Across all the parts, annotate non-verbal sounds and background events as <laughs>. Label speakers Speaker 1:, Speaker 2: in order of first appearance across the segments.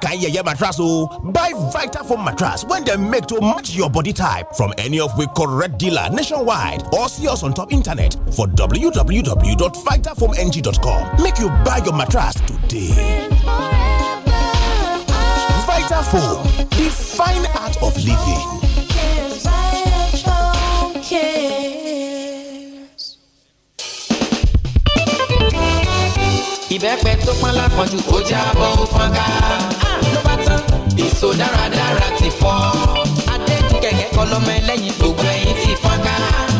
Speaker 1: Kayeye mattress o buy vitafoam mattress when they make to match your body type from any of we correct dealer nationwide or see us on top internet for www.vitafoamng.com make you buy your mattress today.
Speaker 2: Vitafoam the fine art of living.
Speaker 3: Ìbẹ́pẹ tó pọ́n lápọ̀jù kó jábọ́ ó fọ́n ká ló bá tán. ìṣó dáradára ti fọ́. adéjú kẹ̀kẹ́ kọ lọ́mọ ẹlẹ́yin gbogbo ẹ̀yin ti fọ́nká.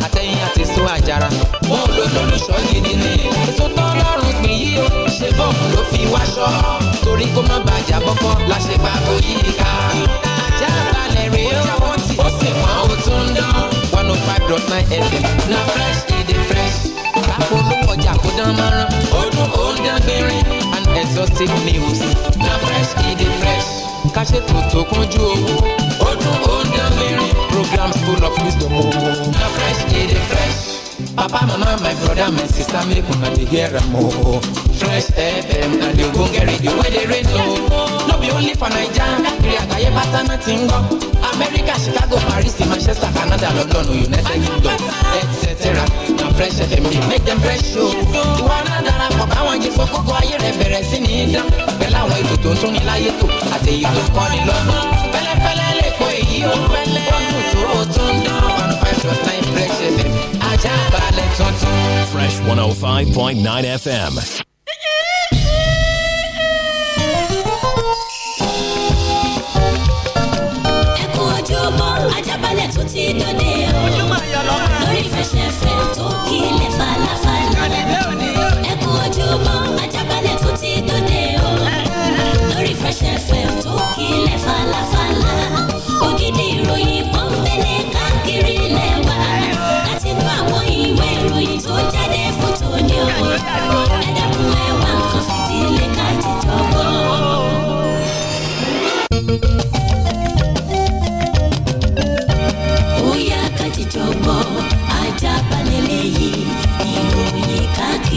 Speaker 3: àtẹ̀yìn àti so àjàrà. mo lò lólùṣọ́ gidi ni. èso tán lọ́rùn pín yí o. ṣe bọ́ọ̀mù ló fi wáṣọ. torí kó má bàjá bọ́fọ́ la ṣe pa oyè ká. ajá balẹ̀ rèé o. ó sì mọ́ òtún dán. one oh five dot nine fm na fresh e dey fresh polówó ọjà kó dán mọ́rán ó dún ó and exotic news na fresh e dey fresh ká ṣètò tó kúnjú owó ó dún ó programs full of wisdom na fresh e dey fresh papa mama my brother my sister make una dey hear am o oh. fresh fm na the ogbonge radio wey dey rain o no be only for naija Nigeria, àgbáyé pátá náà ti ń gbọ́ america chicago paris manchester canada london united kingdom etc na fresh fm dey make dem fresh o oh. ìwọ náà darapọ̀ báwọn jí fokókó ayé rẹ̀ bẹ̀rẹ̀ sí ní dán pẹ̀lú àwọn ètò tó ń tún ní láyé tó àti èyí tó kọ́ ni lọ́gbọ́n fẹ́lẹ́fẹ́lẹ́ lè kó èyí ó fẹ́lẹ́ wọ́n kò tó o tún dán one five plus nine fresh fm.
Speaker 4: Fresh one oh five point nine FM.
Speaker 3: tó falafala.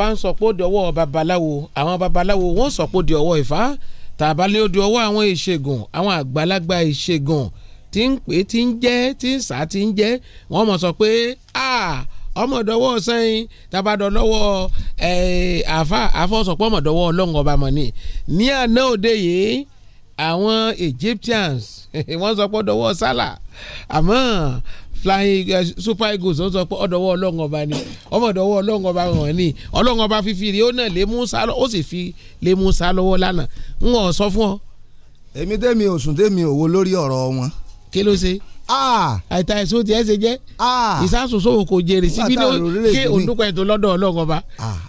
Speaker 5: bá ń sọ pé ó di ọwọ́ babaláwo àwọn babaláwo wọ́n sọ pé ó di ọwọ́ Ifá tàbá lé ó di ọwọ́ àwọn ìṣègùn àwọn àgbàlagbà ìṣègùn tí ń pè tí ń jẹ́ tí ń sá tí ń jẹ́ wọ́n mọ̀ sọ pé ọmọdọwọ́ sẹ́yìn tabadọ́lọ́wọ́ àfa àfọ̀sọ̀pọ̀ ọmọdọwọ́ ọlọ́run ọba mọ̀ ni ní àná òde yìí àwọn Egyptians <laughs> wọ́n sọ pé ọdọwọ́ sálà àmọ́ flying eh, super eagles ó sọ pé ọ̀dọ̀wọ́ ọlọ́run ọba ni ọmọdọ̀wọ́ ọlọ́run ọba hàn ní ọlọ́run ọba fífi rí ó náà lé Musa ó sì fi lé Musa lọ́wọ́ lánàá ń wọ́n sọ fún ọ. èmi tẹ́mi òsùn tẹ́mi òwò lórí ọ̀rọ̀ wọn. kí ló ṣe ah! àìta ẹ̀sùn tiẹ̀ ṣe jẹ́ ah! ìsásùnsó kò jèrè síbi ló ké òǹdúpọ̀
Speaker 6: ètò lọ́dọ̀ ọlọ́run ọba. Ah!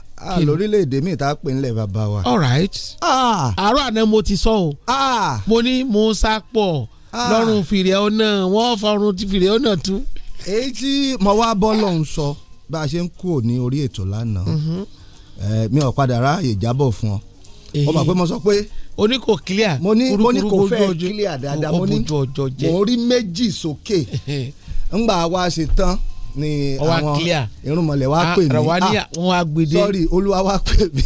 Speaker 6: lórílẹ̀‐èdè mi ta pè ńlẹ̀ bàbá wa. all right
Speaker 5: àárọ̀ àná mo ti sọ o mo ní Musa pọ̀ Ah.
Speaker 6: lọ́rùn fìrẹ́ ọ̀nà wọ́n fọrùn ti fìrẹ́ ọ̀nà tú. èyí tí mo wá bọ́ lọ́hùn sọ bá a ṣe ń kúrò ní orí ètò lánàá mhm. mi ò padà ráàyè jábọ̀ fún ọ ọ mọ̀ pé mo sọ pé. o ní kò clear kúrúkúrú ojú ọjọ́ clear dáadáa mo ní mo rí méjì sókè <laughs> ńgbà wa ṣe tán ni àwọn irúnmọlẹ̀ wa ah, pè mí ah sorry olúwa wa pè mí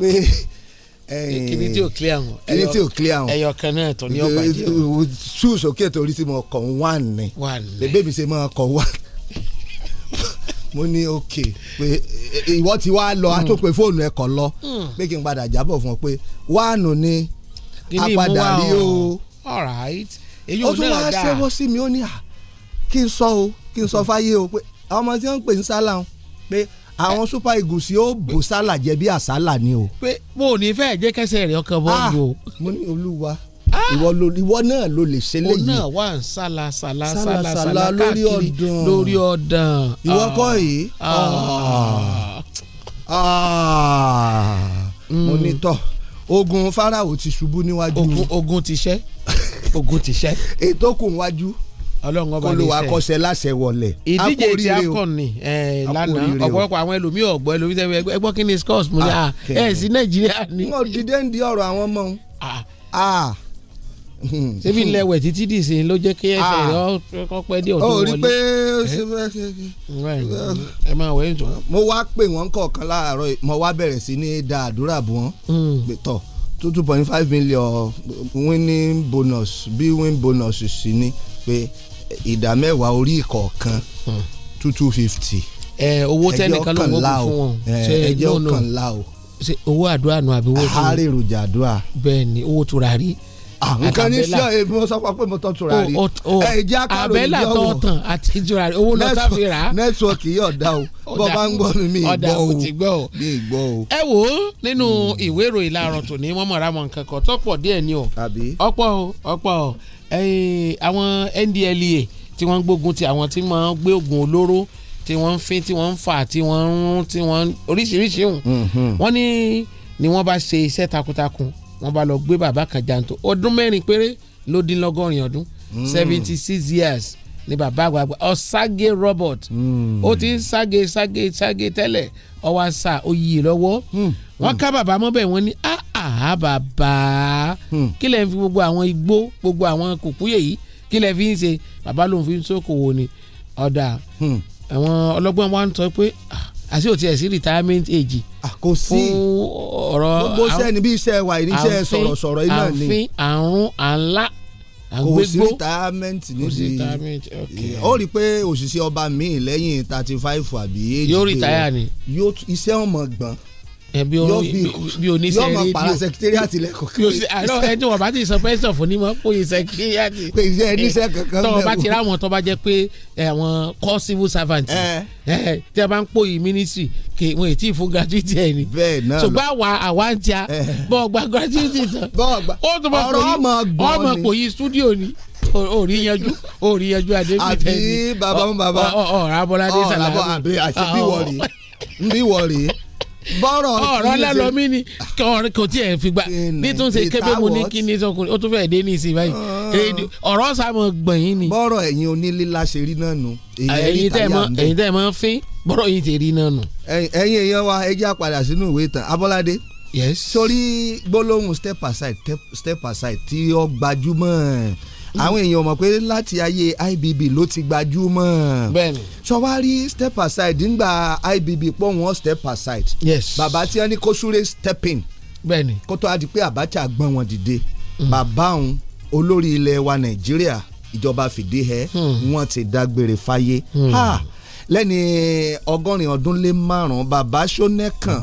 Speaker 6: pé
Speaker 5: kìíní tí ò clear wọn kìíní tí ò clear wọn ẹyọ kan náà tó ní ọgbà jẹ.
Speaker 6: ṣú sókè torí tí mo kàn wá ní bébè mi ṣe máa kàn wá mo ní ok pé ìwọ ti wá lọ a tó hmm. pe fóònù ẹ kàn lọ hmm. pé kí n padà jábọ̀ fún ọ pé wáànù ni a padà rí o ó tún wá ṣẹ́wọ́ sí mi ó ní à kí n sọ o kí n sọ fáyé o pé ọmọ tí wọ́n ń pè ní sálà o pé àwọn super eagles yóò bò sálà jẹ bí àsálà ni o.
Speaker 5: pé mo ò ní fẹ́ jẹ́ kẹsẹ̀ rẹ̀ ọkàn bọ́ọ̀lù ah, o. mo ní olúwa ah! ìwọ náà ló lè ṣe léyìí. òun náà wà ń sálà sálà sálà sálà lórí ọ̀dàn lórí ọ̀dàn. ìwọ ah! kọ́ yìí.
Speaker 6: mo hmm. ní tọ́ ogun farao ti ṣubú níwájú. ogun ti ṣẹ́ ogun ti ṣẹ́. <laughs> ètò kù níwájú ọlọ́run ọba ní sẹ́yìn kólúwa kọsẹ̀ láṣẹ wọlé. ìdíje ti AFCON ni
Speaker 5: lánàá ọ̀pọ̀lọpọ̀ àwọn ẹlòmíì ọ̀gbọ́ ẹlòmíì sẹ́yìn ẹgbọ́ kí ni scores mu ni ah, ah, ẹ̀ sí
Speaker 6: nàìjíríà ni. wọn dìde ń di ọ̀rọ̀ àwọn ọmọ wọn. Ah. ṣebí lẹwẹ títí dì sí ló jẹ́ kí ẹsẹ̀ ọpẹ dé ọdún wọlé. ó rí pé ẹ máa wẹ̀ ẹ́ jọ. mo wá pè wọ́n kọ̀ọ̀kan láàárọ̀ mo wá bẹ̀rẹ̀ sí ní da àdúrà bù wọ́n hmm. tọ̀ two two point five million winning bonus bí win bonus sì ni pé ìdá mẹ́wàá orí ìkọ̀ọ̀kan hmm. two two fifty.
Speaker 5: ẹ owó tẹnìkan ló ń wọ́pọ̀ fún wọn ẹjọ́ kan la o. owó àdúrà nù àbí owó tó. àárẹ̀ èròjà àdúrà. bẹ́ẹ̀ ni owó tura rí nǹkan ní sí
Speaker 6: ẹ mo sọ pé mo tọ́ tura rí ẹ jẹ́ àkàrò ìjọ wò abẹ́là tọ́ tàn
Speaker 5: àti tura rí owó lọ́tà fi rà á. nẹ́tíwọ̀kì yóò o bọ́ bá ń gbọ́ mi mi ìgbọ́ o mi ìgbọ́ o. ẹ wo nínú hmm. ìwé ìròyìn láàárọ̀ tòní wọ́n mọ̀ra nǹkan kan tọ́pọ̀ díẹ̀ ni o ọ̀pọ̀ o ọ̀pọ̀ o àwọn NDLEA tí wọ́n ń gbógun ti àwọn tí wọ́n ń gbé oògùn olóró tí wọ́n ń fín tí wọ́n ń fà tí wọ́n ń rún tí wọ́n ń oríṣiríṣi hùn mhm. wọ́n ní ni wọ́n bá ṣe iṣẹ́ takuntakun wọ́n bá lọ gbé bàbá kan jàǹtó ọdún mẹ́rin péré ló dín lọ́gọ́rin ọdún mm. seventy six years ni bàbá àgbààgbà ọ̀ságe Robert mm. ó ti ń ságe ságe ságe tẹ́lẹ̀ ọwọ́ àṣà ó yí i lọ́wọ́ mm wọ́n hmm. ká bàbá mọ́ bẹ́ẹ̀ wọ́n ní àhà ah, ah, bàbá hmm. kí lẹ́ fi gbogbo àwọn igbó gbogbo àwọn kùkúyè yìí kí lẹ́ fi ń ṣe bàbá lòun fi ń ṣòkòwò ni ọ̀dà hmm. àwọn ọlọ́gbọ́n wa ń sọ pé ah, àti òtí ẹ̀ sí retirement age. kò sí ọ̀rọ̀ gbogbo sẹ́ni bí iṣẹ́
Speaker 6: wa iṣẹ́ sọ̀rọ̀sọ̀rọ̀ iná ni àfin àrùn àlá kò sí retirement nídìí ó rí i pé òṣìṣẹ́ ọba mi lẹ́yìn thirty five àbí. yóò retire ni. iṣẹ́ ọmọ gbọ́n bí o ní sẹ rédíò yọọ mọ para sẹkítẹ́rìàtì lẹ́kọ̀ọ́ kí o ṣe àlọ́
Speaker 5: ẹni wọ́n bá ti sọ pẹ́sítọ̀ fún ni mọ́ pé o sẹkítẹ́rìàtì pé iṣẹ́ oníṣẹ́ kankan mẹ́wọ́ tọ́ bá ti ráwọn tọ́ bá jẹ́ pé àwọn kọ́ civil servant tí a bá ń pò yìí ministry kì wọ́n ètí fún gratuity ẹ̀ ni ṣùgbọ́n àwa àwa ń tia bọ́ ọgbà gratuity tán <laughs> ó tún bọ́ ọmọ kò yí studio ni orí yanjú orí yanjú adébítẹ́ ni àbí bàbá bàbá ọ̀rọ̀ bọ́rọ̀ ọ̀rọ̀ lálọ́mí ni kò tiẹ̀ fi gba nítorí ṣe kébé mo ní kí ni sọkùnrin ó tún fẹ́ dé ní ìsìn báyìí ah. ọ̀rọ̀
Speaker 6: sàmọ̀ gbọ̀nyìn ni. bọ́rọ̀ ẹ̀yin onílé láṣẹ rí náà nù. ẹ̀yin tẹ́ mọ ẹ̀yin tẹ́ mọ fín bọ́rọ̀ yìí ti rí náà nù. ẹ̀yin èèyàn wa ẹ jẹ́ àpàdà sínú ìwé ìtàn abọ́ládé. yes. gbólóhùn step aside step aside tí ó gbajúmọ̀ àwọn èèyàn mọ̀ pé láti ayé IBB ló ti gbajúmọ̀ bẹ́ẹ̀ni sọwárí step aside ńgbà IBB pọ̀ wọ́n step aside yes bàbá tí wọ́n ní kó súré stepping bẹ́ẹ̀ni kó tó a di pé Abacha gbọ́n wọn dìde mm. bàbá òun olórí ilẹ̀ wa Nàìjíríà ìjọba fìdí ẹ mm. wọ́n ti dágbére fáyé mm. ha lẹ́ni ọgọ́rin ọdún lé márùn-ún bàbá Ṣónẹ́kàn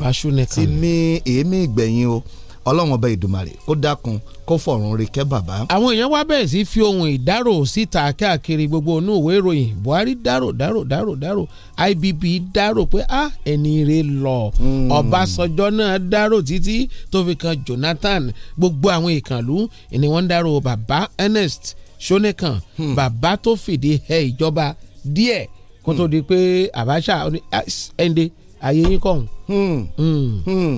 Speaker 6: ti mí èémí ìgbẹ̀yìn o. Hmm ọlọ́run ọba ìdùmarè kó dákun kó fọ̀run re kẹ́ bàbá.
Speaker 5: àwọn èèyàn wá bẹ̀rẹ̀ sí fi ohun ìdárò síta káàkiri gbogbo inú ìwé ìròyìn buhari dárò dárò dárò dárò ibb dárò pé a ẹni rẹ̀ lọ hmm. ọbásanjọ́ náà dárò títí tó fi kan jonathan gbogbo àwọn ìkànnlú ni wọ́n ń dárò bàbá ernest shonekan hmm. bàbá tó fìdí ẹ ìjọba díẹ̀ kó tó hmm. di pé abacha
Speaker 6: ẹ̀ǹdẹ̀ ayé yín kọ̀hún. Hmm. Hmm. Hmm.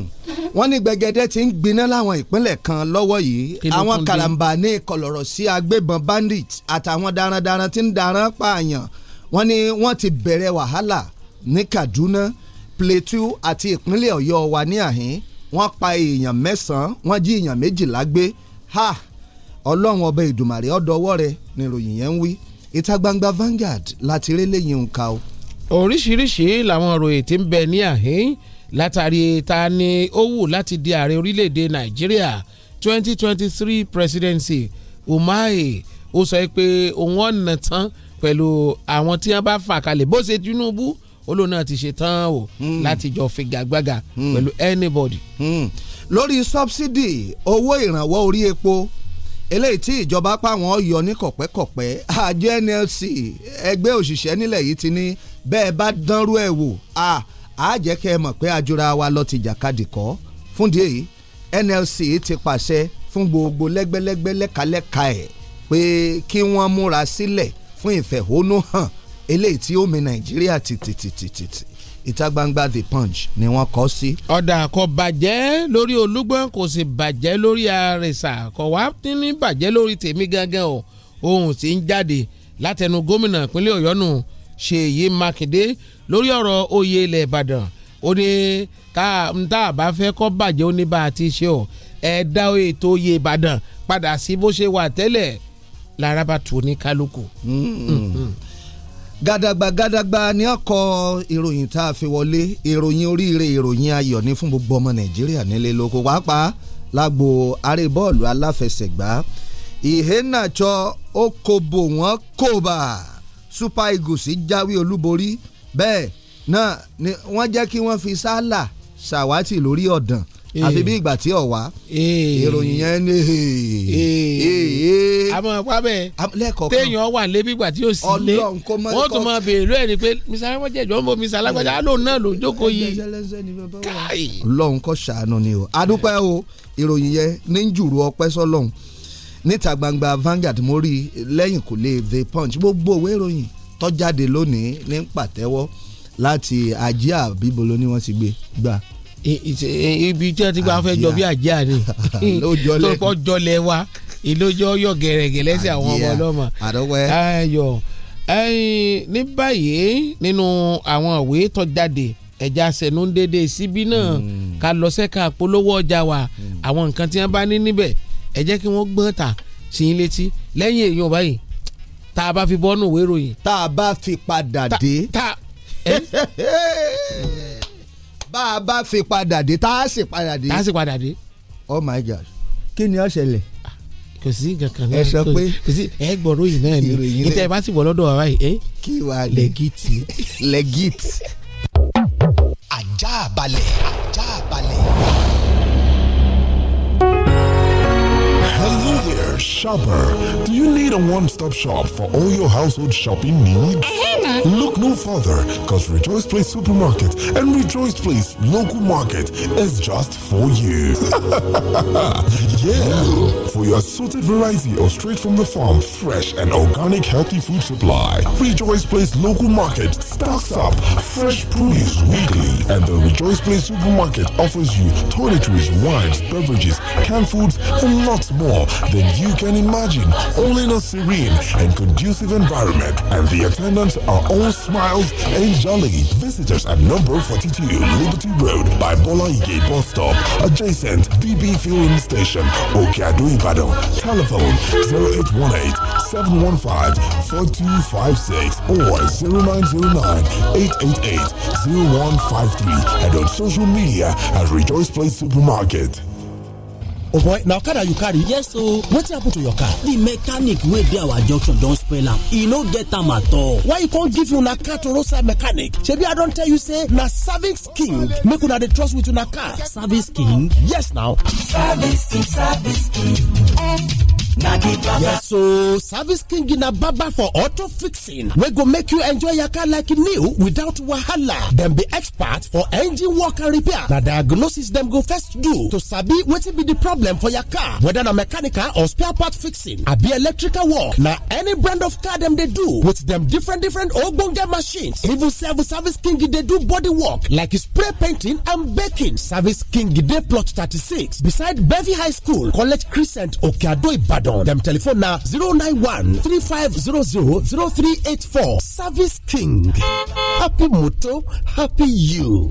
Speaker 6: wọ́n ní gbẹgẹdẹ tí ń gbiná láwọn ìpínlẹ̀ kan lọ́wọ́ yìí àwọn kàràǹbà ní kọlọ̀rọ̀ sí agbébọn bandit àtàwọn darandaran tí ń daran pààyàn wọ́n ní wọ́n ti bẹ̀rẹ̀ wàhálà ní Kaduna Plateau àti ìpínlẹ̀ Ọ̀yọ́ wa ní àhín wọ́n pa èèyàn mẹ́sàn-án wọ́n jí èèyàn méjìlá gbé ha ọlọ́run ọba ìdùmàrè ọ̀dọ́wọ́ rẹ níròyìn yẹn ń wí ìta gbangba Vanguard láti rí lẹ́yìn nǹka o oríṣiríṣi
Speaker 5: làwọn òròyìn tí ń bẹ ní àhín látàrí ta ni ó wù láti di ààrẹ orílẹ̀-èdè nàìjíríà twenty presidency umahi ó sọ pé òun ọ̀nà tán pẹ̀lú àwọn tí wọ́n bá fà kalẹ̀ bó ṣe tinubu olóò náà
Speaker 6: ti ṣe tán o hmm. láti jọ figagbága hmm. pẹ̀lú anybody. Hmm. lórí sọ́bsidì owó ìrànwọ́ orí epo eléyìí tí ìjọba pàwọn yọ ní kọ̀pẹ́kọ̀pẹ́ àjọ NLC ẹgbẹ́ òṣìṣẹ́ nílẹ̀ yìí ti ní bẹ́ẹ̀ bá dánrú ẹ̀ wò a á jẹ́ kẹ́ ẹ mọ̀ pé ajura wa lọ ti jàkadì kọ́ fúndì èyí NLC ti pàṣẹ fún gbogbo lẹ́gbẹ́lẹ́gbẹ́ lẹ́kalẹ́ka ẹ̀ pé kí wọ́n múra sílẹ̀ fún ìfẹ̀hónúhàn eléyìí tí ó mi Nàìjíríà tìtìtìtìtì ìta gbangba the punch ni wọ́n kọ sí. ọ̀dà kò bàjẹ́ lórí olúgbọ́n kò
Speaker 5: sì bàjẹ́ lórí àrẹ̀sà kò wá ní bàjẹ́ lórí tèmi gangan o ohun tí ń jáde látẹnu gómìnà ìpínlẹ̀ Ọ̀yọ́ nù ṣèyí mákindé lórí ọ̀rọ̀ oyè ilẹ̀ ìbàdàn ó ní tá a bá fẹ́ kọ́ bàjẹ́ ó ní bá a ti ṣe o ẹ dá ètò oyè ìbàdàn padà sí bó ṣe wà tẹ́lẹ̀ lára bá tu ní kálukú. Hmm.
Speaker 6: gàdàgbà gàdàgbà ni ọkọ ìròyìn tá a fi wọlé ìròyìn oríire ìròyìn ayọ̀ ní fún gbogbo ọmọ nàìjíríà nílé lóko pàápàá lágbo aré bọ́ọ̀lù aláfẹsẹ̀gbá ìhénàjọ okòbò wọn kò bá. Super Eagles jáwé olúborí bẹ́ẹ̀ náà ni wọ́n jẹ́ kí wọ́n fi sálà ṣàwátì lórí ọ̀dàn eh. àfi bí ìgbà tí ọ̀wá eh. ìròyìn yẹn ní. àmọ́ pàbẹ́
Speaker 5: téèyàn wà lé bí ìgbà tí ó sì lé wọ́n tún máa béèrè ẹ̀ ni pé misa alágbájá ìjọba ń bọ̀ misa alágbájá á lòun náà ló ń jókòó yìí.
Speaker 6: ọlọ́run kọ́ ṣàánú ni o adúpẹ́ o ìròyìn yẹn ní jùrù ọpẹ́ sọ́lọ́run níta gbangba Vanguard mo rí lẹ́yìn kò lè the punch gbogbo òwe ìròyìn tó jáde lónìí ní pàtẹ́wọ́ láti ajé àbíbolo ni wọ́n ti gbé gbà
Speaker 5: ibi tí wọ́n ti gba fẹ́ jọ bí àjíà ni <laughs> tó pọ̀ jọlẹ̀ wa ìlójó yọ gẹ̀rẹ̀gẹ̀ lẹ́sẹ̀ àwọn ọmọ ọlọ́mọ ayọ̀ ní báyìí nínú àwọn ìwé tó jáde ẹja sẹ̀nú dédé síbí náà hmm. ká lọ sẹ́ka polówó ọjà wa hmm. àwọn nǹkan tí wọ́n bá ní níbẹ̀ ẹ jẹ́ kí wọ́n gbọ́n ta sí i létí lẹ́yìn èèyàn báyìí tá a bá fi bọ́nù ìwé ìròyìn. tá a bá fi padà dé. <laughs>
Speaker 6: bá a bá fi padà dé tá a sì padà dé. tá a sì padà dé. oh my God! kí ni ó ṣẹlẹ̀ ah, kò sí kankan náà ẹ sọ pé kò sí ẹ gbọ́dọ̀ yìí náà ni ìtẹ́
Speaker 5: bá sì bọ́ lọ́dọ̀ wa báyìí. kí wàá lẹ́gìtì lẹ́gìtì.
Speaker 7: ajá balẹ̀ ajá balẹ̀. Hello there, shopper. Do you need a one-stop shop for all your household shopping needs? Uh, Look no further, because Rejoice Place Supermarket and Rejoice Place Local Market is just for you. <laughs> yeah, for your assorted variety of straight from the farm, fresh and organic healthy food supply, Rejoice Place Local Market stocks up fresh produce weekly, and the Rejoice Place Supermarket offers you toiletries, wines, beverages, canned foods, and lots more than you can imagine, all in a serene and conducive environment. And the attendants are all smiles and jolly. Visitors at number 42 Liberty Road by Bola Ige bus stop, adjacent DB fueling station, Okeado Ibadan. Telephone 0818 715 4256 or 0909 888 0153 and on social media at Rejoice Place Supermarket.
Speaker 1: oh boy na okada you carry yes ooo oh. wetin happen to your car the mechanic wey dey our junction don spoil am e no get am at all why you come give una car to roadside mechanic shebi i don tell you say na service king make una dey trust with una car service king yes now. service king
Speaker 3: service king eh.
Speaker 1: yes so service king na Baba for auto fixing We go make you enjoy your car like new without wahala Then be expert for engine work and repair The diagnosis them go first do to sabi wetin be the problem for your car whether na mechanical or spare part fixing be electrical work na any brand of car them they do with them different different ogbonge machines even sef service king they do body work like spray painting and baking service king they plot thirty-six beside bevi high school college crescent okeado ibadan ibadan dem telephone na 091 3500 0384 service king happy moto happy you.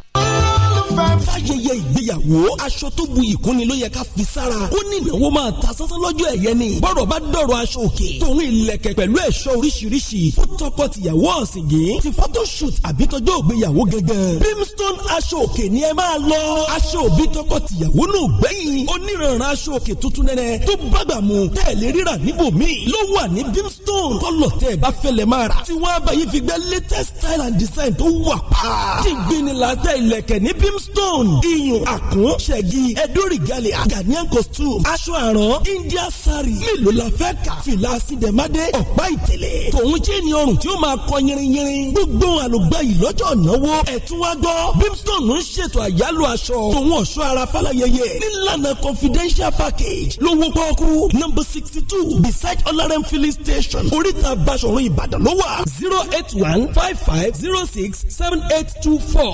Speaker 1: fm. fàyẹyẹ ìgbéyàwó aṣọ tó bu ìkúnni ló yẹ ká fi sára ó ní ìnáwó máa ta sánsán lọ́jọ́ ẹ̀yẹ ni bọ́rọ̀ bá dọ̀rọ̀ aṣọ òkè tòun ìlẹ̀kẹ̀ pẹ̀lú ẹ̀ṣọ́ oríṣiríṣi fún tọkọ tìyàwó ọ̀sìngín ti photoshoot àbí tọjọ́ ògbéyàwó gẹ́gẹ́ brimstone aṣọ òkè ni ẹ máa lọ aṣọ òbí tọkọ tìyàwó nù gbẹ̀yìn oníranran aṣọ mu tẹ̀lé rírà níbòmíì ló wà ní brimstone kọ́lọ̀ tẹ́ ẹ bá latest style and design tó wà pa. ti gbinni stone iyùn àkún ṣẹ̀gi ẹ̀dọ́rìgàlẹ̀ àgàníyàn
Speaker 2: costume aṣọ àrán india sari mélòó la fẹ́ kà fìlà sídẹ̀mádé ọ̀pá ìtẹ̀lẹ̀ tòun jẹ́ ni ọrùn tí ó máa kọ yìnrìnyìnrìn gbogbo àlùgbà yìí lọ́jọ́ náwó ẹ̀tún wá gbọ́ brimstone ń ṣètò àyálò aṣọ tòun ọ̀ṣọ́ ara fálayẹyẹ nílànà confidential package lówó pọ́ọ́kú number sixty two beside ọlárẹ́m filling station
Speaker 1: oríta basọ̀rọ̀ ìbàdàn ló wà zero eight one five five zero six seven eight two four.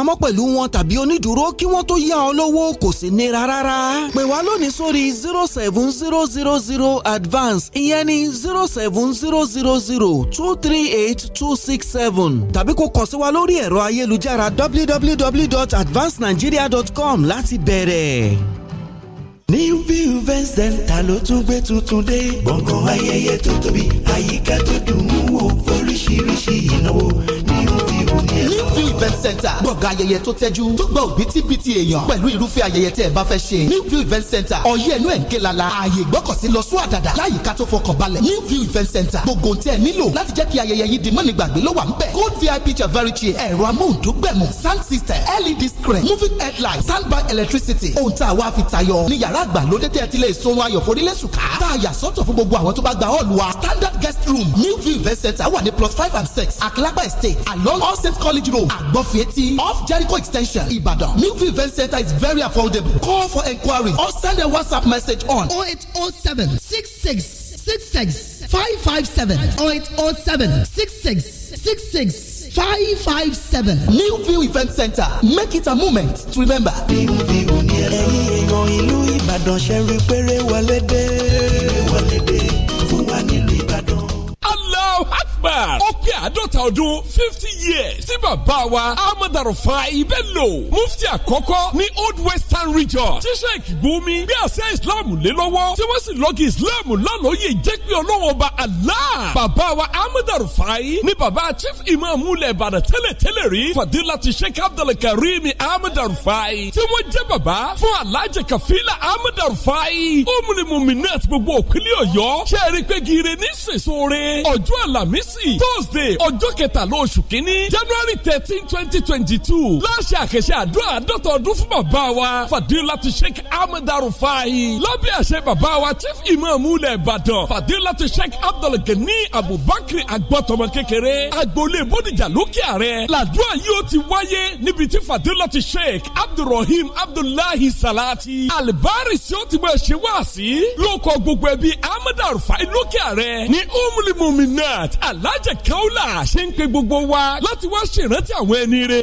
Speaker 1: pamọ́ pẹ̀lú wọn tàbí onídùúró kí wọ́n tó yá ọ lówó kò sí nira rárá. pè wá lónìí sórí zero seven zero zero zero advance ìyẹn ní zero seven zero zero zero two three eight two six seven tàbí kò kàn sí wa lórí ẹ̀rọ ayélujára www.advancenigeria.com
Speaker 2: láti bẹ̀rẹ̀. New View Event Center ló tún gbé tuntun dé. gbọ̀ngàn ayẹyẹ tó tóbi àyíká tó dùn ún wò fóríṣiríṣi ìnáwó
Speaker 1: event center gbọ̀ngàn ayẹyẹ tó tẹ́jú tó gba òbítíbitì èèyàn pẹ̀lú irúfẹ́ ayẹyẹ tẹ́ ẹ bá fẹ́ ṣe new view event center ọ̀yẹ́ ẹnu ẹ̀ ń ké lala ààyè ìgbọ́kọ̀sí lọ sún àdàdà láyìíká tó fọkàn balẹ̀ new view event center gbogbo tẹ́ ẹ nílò láti jẹ́ kí ayẹyẹ yìí di mọ́ni gbàgbé ló wà ń bẹ̀ gold vip chavary chair ẹ̀rọ amóhùndógbẹ̀mù sound system led screen moving headlight by electricity ohun tá a wá fi tayọ ní yàrá àgbàlódé tẹ́ ẹ ti lè sunrun ayọ̀ forílẹ̀ sùkà tá a yà sọ́tọ̀ fún gbogbo àwọn tó bá gba hall wa standard guest room new view event center wà ní plus five and six àkìlápá estate along all saints college road àg gbọ́fìẹ́tì off Jericho extension Ìbàdàn new View event center is very affordable call for enquiry or send a WhatsApp message on
Speaker 8: 0807 66 66 557 0807 66 66 five five seven new view event center make it a moment to remember. bíu bíu
Speaker 2: ni ẹ̀rọ èèyàn ìlú Ìbàdàn ṣe rí péré wọlé dé. wọlé dé fún wa
Speaker 9: nílùú Allahu Akbar. ó pé àádọ́ta ọdún fifty years tí bàbá wa Ahmed Arufai Bello mufti àkọ́kọ́ ní Old Western Region tí Sheikh Gumi bí àṣẹ Islam lé lọ́wọ́ tí wọ́n sì lọ́gì Islam lálóye jẹ́ pé ọlọ́wọ́n ba Allah. bàbá wa Ahmed Arufai ní bàbá Chief Imam ulẹ̀ Ìbàdàn tẹ́lẹ̀tẹ́lẹ̀ rí Fadilati Sheikh Abdul Karim Arufai tí wọ́n jẹ́ bàbá fún Alhaji Kafila Ahmed Arufai ó múni mùmí náà ti gbogbo òkúlé Ọ̀yọ́ ṣe é rí pé gire ní sèso re ọjọ́ àlàmísì Thursday ọjọ́ kẹtàlá oṣù kínní January thirteen twenty twenty two láṣẹ àkẹṣẹ àdúrà àdọ́tọ̀ ọdún fún bàbá wa Fadilatu Sheikh Ahmed Arufai lábẹ́ àṣẹ bàbá wa Chief Imam ulẹ̀ Ìbàdàn Fadilatu Sheikh Abdulgani Abubakar agbọ́tọmọ kékeré agboolé Bódìjà lókè ààrẹ làdúrà yìí ó ti wáyé níbi tí Fadilatu Sheikh Abdulrahim Abdullahi Salati alibari sí ó ti máa ṣe wá sí lóko gbogbo ẹbí Ahmed Arufai lókè ààrẹ ní umulimu Muminat Alhaji Kaola ṣe ń pe gbogbo wa láti wá ṣèrántí àwọn ẹni rẹ.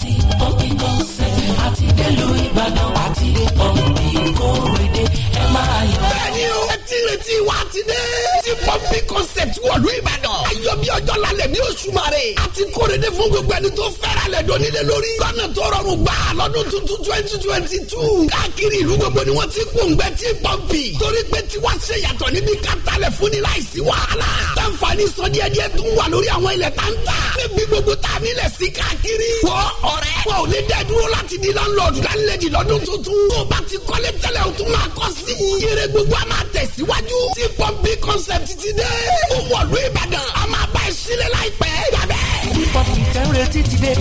Speaker 9: ti pọ́ńpì kọ́sẹ̀ àti délùú Ìbàdàn àti pọ́ńpì kórèdè ẹ máa yọ. bẹ́ẹ̀ni o retí retí
Speaker 2: wa ti dé. ti pọ́ńpì concept wọ̀lú ìbàdàn. ayọ̀ bí ọjọ́ lálẹ́ ní oṣù mare. a ti kóre dé fún gbogbo ẹni tó fẹ́ràn lẹ̀ dọ́ni lé lórí. lọ́nà tó rọrùn gbà lọ́dún tuntun twenty twenty two. káàkiri ìlú gbogbo ni wọ́n ti pòǹgbẹ́ ti pọ́ńpì. torí pé tiwa ṣe yàtọ̀ níbi kátàlẹ̀ fún ni láìsí wàhálà. táǹfààní sọ díẹ̀díẹ̀ tún wà lórí àwọn ilẹ̀ táǹtà. níbi gbogbo tá a nílẹ̀ sí káàkiri. wọ ọ̀rẹ́ wọn ò ní dẹ́ dúró láti di láńlọ́ọ̀dù lálẹ́ jì lọ́dún tuntun. tó o bá ti kọ́lé tẹ́lẹ̀ o tún máa kọ́ sí. yèrè gbogbo a máa tẹ̀sí tẹ̀síwájú tí pọ́ńpì concept ti dé. ó wọ̀lú ìbàdàn a máa bá ẹ sílẹ̀ láìpẹ́ gbàgbẹ́. tí pọ́ńpì tẹ́rẹ̀ títí dé.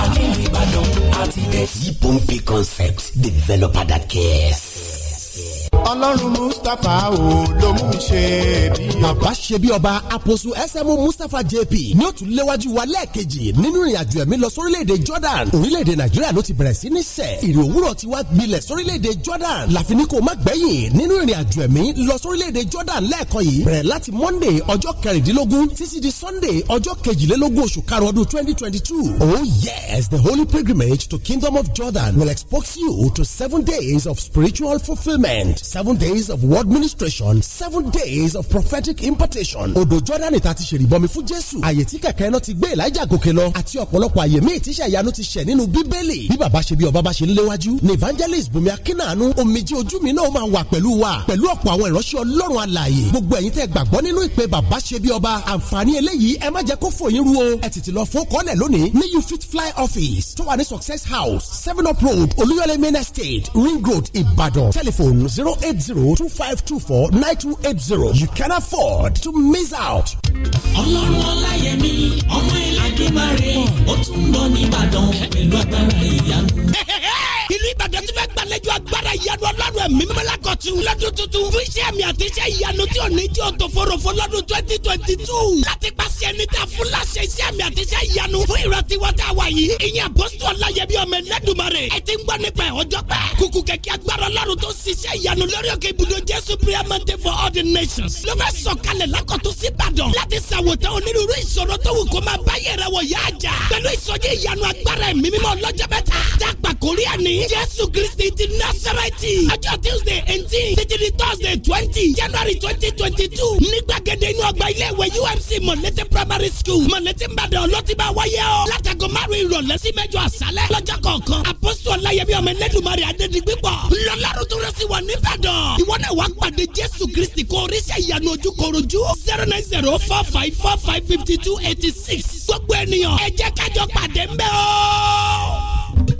Speaker 2: àní ìbàdàn àti dé. tí pọ́ńpì concept developer that cares
Speaker 1: ọlọ́run mustapha ò ló mú mi ṣe bí ọba. bàbá ṣe bí ọba àpòsù ẹsẹmú mustapha jp ní ó léwájú wa lẹ́ẹ̀kejì nínú ìrìnàjò ẹ̀mí lọ sórílẹ̀-èdè jordan orílẹ̀-èdè nàìjíríà ló ti bẹ̀rẹ̀ sí ní sẹ̀ ìrìn òwúrọ̀ ti wá gbilẹ̀ sórílẹ̀-èdè jordan láfi ní má gbẹ̀yìn nínú ìrìnàjò ẹ̀mí lọ sórílẹ̀-èdè jordan lẹ́ẹ̀kan yìí bẹ̀rẹ̀ láti monday ọjọ́ kẹrìndínlógún fulfillment seven days of word ministration seven days of prophetic impartation odò Jordan ta ti ṣèrìbọmi fún Jésù àyè tí kẹ̀kẹ́ náà ti gbé Èlíjà gòkè lọ àti ọ̀pọ̀lọpọ̀ àyè míì tíṣà ìyanu ti ṣẹ̀ nínú bíbélì bí bàbá ṣe bí ọba bá ṣe ń léwájú ni evangelist Bùnmi Akínàánú omijì ojú mi náà máa wà pẹ̀lú wa pẹ̀lú ọ̀pọ̀ àwọn ìránṣẹ́ Ọlọ́run alààyè gbogbo ẹ̀yin tẹ́ gbàgbọ́ nínú ìpè bàbá ṣe bí ọba àǹfààní eléyìí ẹ má jẹ́ kó office tó wà success house seven up road olúyọlé main estate ring road Ìbàdàn telephone on 08025249280. You can afford to miss out.
Speaker 3: ọlọ́run ọláyẹmí ọmọ ìlàgé máa rè é ó tún ń bọ̀ nìbàdàn pẹ̀lú agbára ìyanu
Speaker 2: ìbàdàn ti fẹ́ gbàlejò agbára ìyanu ọlọ́run ẹ̀mí mímọ́ lákọ̀tún lọ́dún tuntun fún iṣẹ́ àmì àti iṣẹ́ ìyanu tí ò ní jẹ́ òtòforòfo lọ́dún twenty twenty two láti pàṣẹ ẹni tá a fún láṣẹ iṣẹ́ àmì àti iṣẹ́ ìyanu fún ìrántí wọn tá a wà yìí ìyẹn àpọ́sítù ọláyẹmí ọmọ ẹlẹ́dùnmarè ẹ ti ń gbọ́ nípa ẹ̀ ọjọ́ pẹ́ kùkù kẹ̀kẹ́ agbára ọlọ́run tó ṣiṣẹ́ ìyanu lórí òkè ibùdó jésù priamante for all the nations ló fẹ́ sọ̀kalẹ̀ lákọ̀tún sí ìbàdàn láti ṣàwòtán onírúurú ìṣòro tó wù kó máa bá yẹ̀rẹ̀ wọ̀ yá àjà pẹ̀lú ìsọjí ìyanu agbára ẹ̀mí mímọ́ ọlọ́jọ́ mẹ́ta dàgbà kórí ẹni jẹ́ jésù kristi ti násàrẹ́tì ọjọ́ tuesday eighteen títí thursday twenty january twenty twenty two ní gbàgede inú ọgbà ilé ìwé umc mọ̀lẹ́tẹ̀ primary school mọ̀lẹ́tẹ̀ ìbàdàn ló ti bá wáyé o látàgọ márùn ìrọ̀lẹ́ sí mẹ́jọ àṣálẹ́ lọ́jọ́ kọ̀ọ̀kan apọ́sítọ̀ ọláyẹmí ọmọ ẹlẹ́dùnmarè adédìgbípọ̀ ńlọlọ́run tó rẹ sí wọn nìbàdàn ìwọ náà wàá pàdé jésù kristi kó oríṣẹ́ ìyanu ojú korojú zero nine zero four five four five fifty two eighty six gbogbo
Speaker 3: ènìyàn ẹ jẹ́ kájọ pàdé ńbẹ̀ o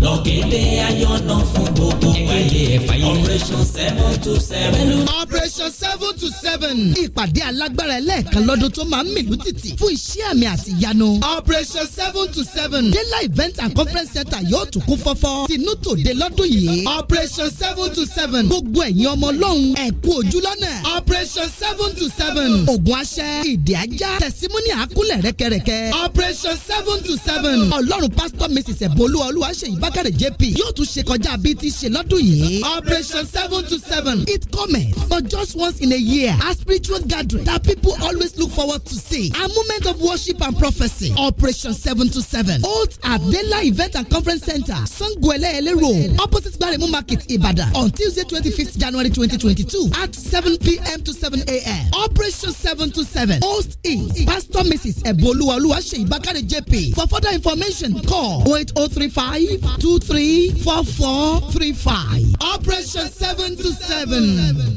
Speaker 3: lọ́kẹ́lẹ́ ayọ̀nà fún gbogbo ayé operation seven to seven. operation
Speaker 8: seven to seven ìpàdé alágbára ẹlẹ́ẹ̀kan lọ́dún tó máa ń mìlú tìtì fún iṣẹ́ àmì àti ìyanu. operation seven to seven dela event and conference center yóò tún kún fọ́fọ́ tinú tòde lọ́dún yìí. operation seven to seven gbogbo ẹ̀yin ọmọ ọlọ́run ẹ ojú lọ́nà. operation seven to seven ògùn aṣẹ ìdí ajá tẹ̀símúnì àkúlẹ̀ rẹ́kẹrẹ́kẹ́. operation seven to seven ọlọ́run pásítọ̀ mrs ẹ̀bọ́lú ọlúwa ṣèyí bá Abubakar JP yóò tún ṣe kọjá bíi ti ṣe lọ́dún yìí. Operation seven to seven it comes but just once in a year a spiritual gathering that people always look forward to see. A moment of worship and prophecy. Operation seven to seven holds Adela Event and Conference Center Sangoele Ele Road opposite Gbaremu Market Ibadan on Tuesday twenty fifth January twenty twenty two at seven pm to seven am. Operation seven to seven host is Pastor Mrs. Eboluwa Oluwaseyi Bakare JP. For further information call 08035 two three four four three five operation seven to seven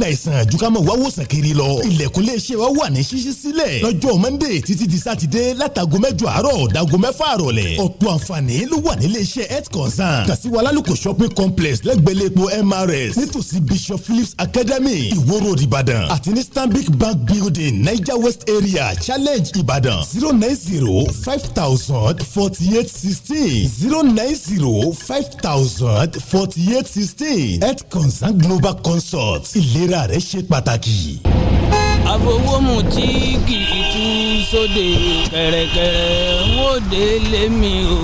Speaker 1: kíndà ìsàn àjùkámọ̀ wá wòsàn kiri lọ. ilẹ̀kùn lè wa wà ní ṣíṣí sílẹ̀ lọ́jọ́ monday títí di sátidé látago mẹ́jọ àárọ̀ dago mẹ́fà àrọ̀lẹ̀. ọ̀pọ̀ àǹfààní ló wà nílé health concern kàṣíwá lálùkò shopping complex lẹ́gbẹ̀lẹ́ epo mrs nítòsí bishop phillips academy ìwó ìbàdàn àti ní stanbic bank building niger west area challenge ìbàdàn zero nine zero five thousand forty eight sixteen zero nine zero five thousand forty eight sixteen health concern global consult ìlera ìlera rẹ ṣe
Speaker 3: pàtàkì àfọwọ́mù tí kì í tú sóde kẹ̀rẹ̀kẹ̀rẹ̀ ń dé lémi o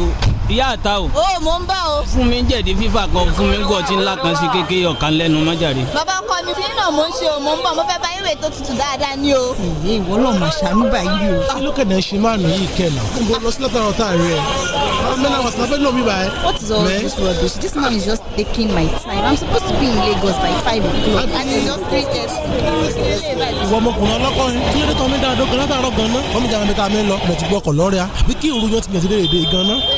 Speaker 3: ìyá àta o. ó mò ń bá o. fún mi jẹ̀dí
Speaker 5: fífà kan fún mi gọ̀ọ́tì ńlá kan sí kékeré ọ̀kan lẹ́nu mọ́jàre.
Speaker 8: bàbá ọkọ mi tí náà mò ń ṣe o mò ń bọ̀ mo fẹ́ bá ìwé tó tutù dáadáa ní o. ìyé ìwọ náà mà ṣàánú báyìí o. kí ló kẹ̀dẹ̀ ṣe máa nù yìí kẹ̀ náà. mo lọ sí lọ́tà ọ̀tá rẹ̀. mẹ́ta wà sínú abẹ́nú mi báyìí. What is all this rubbish? This man is just taking my time. I'm supposed to be in Lagos by five o'clock and it's just three thirty.
Speaker 1: ìwọ ọmọkùnrin ọlọ́kọ yẹn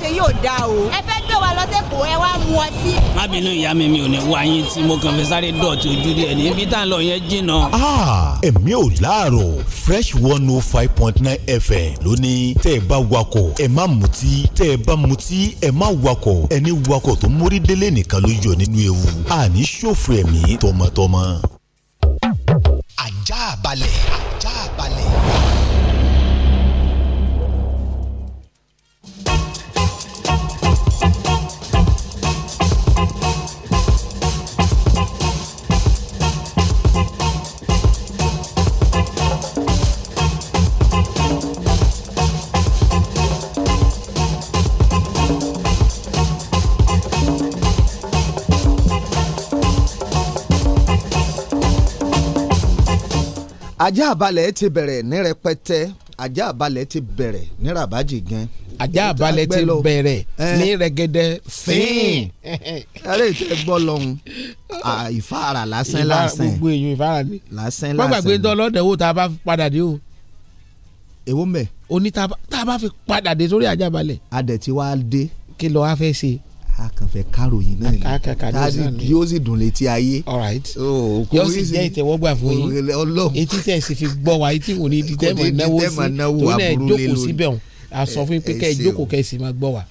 Speaker 3: ṣe yóò dáa o ẹ fẹ́ gbé wa lọ sẹ́kọ̀ọ́ ẹ wá mu ọtí. má bínú ìyá mi mi ò ní wá yín tí mo kàn fẹ́ sáré dọ̀tí ojú rí ẹ ní ibi tá à ń lọ yẹn jìnnà. Ah,
Speaker 1: ẹ̀mí ò láàárọ̀ fresh one oh five point nine fm lónìí tẹ́ ẹ bá wakọ̀ ẹ má mutí tẹ́ ẹ bá mutí ẹ má wakọ̀ ẹni wakọ̀ tó mórí délé nìkan ló yọ nínú ewu àní ṣòfò ẹ̀mí tọmọtọmọ. ajá balẹ̀ ajá balẹ̀.
Speaker 6: ajá àbálẹ̀ ti bẹ̀rẹ̀ ní rẹpẹtẹ ajá àbálẹ̀ ti bẹ̀rẹ̀ ní rabaji gan. ajá àbálẹ̀ ti bẹ̀rẹ̀ ní rẹ̀gẹ̀dẹ̀ fín. ẹ̀rẹ́ ìtẹ́ gbọ́ lọ́hùn ìfara lásán lásán. gbogbo èèyàn ìfara ni. lásán lásán. wọ́n gbàgbé
Speaker 5: dán lọ́dẹ̀wò tá a bá padà dé o. èwo mẹ́. oní tá a bá fi padà dé sórí ajá àbálẹ̀. adẹ̀ ti wá dé. kí ló wá fẹ́ ṣe
Speaker 6: a kàn fẹ́ káròyìn náà ni káàdì yóò sì dùn létí ayé yóò sì jẹ́
Speaker 5: ìtẹ́wọ́gbà fún yín etí tẹ̀ sì fi gbọ́ wa etí wò ní ibi tẹ́ mọ̀ náwó sí tó náà jókòó síbẹ̀ hàn a sọ fún yín pé kẹ́ jókòó kẹ́ sì máa gbọ́ wa.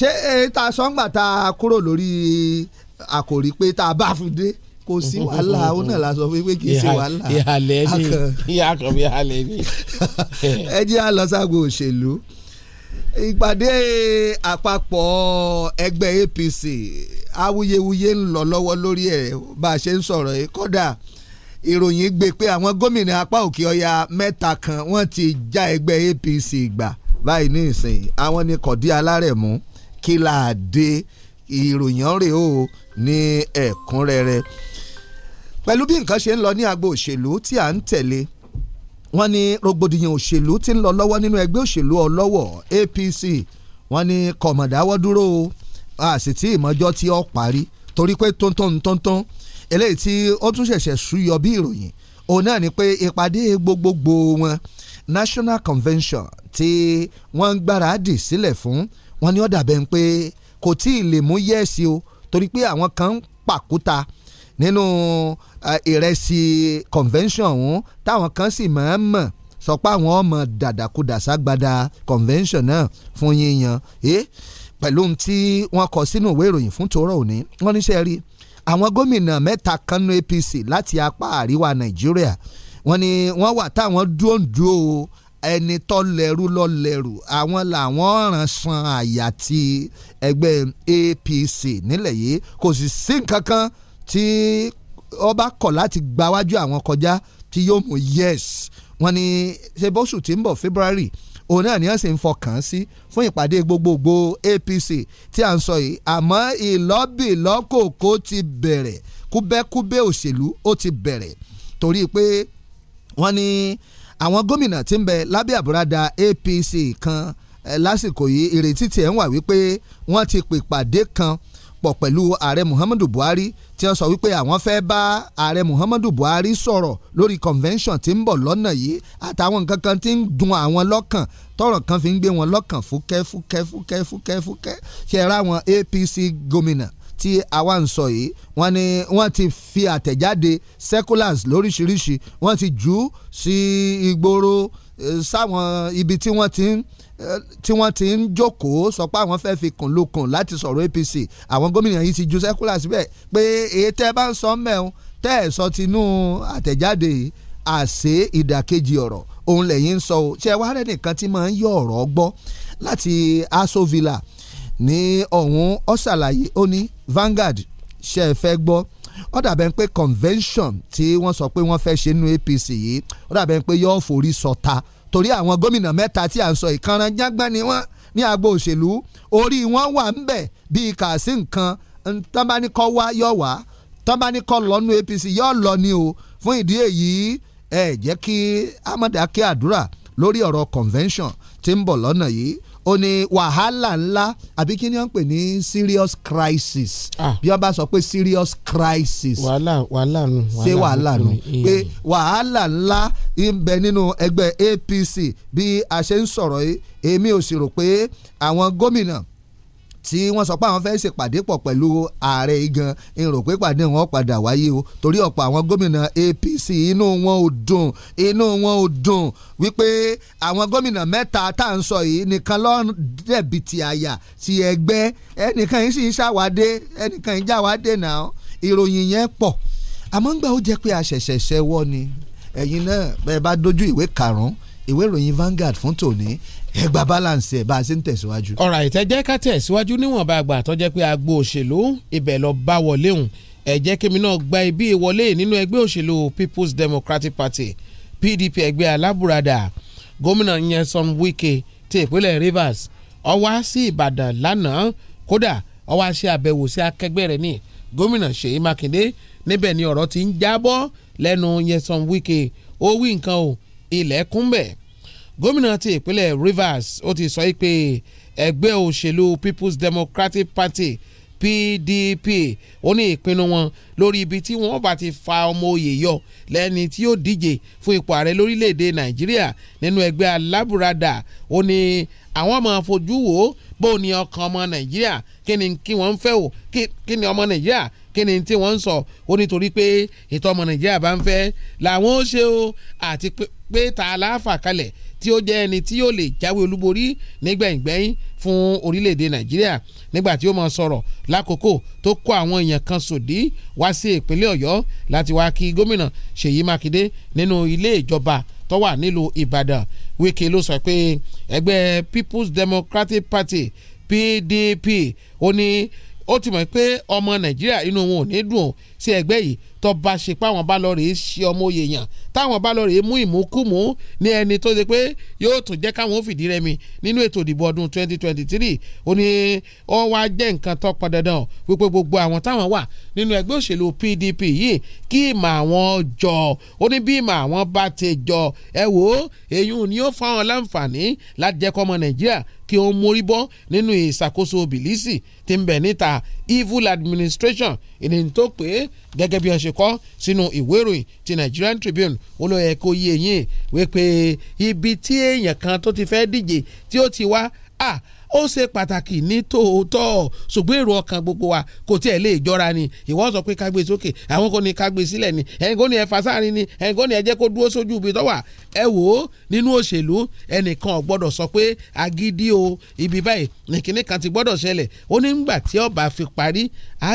Speaker 6: ṣé èyí tá a sọ ń gbà a kúrò lórí àkòrí pé tá a bá fún dé kò sí wàhálà ó <laughs> náà la sọ fún yín pé kì í ṣe wàhálà. ìhàlẹ̀ ni
Speaker 5: ìhàkàn mi <laughs> ni.
Speaker 6: <laughs> ẹ jẹ́ àlọ́sàgbò òṣèlú ìpàdé e, àpapọ̀ ẹgbẹ́ APC awuyewuye ń lọ lọ́wọ́ lórí ẹ̀ bá a ṣe ń sọ̀rọ̀ yìí kódà ìròyìn gbé pé àwọn gómìnà apá òkè ọya mẹ́ta kan wọ́n ti já ẹgbẹ́ APC gbà báyìí ní ìsìn àwọn ni kọ̀dí alárẹ̀mú kí là á dé ìròyìn rèé o ní ẹ̀kúnrẹ́rẹ́ pẹ̀lú bí nǹkan ṣe ń lọ ní agbo òṣèlú tí à ń tẹ̀lé wọ́n ní rògbòdìyàn òṣèlú ti ń lọ lọ́wọ́ nínú ẹgbẹ́ òṣèlú ọlọ́wọ̀ APC wọ́n ní kọ̀mọ̀dáwọ́ dúró o a sì tí ìmọ̀jọ́ tí ó parí torí pé tóntón tóntón eléyìí tí ó tún ṣẹ̀ṣẹ̀ súyọ bí ìròyìn òun náà ni pé ìpàdé gbogbogbò wọn national convention tí wọ́n ń gbáradì sílẹ̀ fún wọn ni ó dàbẹ̀ ń pé kò tí ì lè mú yẹ́ẹ̀sì o torí pé àwọn kan ń pàkúta nínú ìrẹsì convention ọ̀hún táwọn kan sì máa ń mọ̀ sọ pé àwọn ọmọ dàdàkudà convention náà fún yíyan pẹ̀lú tí wọ́n kọ sínú ìwé ìròyìn fún tòórọ́ òní wọ́n níṣẹ́ rí àwọn gómìnà mẹ́ta kanú APC láti apá àríwá Nàìjíríà wọ́n ní wọ́n wà táwọn dúndú o ẹni tó lẹ́rú lọ àwọn làwọn ọ̀ràn san àyà ti ẹgbẹ́ APC nílẹ̀ yìí kò sì sí nǹkan kan tí ọba kọ̀ láti gbáwájú àwọn kọjá tí yóò mú yes wọ́n ní ṣe bóṣù tí ń bọ̀ February òun náà ni wọ́n sì ń fọkàn sí fún ìpàdé gbogbogbò APC tí à ń sọ yìí àmọ́ ìlọ́bìlọ́kòkò ti bẹ̀rẹ̀ kúbẹ́kúbẹ́ òṣèlú ó ti bẹ̀rẹ̀ torí pé wọ́n ní àwọn gómìnà tí ń bẹ lábẹ́ àbúradà APC kan eh, lásìkò yìí ìrètí tiẹ̀ ń wà wípé wọ́n ti pèpàdé kan pọ̀ pẹ̀lú ààrẹ Muhammadu Buhari tí wọ́n sọ wípé àwọn fẹ́ bá ààrẹ Muhammadu Buhari sọ̀rọ̀ lórí convention tí ń bọ̀ lọ́nà yìí àtàwọn nǹkan kan tí ń dùn àwọn lọ́kàn tọ̀rọ̀ kan fi ń gbé wọn lọ́kàn fúkẹ́ fúkẹ́ fúkẹ́ fúkẹ́ fúkẹ́ ṣe ra àwọn APC gómìnà tí àwa ń sọ yìí wọ́n ní wọ́n ti fi àtẹ̀jáde circulars lóríṣiríṣi wọ́n ti jù ú sí ìgboro eh, sáwọn ibi tí wọ́n ti ń. Si tí wọ́n ti ń jókòó sọ pé àwọn fẹ́ẹ́ fi kùn lukùn láti sọ̀rọ̀ APC àwọn gómìnà yìí ti ju sẹ́kúlà síbẹ̀ pé èyí tẹ́ bá ń sọ mẹ́un tẹ́ ẹ̀ sọ tinú àtẹ̀jáde àṣé ìdàkejì ọ̀rọ̀ òun lẹ́yìn ń sọ o ṣé wàá rẹ̀ nìkan tí máa ń yọ ọ̀rọ̀ gbọ́ láti aso villa ní ọ̀hún ó ṣàlàyé ó ní Vanguard ṣe é fẹ́ gbọ́ ó dàbẹ̀ pé convention tí wọ́n sọ pé wọ́n fẹ́ ṣe nínú APC yìí ó dàbẹ̀ pé yóò forí sọta so torí àwọn gómìnà mẹ́ta tí à ń sọ ìkanran jágbọ́n ni wọ́n ní agbo òṣèlú orí wọn wà ń bẹ̀ bíi kàásì nǹkan tán bá ní kọ́ wá yọ̀ wá tán bá ní kọ́ lọ́nu APC yọ̀ lọ ni o fún ìdí èyí ẹ jẹ́ kí amọ̀dá kí lórí ọ̀rọ̀ convention tí ń bọ̀ lọ́nà yìí ó ní wàhálà ńlá àbí kí ni wọ́n pè ní serious crisis ah. bí wọ́n bá sọ pé serious crisis wàhálà wàhálà nù ṣé wàhálà nù pé wàhálà ńlá ń nínú ẹgbẹ́ APC bí a ṣe ń sọ̀rọ̀ yìí èmi ò sì rò pé àwọn gómìnà tí wọ́n sọ pé àwọn fẹ́ẹ́ ṣèpàdé pọ̀ pẹ̀lú ààrẹ igan ìrò pé pàdé wọn padà wáyé o torí ọ̀pọ̀ àwọn gómìnà APC inú wọn ò dùn inú wọn ò dùn wípé àwọn gómìnà mẹ́ta tá à ń sọ yìí nìkan ló ń dẹ̀bi ti àyà ti ẹgbẹ́ ẹnìkan yìí sì ń ṣàwádé ẹnìkan yìí jáwádé náà ìròyìn yẹn pọ̀ àmọ́ ń gbà ó jẹ́ pé àṣẹ̀ṣẹ̀ṣẹ̀ wọ́ ni ẹ̀yin náà bẹ́ẹ̀ bá dojú ìwé karùn-ún ìwé ìròyìn Vanguard fún tòní ẹ gba balance ẹ bá a ṣe ń tẹ̀síwájú.
Speaker 5: ọ̀rọ̀ àìtẹ́ jẹ́ ká tẹ̀síwájú níwọ̀nba àgbà tó jẹ́ pé agbo òṣèlú ibẹ̀ lọ bá wọlé hùn ẹ kémi náà gba ibi ìwọlé nínú ẹgbẹ́ òṣèlú People's Democratic Party PDP ẹgbẹ́ alábùradà gómìnà Nyesom Wike ti ìpínlẹ̀ Rivers ó wá sí Ìbàdàn lánàá kódà ó wá ṣe àbẹ̀wò sí akẹgbẹ́ rẹ̀ ní gómìnà Ṣèyí Mákindé níbẹ̀ ni ọ̀rọ̀ ti ń jábọ́ lẹ́nu Nyesom Wike ó wí nǹkan o ilẹ̀ kúnbẹ̀ẹ́ gómìnà ti ìpínlẹ̀ Rivers ó ti sọ pé ẹgbẹ́ òṣèlú People's Democratic Party PDP ó ní ìpinnu wọn lórí ibi tí wọ́n bá ti fa ọmọ oyè yọ lẹ́ni tí yóò díje fún ipò ààrẹ lórílẹ̀‐èdè Nàìjíríà nínú ẹgbẹ́ alábùradà ó ní àwọn máa fojú wò ó bó ni ọkàn ọmọ Nàìjíríà kí ni kí wọ́n ń fẹ́ o kí ni ọmọ Nàìjíríà kí ni tí wọ́n ń sọ ó nítorí pé ètò ọmọ Nàìjíríà bá ń fẹ́ làwọn ó ṣe o àti pé ta la kalẹ̀ tí ó jẹ́ ẹni tí yóò lè jáwé olúborí nígbẹ̀yìngbẹ̀yìn fún orílẹ̀-èdè nàìjíríà nígbà tí ó mọ̀ sọ̀rọ̀ lákòókò tó kó àwọn èèyàn kan sòdí wá sí ìpínlẹ̀ ọ̀yọ́ láti wá kí gómìnà ṣèyí mákindé nínú ilé ìjọba tó wà nílùú ìbàdàn wíkẹ́ ló sọ pé ẹgbẹ́ people's democratic party pdp ó ní ó ti mọ̀ pé ọmọ nàìjíríà inú wọn ò ní dùn sí ẹgbẹ́ yìí tó bá ṣe pé àwọn bá lọ rèé ṣe ọmọ òye yàn táwọn bá lọ rèé mú ìmúkùmú ní ẹni tó ṣe pé yóò tún jẹ́ káwọn ó fìdí rẹmi nínú ètò ìdìbò ọdún 2023 ó ní ó wá jẹ́ nǹkan tó pọn dandan wípé gbogbo àwọn táwọn wà nínú ẹgbẹ́ òṣèlú PDP yìí kí ìmọ̀ àwọn jọ ó ní bí ìmọ̀ àwọn bá ti jọ ẹ wò ó èyí ni ó fáwọn láǹfààní láti jẹ́ kọ́mọ Nàìjíríà kí ó mórí bọ́ nínú ìṣàkóso bìlísì tí ń bẹ níta evil administration ìní tó pé gẹ́gẹ́ bí ẹ ṣe kọ sínú ìwé ìròyìn ti Nigerian Tribune olóyè kò yé yín wípé ibi tí èèyàn kan tó ti fẹ́ díje tí ó ti wá à ó ṣe pàtàkì ní tòótọ́ ṣùgbọ́n èrò ọkàn gbogbo wa kò tiẹ̀ lè jọra ni ìwọ sọ pé ká e sókè àwọn kò ní ká e sílẹ̀ ni ẹ̀yin kò ní ẹ fà sáàrin ni ẹ̀yin kò ní ẹ jẹ́ kó dúró sójú ibi tó wà ẹ wò ó nínú òṣèlú ẹnìkan ò gbọ́dọ̀ sọ pé agídí o ibi báyìí nìkíní kan ti gbọ́dọ̀ ṣẹlẹ̀ ó ní ngbà tí ọba fi parí á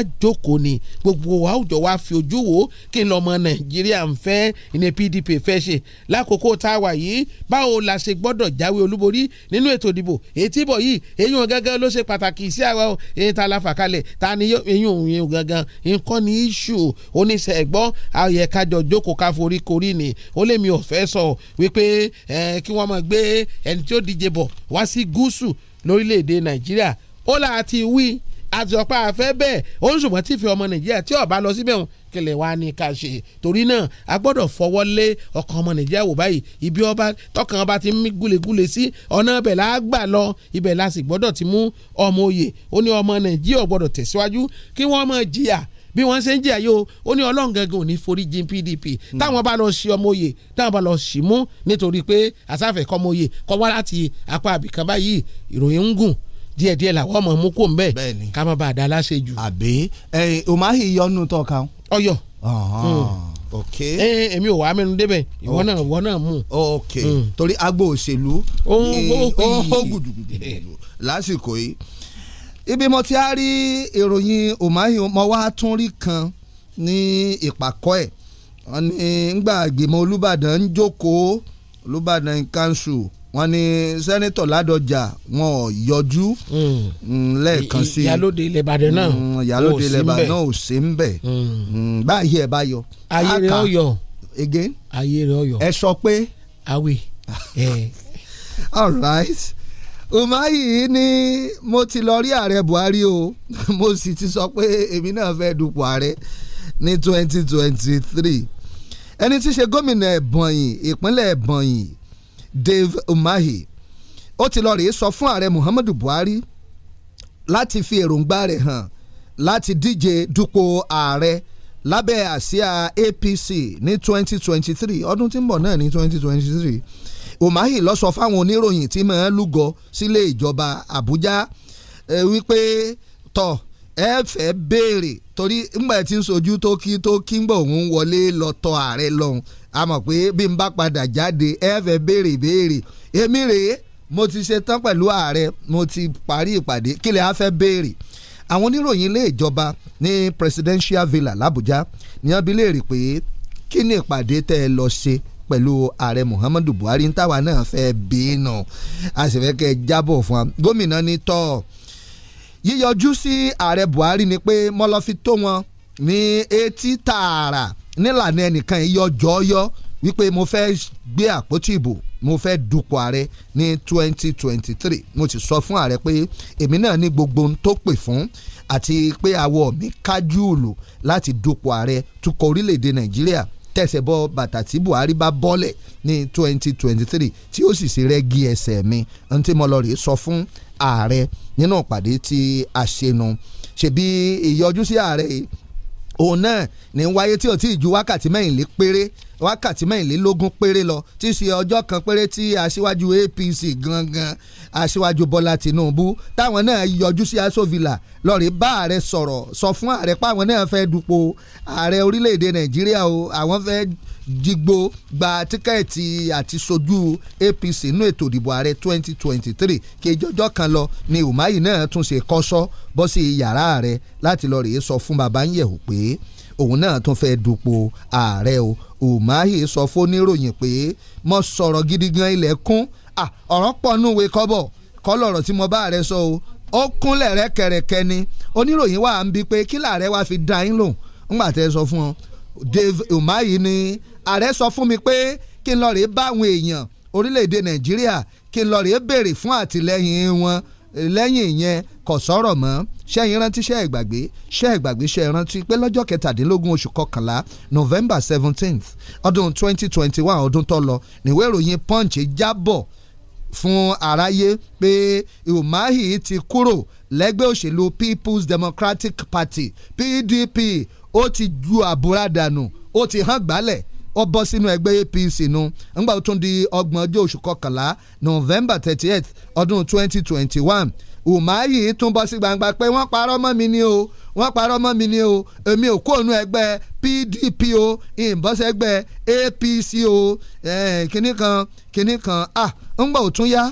Speaker 5: ni gbogbo wa ó jọ wá fi ojú wò ó kí n lọ ọmọ nàìjíríà ń fẹ́ ní PDP fẹ́ ṣe lákòókò tá a wà yìí báwo la ṣe gbọ́dọ̀ jáwé olúborí nínú ètò ìdìbò ètí ìbọ̀ yìí eyín gangan ló ṣe pàtàkì sí àwa o eyín ta la fà kalẹ̀ ta ni eyín òun yẹn gangan nǹkan ní iṣu oníṣẹ́ ẹ̀gbọ́n ayẹ̀kájọ jókòó ká forí korí ni ó lè mi ò fẹ́ sọ wípé kí wọ́n máa gbé ẹni tí ó díje bọ̀ wá sí gúúsù lórílẹ̀‐èdè Nàìjíríà ó là á ti wí àti ọ̀pá àfẹ́ bẹ́ẹ̀ ó ń ṣùgbọ́n tí fi ọmọ nàìjíríà tí ọba lọ síbẹ̀ hàn kẹlẹ̀ wa ni ká ṣe torí náà a gbọ́dọ̀ fọwọ́ lé ọkàn ọmọ nàìjíríà wò báyìí ibi ọba tọkàn ọba ti ń mí gúlegúle sí ọ̀nà ibẹ̀ la gbà lọ ibẹ̀ la sì gbọ́dọ̀ ti mú ọmọ òye ó ní ọmọ nàìjíríà gbọ́dọ̀ tẹ̀síwájú kí wọ́n má jìyà bí wọ́n ṣe ń jẹ́ yìí o ó ní ọlọ́run gangan ò ní foríjì PDP hmm. táwọn bá lọ sí ọmọ òye táwọn bá lọ sí mú nítorí pé àsáfẹ́kọ́ ọmọ òye kọ́ wá láti apá àbìkan báyìí ìròyìn ń gùn díẹ̀díẹ̀ làwọn ọmọ mú kó mbẹ́ ká má bàa da láṣẹ
Speaker 6: jù. àbí ẹ Umahi yọnu tọ kan. ọyọ hmm. ok ẹ èmi ò wá mẹnu débẹ̀ ìwọ náà ìwọ náà mú. ok hmm. torí agbo òṣèlú ó gùdùgùdù lásìkò yìí ibi mo ti á rí ìròyìn Umahi mo wá tún rí kan ní ìpàkọ́ ẹ̀ wọ́n ní ngbà ìgbìmọ̀ Olúbàdàn ń jókòó Olúbàdàn council wọ́n ní sẹ́nitọ̀ ládọjà wọn ò yọjú hmm. Hmm, lẹ́ẹ̀kan sí i ìyálóde ilẹ̀ ìbàdàn náà hmm, ìyálóde ilẹ̀ ìbàdàn náà ò sí ń báyìí ẹ̀ bá yọ. ayé rẹ̀ ó yọ again ayé rẹ̀ ó yọ ẹ sọ pé. awe. <laughs> all right umahi ni mo ti lọ rí ààrẹ buhari o <laughs> mo sì ti sọ pé èmi náà fẹ́ dupò ààrẹ ní twenty twenty three ẹni tí í ṣe gómìnà ẹ̀bọ̀nyìn ìpínlẹ̀ ẹ̀bọ̀nyìn Dave Umahi ó ti lọ rèé sọ fún ààrẹ Muhammadu Buhari láti fi èròǹgbà rẹ̀ hàn láti díje dupò ààrẹ lábẹ́ àsíá APC ní 2023 ọdún tí ń bọ̀ náà ní 2023 Umahi lọ sọ fáwọn oníròyìn tí máa ń lúgọ sílé ìjọba Àbújá eh, wípé tọ̀ ẹ fẹ́ béèrè torí ńgbà tí ń sojú tó kí tó kí ńgbà òun wọlé lọ́tọ̀ ààrẹ lọ́hùn a mọ̀ pé bí n bá padà jáde ẹ fẹ́ béèrè béèrè èmi rèé mo ti ṣe tán pẹ̀lú ààrẹ mo ti parí ìpàdé kí lè á fẹ́ béèrè àwọn oníròyìn ilé ìjọba ní presidential villa làbújá ní wọ́n bi léèrè pé kí ni ìpàdé tẹ́ ẹ lọ ṣe pẹ̀lú ààrẹ muhammadu buhari ń táwa náà fẹ́ bí náà a sì fẹ́ kẹ́ ẹ jábọ̀ fún wa gómìnà ní tọ́ọ̀ yíyọjú sí ààrẹ Buhari ni pé mọ́lọ́fí tó wọn ní etí tààrà nílànà ẹnìkan ìyọjọ́yọ́ wípé mo fẹ́ gbé àpótí ìbò mo fẹ́ dupò ààrẹ ní 2023 mo ti sọ fún ààrẹ pé èmi náà ní gbogbo ohun tó pè fún àti pé àwọ̀ mi kájú òlò láti dupò ààrẹ tukọ̀ orílẹ̀‐èdè Nàìjíríà tẹ̀sẹ̀ bọ bàtà tí Buhari bá bọ́lẹ̀ ní 2023 tí ó sì ṣe rẹ́gí ẹsẹ̀ mi ohun tí mo lọ rèé sọ fún ààrẹ nínú ìpàdé tí a ṣe nu ṣebí ìyọjú sí ààrẹ yìí òun náà ní wáyé tí ò tí ì ju wákàtí mẹ́rìnlé péré wákàtí mẹ́rìnlélógún péré lọ tí í ṣe ọjọ́ kan péré tí aṣíwájú APC gangan aṣíwájú Bọ́lá Tinubu táwọn náà yọjú sí Aso Villa lọ́ọ̀rì bá ààrẹ sọ̀rọ̀ sọ fún ààrẹ páwọn náà fẹ́ dupò ààrẹ orílẹ̀-èdè Nàìjíríà o àwọn fẹ́ jígbó gba tíkẹ́ẹ̀tì àti sojú APC nínú ètò ìdìbò ààrẹ 2023 kejọjọ́ kan lọ ni Umahi náà tún ṣe kọ́sọ́ bọ́ sí yàrá rẹ̀ láti lọ rèé sọ fún Babáńyẹ̀wò pé òun náà tún fẹ́ dupò ààrẹ o Umahi sọ fóníròyìn pé mo sọ̀rọ̀ gidi gan ilẹ̀ kún ọ̀rọ̀ pọ̀ núwe kọ́bọ̀ kọ́ lọ̀rọ̀ tí mo bá rẹ sọ o ó kúnlẹ̀ rẹ́kẹrẹkẹ ni oníròyìn wa ń bi pé kí làárẹ̀ wa fi dá yín lòun ńgbà tẹ́ sọ fún ọ Dave Umahi ni ààrẹ sọ fún mi pé kí n lọ rèé bá àwọn èèyàn orílẹ̀-èdè Nàìjíríà kí n lọ rèé béèrè fún àtìlẹ́yìn wọn lẹ́yìn ìyẹn kò sọ̀rọ̀ mọ́ ṣẹ́yìn rántí ṣẹ́ ìgbàgbé ṣẹ́ ìgbàgbé ṣẹ́ rántí pé lọ́jọ́ kẹtàdínlógún oṣù kọkànlá November seventeenth ọdún twenty twenty one ọdún tó lọ níwé ìròyìn Punch jábọ̀ fún aráyé pé Umahi ti kúrò lẹ́gbẹ́ òṣèlú People's Democratic Party PDP ó ti ju àbúrà dànù ó ti hàn gbálẹ̀ ó bọ́ sínú ẹgbẹ́ APC nu ńgbà tó tún di ọgbọ̀n ọjọ́ oṣù kọkànlá November thirty eight ọdún twenty twenty one Umahi tún bọ́ sí gbangba pé wọ́n parọ́ mọ́ mi ni o wọ́n parọ́ mọ́ mi ni o èmi ò kó ònú ẹgbẹ́ PDP o ìbọ́sẹ̀gbẹ́ APC o kìnnìkan kìnnìkan ah ńgbà ò tún yá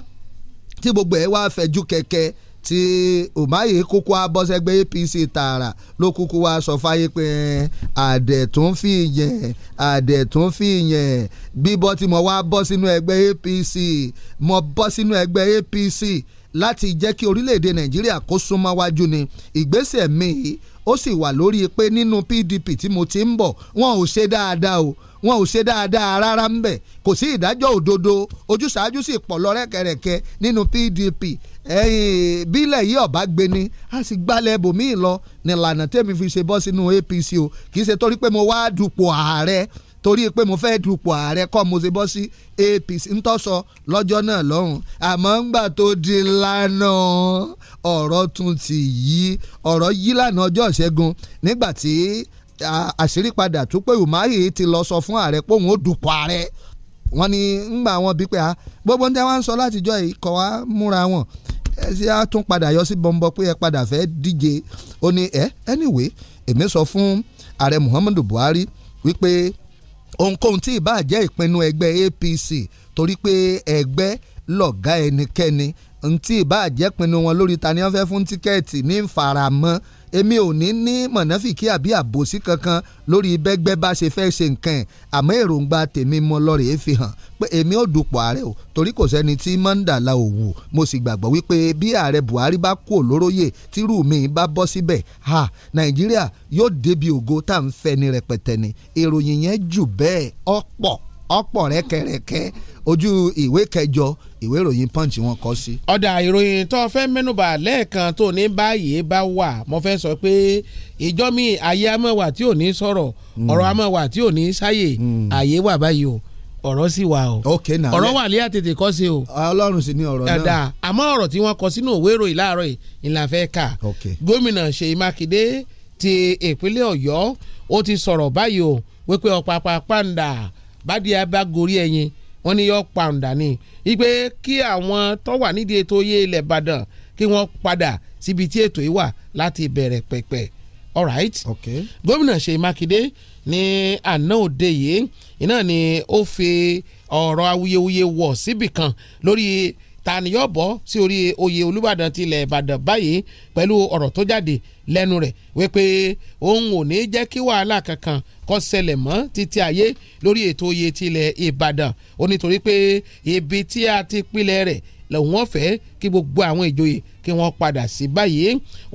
Speaker 6: tí gbogbo ẹ̀ wá fẹ̀jú kẹ̀kẹ́ tí Umahi kúkú abọ́sẹ́gbẹ́ APC tààrà ló kúkú wá sọ fáyé pé àdẹ̀tún fi yẹn àdẹ̀tún fi yẹn bíbọ́ tí mo wá bọ́ sínú ẹgbẹ́ APC mo bọ́ sínú ẹgbẹ́ APC láti jẹ́ kí orílẹ̀-èdè Nàìjíríà kó súnmọ́ wájú ni ìgbésẹ̀ mi ó sì wà lórí pé nínú PDP tí mo ti ń bọ̀ wọn ò ṣe dáadáa o wọn ò ṣe dáadáa rárá ń bẹ̀ kò sí ìdájọ́ òdodo ojúṣàájú sì pọ̀ lọ rẹ́kẹrẹ́kẹ nínú PDP ẹ̀yìn bílẹ̀ yìí ọ̀bá gbé ni a sì gbalẹ̀ ẹbòmíì lọ nílànà tẹ́mi fi ṣe bọ́ sínú APC o kì í ṣe torí pé mo wá dupò ààrẹ torí pé mo fẹ́ dupò ààrẹ kọ́ mo ṣe bọ́ sí APC ń tọ́sọ lọ́jọ́ náà lọ́hùn àmọ́ ńgbà tó di lánà ọ̀rọ̀ tún ti yí ọ̀rọ̀ yí lánà ọjọ́ ìṣẹ́gun nígbà tí àṣírí padà tún pé Umahi ti lọ sọ fún ààrẹ pé òun ó dupò ààrẹ wọ́n ní ńgbà wọn bí pé gbogbo ń tẹ́ wá ń sọ látijọ́ ikọ̀ wa múra wọn ẹ ṣe padà yọ sí bọ́ńbọ́ pé ẹ padà fẹ́ díje ó ní ẹ anyway èmi sọ fún ààrẹ Muhammadu Buhari wípé ohunkóhun tí ìbá jẹ́ ìpinnu ẹgbẹ́ APC torí pé ẹgbẹ́ lọ̀gá ẹnikẹ́ni ntí ìbá jẹ́ ìpinnu wọn lórí ta ni wọ́n fún tíkẹ́ẹ̀tì ní ìfaramọ́ èmi ò ní ní mọ̀nàfìkì àbí àbòsí kankan lórí bẹ́gbẹ́ bá ṣe fẹ́ ṣe nǹkan ẹ̀ àmọ́ èròǹgbà tèmi mọ lọ́rẹ̀ẹ́ fi hàn pé èmi ò dupò ààrẹ o torí kò sẹ́ni tí mọ́ńdàlá ò wù mo sì gbàgbọ́ wípé bí ààrẹ Buhari bá kú olóróyè tírú mi bá bọ́ síbẹ̀ ha Nàìjíríà yóò débi ògo tá à ń fẹ́ ní rẹpẹtẹ ni èròyìn yẹn jù bẹ́ẹ̀ ọ̀pọ̀ ọ̀pọ̀ rẹ́kẹrẹ́kẹ́ ojú ìwé kẹjọ ìwé ìròyìn punch wọn kọ sí.
Speaker 5: ọ̀dà ìròyìn tó fẹ́ mẹ́nubà lẹ́ẹ̀kan tó ní báyìí bá wà mo fẹ́ sọ pé ìjọ mi ayé amọ̀wà tí ò ní sọ̀rọ̀ hmm. ọ̀rọ̀ amọ̀wà tí ò ní sáyè àyè hmm. wà báyìí o ọ̀rọ̀ sì wà o ọ̀rọ̀ wà lé àtètè kọ́ sí o ọlọ́run sì ni ọ̀rọ̀ náà ẹ̀dá àmọ́ ọ̀rọ̀ tí wọ́n kọ sínú òwe ìròyìn láàárọ̀ yìí ni la fẹ́ kà gómìnà Ṣèyí Mákindé ti ìpínlẹ̀ Ọ̀yọ́ ó ti sọ̀rọ̀ báyìí o wípé ọ̀pá pàpàǹdà bádìí abá gorí ẹyin wọ́n ní yọ pàǹdà ni wípé kí àwọn tó wà nídìí ètò oyè ilẹ̀ Ìbàdàn kí wọ́n padà síbi tí ètò yìí wà láti bẹ̀rẹ̀ pẹ̀pẹ̀ alright okay. gómìnà Ṣèyí Mákindé ní àná òde yìí iná ni ó fi ọ̀rọ̀ awuyewuye wọ̀ síbì kan lórí tani ni yóò bọ́ sí orí oyè Olúbàdàn ti ilẹ̀ Ìbàdàn báyìí pẹ̀lú ọ̀rọ̀ tó jáde lẹ́nu rẹ̀ wípé òun ò ní jẹ́ kí wàhálà kankan kó ṣẹlẹ̀ mọ́ títí ayé lórí ètò oyè ti ilẹ̀ Ìbàdàn ó nítorí pé ibi tí a ti pilẹ̀ rẹ̀ lòun fẹ́ kí gbogbo àwọn ìjòyè kí wọ́n padà sí báyìí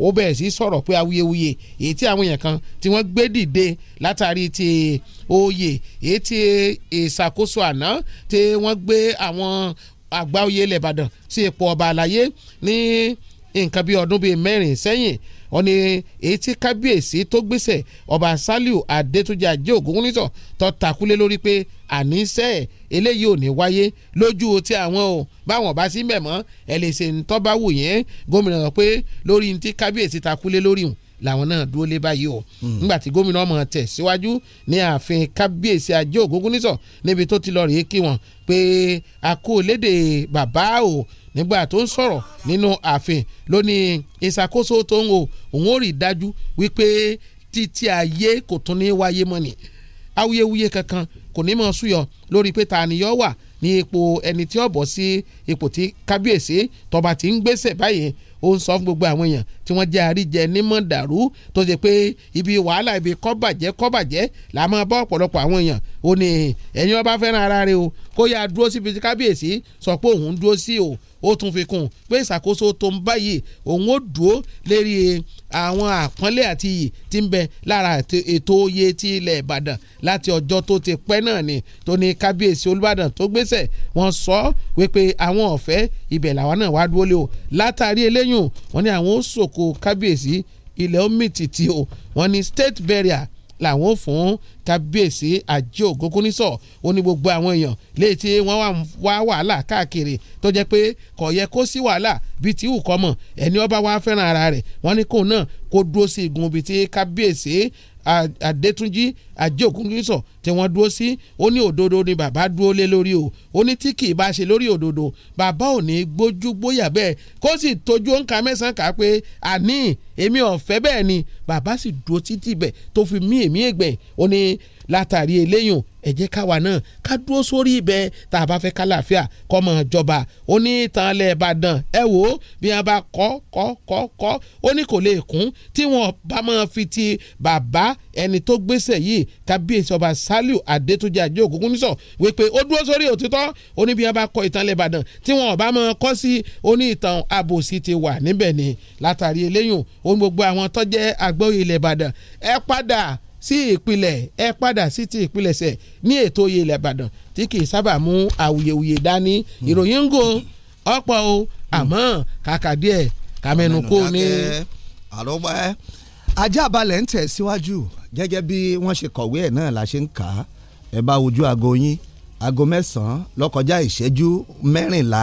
Speaker 5: ó bẹ̀rẹ̀ sí sọ̀rọ̀ pé awuyewuye èyí tí àwọn èèyàn kan tí wọ́n gbé dìde látàrí ti oyè èyí tí ìṣàkóso àná tí wọ́n gbé àwọn àgbà oyè ilẹ̀ ìbàdàn sí ipò ọba àlàyé ní nǹkan bíi ọdún bíi mẹ́rin sẹ́yìn wọ́n ní èyí tí kábíyèsí tó gbéṣẹ̀ ọba Sàlíù Adétúnjì Ajé Ògúnwùsì tó takulé lórí pé àníṣe eléyìí ò ní wáyé lójú ti àwọn o báwọn bá sí mẹ̀mọ́ ẹ̀ lè ṣe ń tọ́ bá wù yẹn gómìnà pé lórí ti kábíyèsí takulé lórí hùn làwọn náà dúró lé báyìí o hmm. nígbà tí gómìnà ọmọ tẹ̀ síwájú ní ààfin kábíyèsí ajé ògúngúnnísọ̀ níbi tó ti lọ rèé kí wọn pé a kú lédè bàbá o nígbà tó ń sọ̀rọ̀ nínú ààfin ló ní ìṣàkóso tó ń o òun ò rí dájú wípé títí ayé kò tún ní wáyé mọ́ ni awuyewuye kankan kò ní mọ̀ súyọ lórí pé ta ni yọ wà ní ipò ẹni tí ó bọ̀ sí ipò tí kábíyèsí tọba ti ń gbéṣẹ̀ báyìí ó ń sọ fún gbogbo àwọn èèyàn tí wọ́n jẹ́ àríjẹ nímọ̀ dàrú tó ṣe pé ibi wàhálà ibi kọ́bàjẹ́ kọ́bàjẹ́ là máa bá ọ̀pọ̀lọpọ̀ àwọn èèyàn ó ní ẹ̀yin ọba fẹ́ràn ara rẹ o kó yáa dúró síbi tí kábíyèsí sọ pé òun dúró sí o ó tún fi kún pé ìṣàkóso tó ń báyìí òun ó dúró lérí àwọn àpọ́nlé àti iyì tí ń bẹ lára ètò oyè ti ilẹ̀ ìbàdàn láti ọjọ́ tó ti pẹ́ náà ni tó ní kábíyèsí olúbàdàn tó gbéṣẹ̀ wọ́n sọ wípé àwọn ọ̀fẹ́ ibẹ̀ làwa náà wá dúró lé o látàrí eléyùn wọ́n ní àwọn ó sòkò kábíyèsí ilẹ̀ omi tìtì o wọ́n ní state barrier làwọn ò fún kábíyèsí àjẹ́ ògógúnnísọ̀ ó ní gbogbo àwọn èèyàn léyìí tí wọ́n wá wàhálà káàkiri tó jẹ́ pé kò yẹ kó sí wàhálà bíi tí ìwùkọ́ mọ̀ ẹni ọba wa fẹ́ràn ara rẹ̀ wọ́n ní kóun náà kó dúró sí igun bíi tí kábíyèsí Adétúnjì ajé òkúngísọ̀ tí wọ́n dúró sí ó ní òdodo ni bàbá dúró lé lórí o ó ní tí kì í bá ṣe lórí òdodo bàbá ò ní gbójú gbóyà bẹ́ẹ̀ kó sì tójú òǹkà mẹ́sàn-án kà pé àní èmi ọ̀fẹ́ bẹ́ẹ̀ ni bàbá sì dúró títí bẹ̀ tó fi mí èmi ègbẹ̀ ó ní látàrí eléyùn ẹ jẹ́ káwa náà ká dúró sórí ibẹ̀ tá a bá fẹ́ kálàáfíà kó máa jọba ó ní ìtàn ilẹ̀ Ìbàdàn ẹ wò ó bí wọn bá kọ́ kọ́ kọ́ kọ́ ó ní kò lè kún tí wọn bá máa fi ti bàbá ẹni tó gbéṣẹ̀ yìí kábíyèsí ọba Sálíù Adétúnjì Ajé Ògúngúnnísọ wípé ó dúró sórí òtítọ́ oníbi yẹn bá kọ ìtàn lẹ́bàdàn tí wọn ọba máa kọ́ sí oní ìtàn àbòsí ti wà níbẹ̀ ni látàrí eléyìn ohun gbogbo àwọn tó jẹ́ àgbọ̀yé ilẹ̀ Ìbàdàn ẹ padà sí ìpìlẹ̀ ẹ padà sí ti ìpìlẹ̀ṣẹ̀ ní ètò oyè ilẹ̀ Ìbàdàn tí kì í sábà mú awuyewuye dání hmm. ìròyìn ń go ọ̀pọ̀ o
Speaker 6: hmm. àmọ́ kàkà díẹ̀ kàmẹ́nu kò ní. àlọ́ bá ẹ ajá balẹ̀ ń tẹ̀ síwájú gẹ́gẹ́ bí wọ́n ṣe kọ̀wé ẹ̀ náà la ṣe ń kà á ẹ bá ojú aago yín aago mẹ́sàn-án lọ́kọjá ìṣẹ́jú mẹ́rìnlá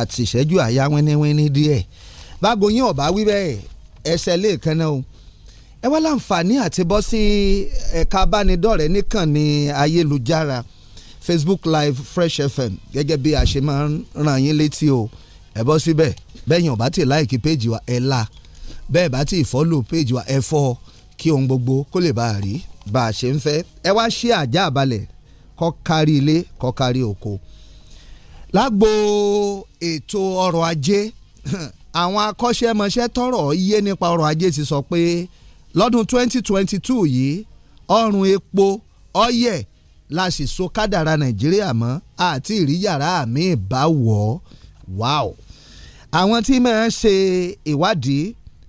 Speaker 6: àti ìṣẹ́jú àyá wíníwíní díẹ̀ báago yín ọ̀bá wí bẹ́ẹ̀ ẹsẹ̀ lẹ́ẹ̀kan náà o ẹ wá láǹfààní àti bọ́ sí ẹ̀ka abánidọ́rẹ̀ẹ́ níkànnì ayélujára Facebook Live Fresh FM gẹ́gẹ́ bí a ṣe máa ń ràn yín létí o ẹ bọ́ síbẹ̀ bẹ́ẹ̀ yín ọ̀bá tí láìkí péjì wa ẹ̀ la bẹ́ẹ̀ bá tí ìfọ́lù péjì wa ẹ̀ fọ́ ọ kí ohun gbogbo kó lè bá a rí bá a ṣe ń fẹ́ ẹ wá ṣí àjà àbalẹ̀ kọ́ kárí ilé kọ́ kárí oko lágbo ètò ọrọ̀ ajé <laughs> àwọn akọ́ṣẹ́mọṣẹ́ tọ́rọ̀ yé nípa ọrọ̀ ajé ti sọ pé lọ́dún 2022 yìí ọrùn epo ọyẹ̀ la sì so kádàrà nàìjíríà mọ́ àti ìríyàrá mi bá wọ̀ ọ́ wow àwọn tí máa ń ṣe ìwádìí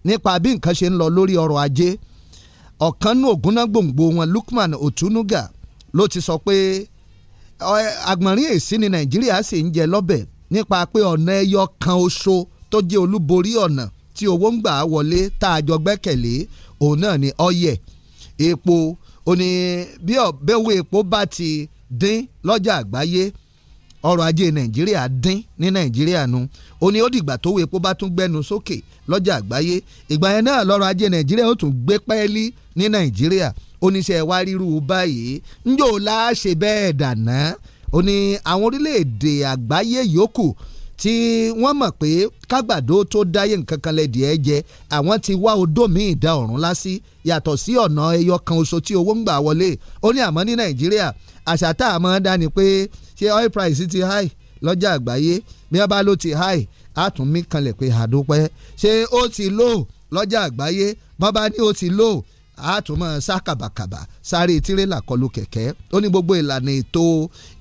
Speaker 6: nípa bí nǹkan ṣe ń lọ lórí ọrọ̀ ajé ọ̀kanú ògúnná gbòǹgbò wọn Lukman Otunuga ló ti sọ pé àgbọ̀nrín èsì ni Nàìjíríà sì ń jẹ lọ́bẹ̀ nípa pé ọ̀nà ẹyọ kan oṣo tó jẹ́ olúborí ọ̀nà tí owó ń gbà wọlé tá a jọ gbẹ́kẹ̀lé òun náà ni ọyẹ̀ epo ó bí ọ̀bẹ̀wò epo bá ti dín lọ́jà àgbáyé ọrọ̀ ajé nàìjíríà dín ní nàìjíríà nu ó ní ó dìgbà tó wo epo bá tún gbẹnu sókè lọ́jà àgbáyé ìgbà yẹn náà lọ́rọ̀ ajé nàìjíríà ó tún gbé pẹ́ẹ́lí ní nàìjíríà ó ní sẹ́ wá ríru báyìí njó la ṣe bẹ́ẹ̀ dànà ó ní àwọn orílẹ̀-èdè àgbáyé yòókù tí wọ́n mọ̀ pé kágbàdo tó dáyé nǹkan kan lẹ́dí ẹ jẹ àwọn ti wá odó míì dá ọ̀run lásì yàtọ̀ sí ọ̀nà ẹyọ kan oṣù tí owó ń gbà wọlé ó ní àmọ́ ní nàìjíríà àṣà tá a mọ̀ dá ni pé ṣé oil price ti high lọ́jà àgbáyé bí wọ́n bá ló ti high àtúnmí kanlẹ̀ pé àdópẹ́ ṣé ó ti low lọ́jà àgbáyé bọ́n bá ní ó ti low àtúmọ̀ sá kàbàkàbà sáré tirẹ́là kọlu kẹ̀kẹ́ ó ní gbogbo ìlànà ètò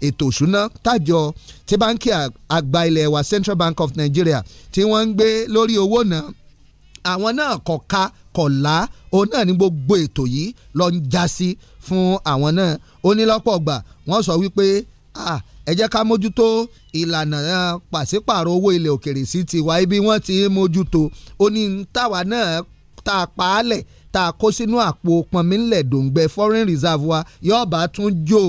Speaker 6: ètò òṣùná tàjọ tí báńkì àgbà ilẹ̀ wa Central Bank of Nigeria tí wọ́n ń gbé lórí owó náà àwọn náà kọ̀ ká kọ̀ lá òun náà ní gbogbo ètò yìí lọ ń já sí fún àwọn náà ó ní lọ́pọ̀ ọgbà wọ́n sọ wípé ẹ jẹ́ ká mójútó ìlànà pàṣípààrọ̀ owó ilẹ̀ òkèrè sí tiwa ibi wọ́n ti mójútó ó ní táwa náà tá a pa á kó sínú àpò pọnmílẹ̀ dòǹgbẹ foreign reserve wa yóò bá tún jò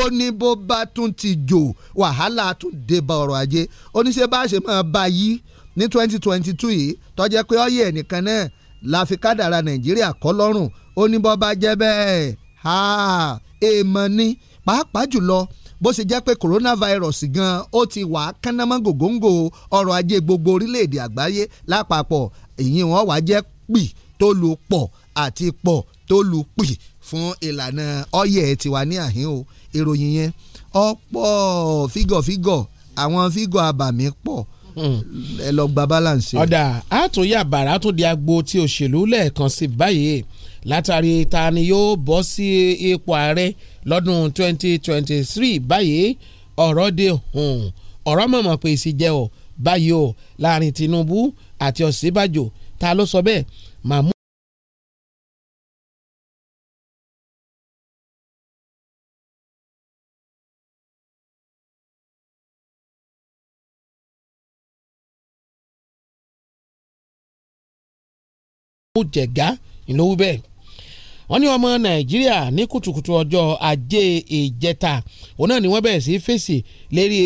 Speaker 6: ó ní bó bá tún ti jò wàhálà tún dé bá ọrọ̀ ajé ó ní ṣe bá a ṣe máa bá yí ní twenty yìí tó pé ọ̀yẹ̀ nìkan náà la fi kádàrà nàìjíríà kọ́ lọ́rùn ó ní bó bá jẹ́ bẹ́ẹ̀ èèmọ̀ ni pàápàá jùlọ bó ṣe jẹ́ pé coronavirus gan ó ti wà kánámọ́ gògóńgò ọrọ̀ ajé gbogbo orílẹ̀-èdè àgbáyé lápapọ̀ èyí wọn wá jẹ́ pì tó lu pọ̀ àti pọ̀ tó lu pì fún ìlànà ọyẹ tiwa ní àhín o ìròyìn yẹn ọ̀pọ̀ fígọ̀fígọ̀ àwọn fígọ̀ abàmì pọ̀ hmm. ẹ lọ gba balance. ọ̀dà àtúnyà bàrà
Speaker 5: tó di agbo tí òṣèlú lẹ́ẹ̀kan sí báyìí látàrí ta ni yóò bọ́ sí ipò ààrẹ lọ́dún 2023 báyìí ọ̀rọ̀ dé hùn ọ̀rọ̀ mọ̀mọ́ pé èsì jẹ́ ọ̀ báyìí o
Speaker 6: láàrin Tinubu àti Ọ̀ṣínbàjò ta ló sọ bẹ́ẹ̀ màmú. ó jẹ̀gá ìlówó bẹ́ẹ̀
Speaker 5: wọ́n ní ọmọ nàìjíríà ní kùtùkùtù ọjọ́ ajé ìjẹta òun náà ni wọ́n bẹ̀rẹ̀ sí fèsì lérí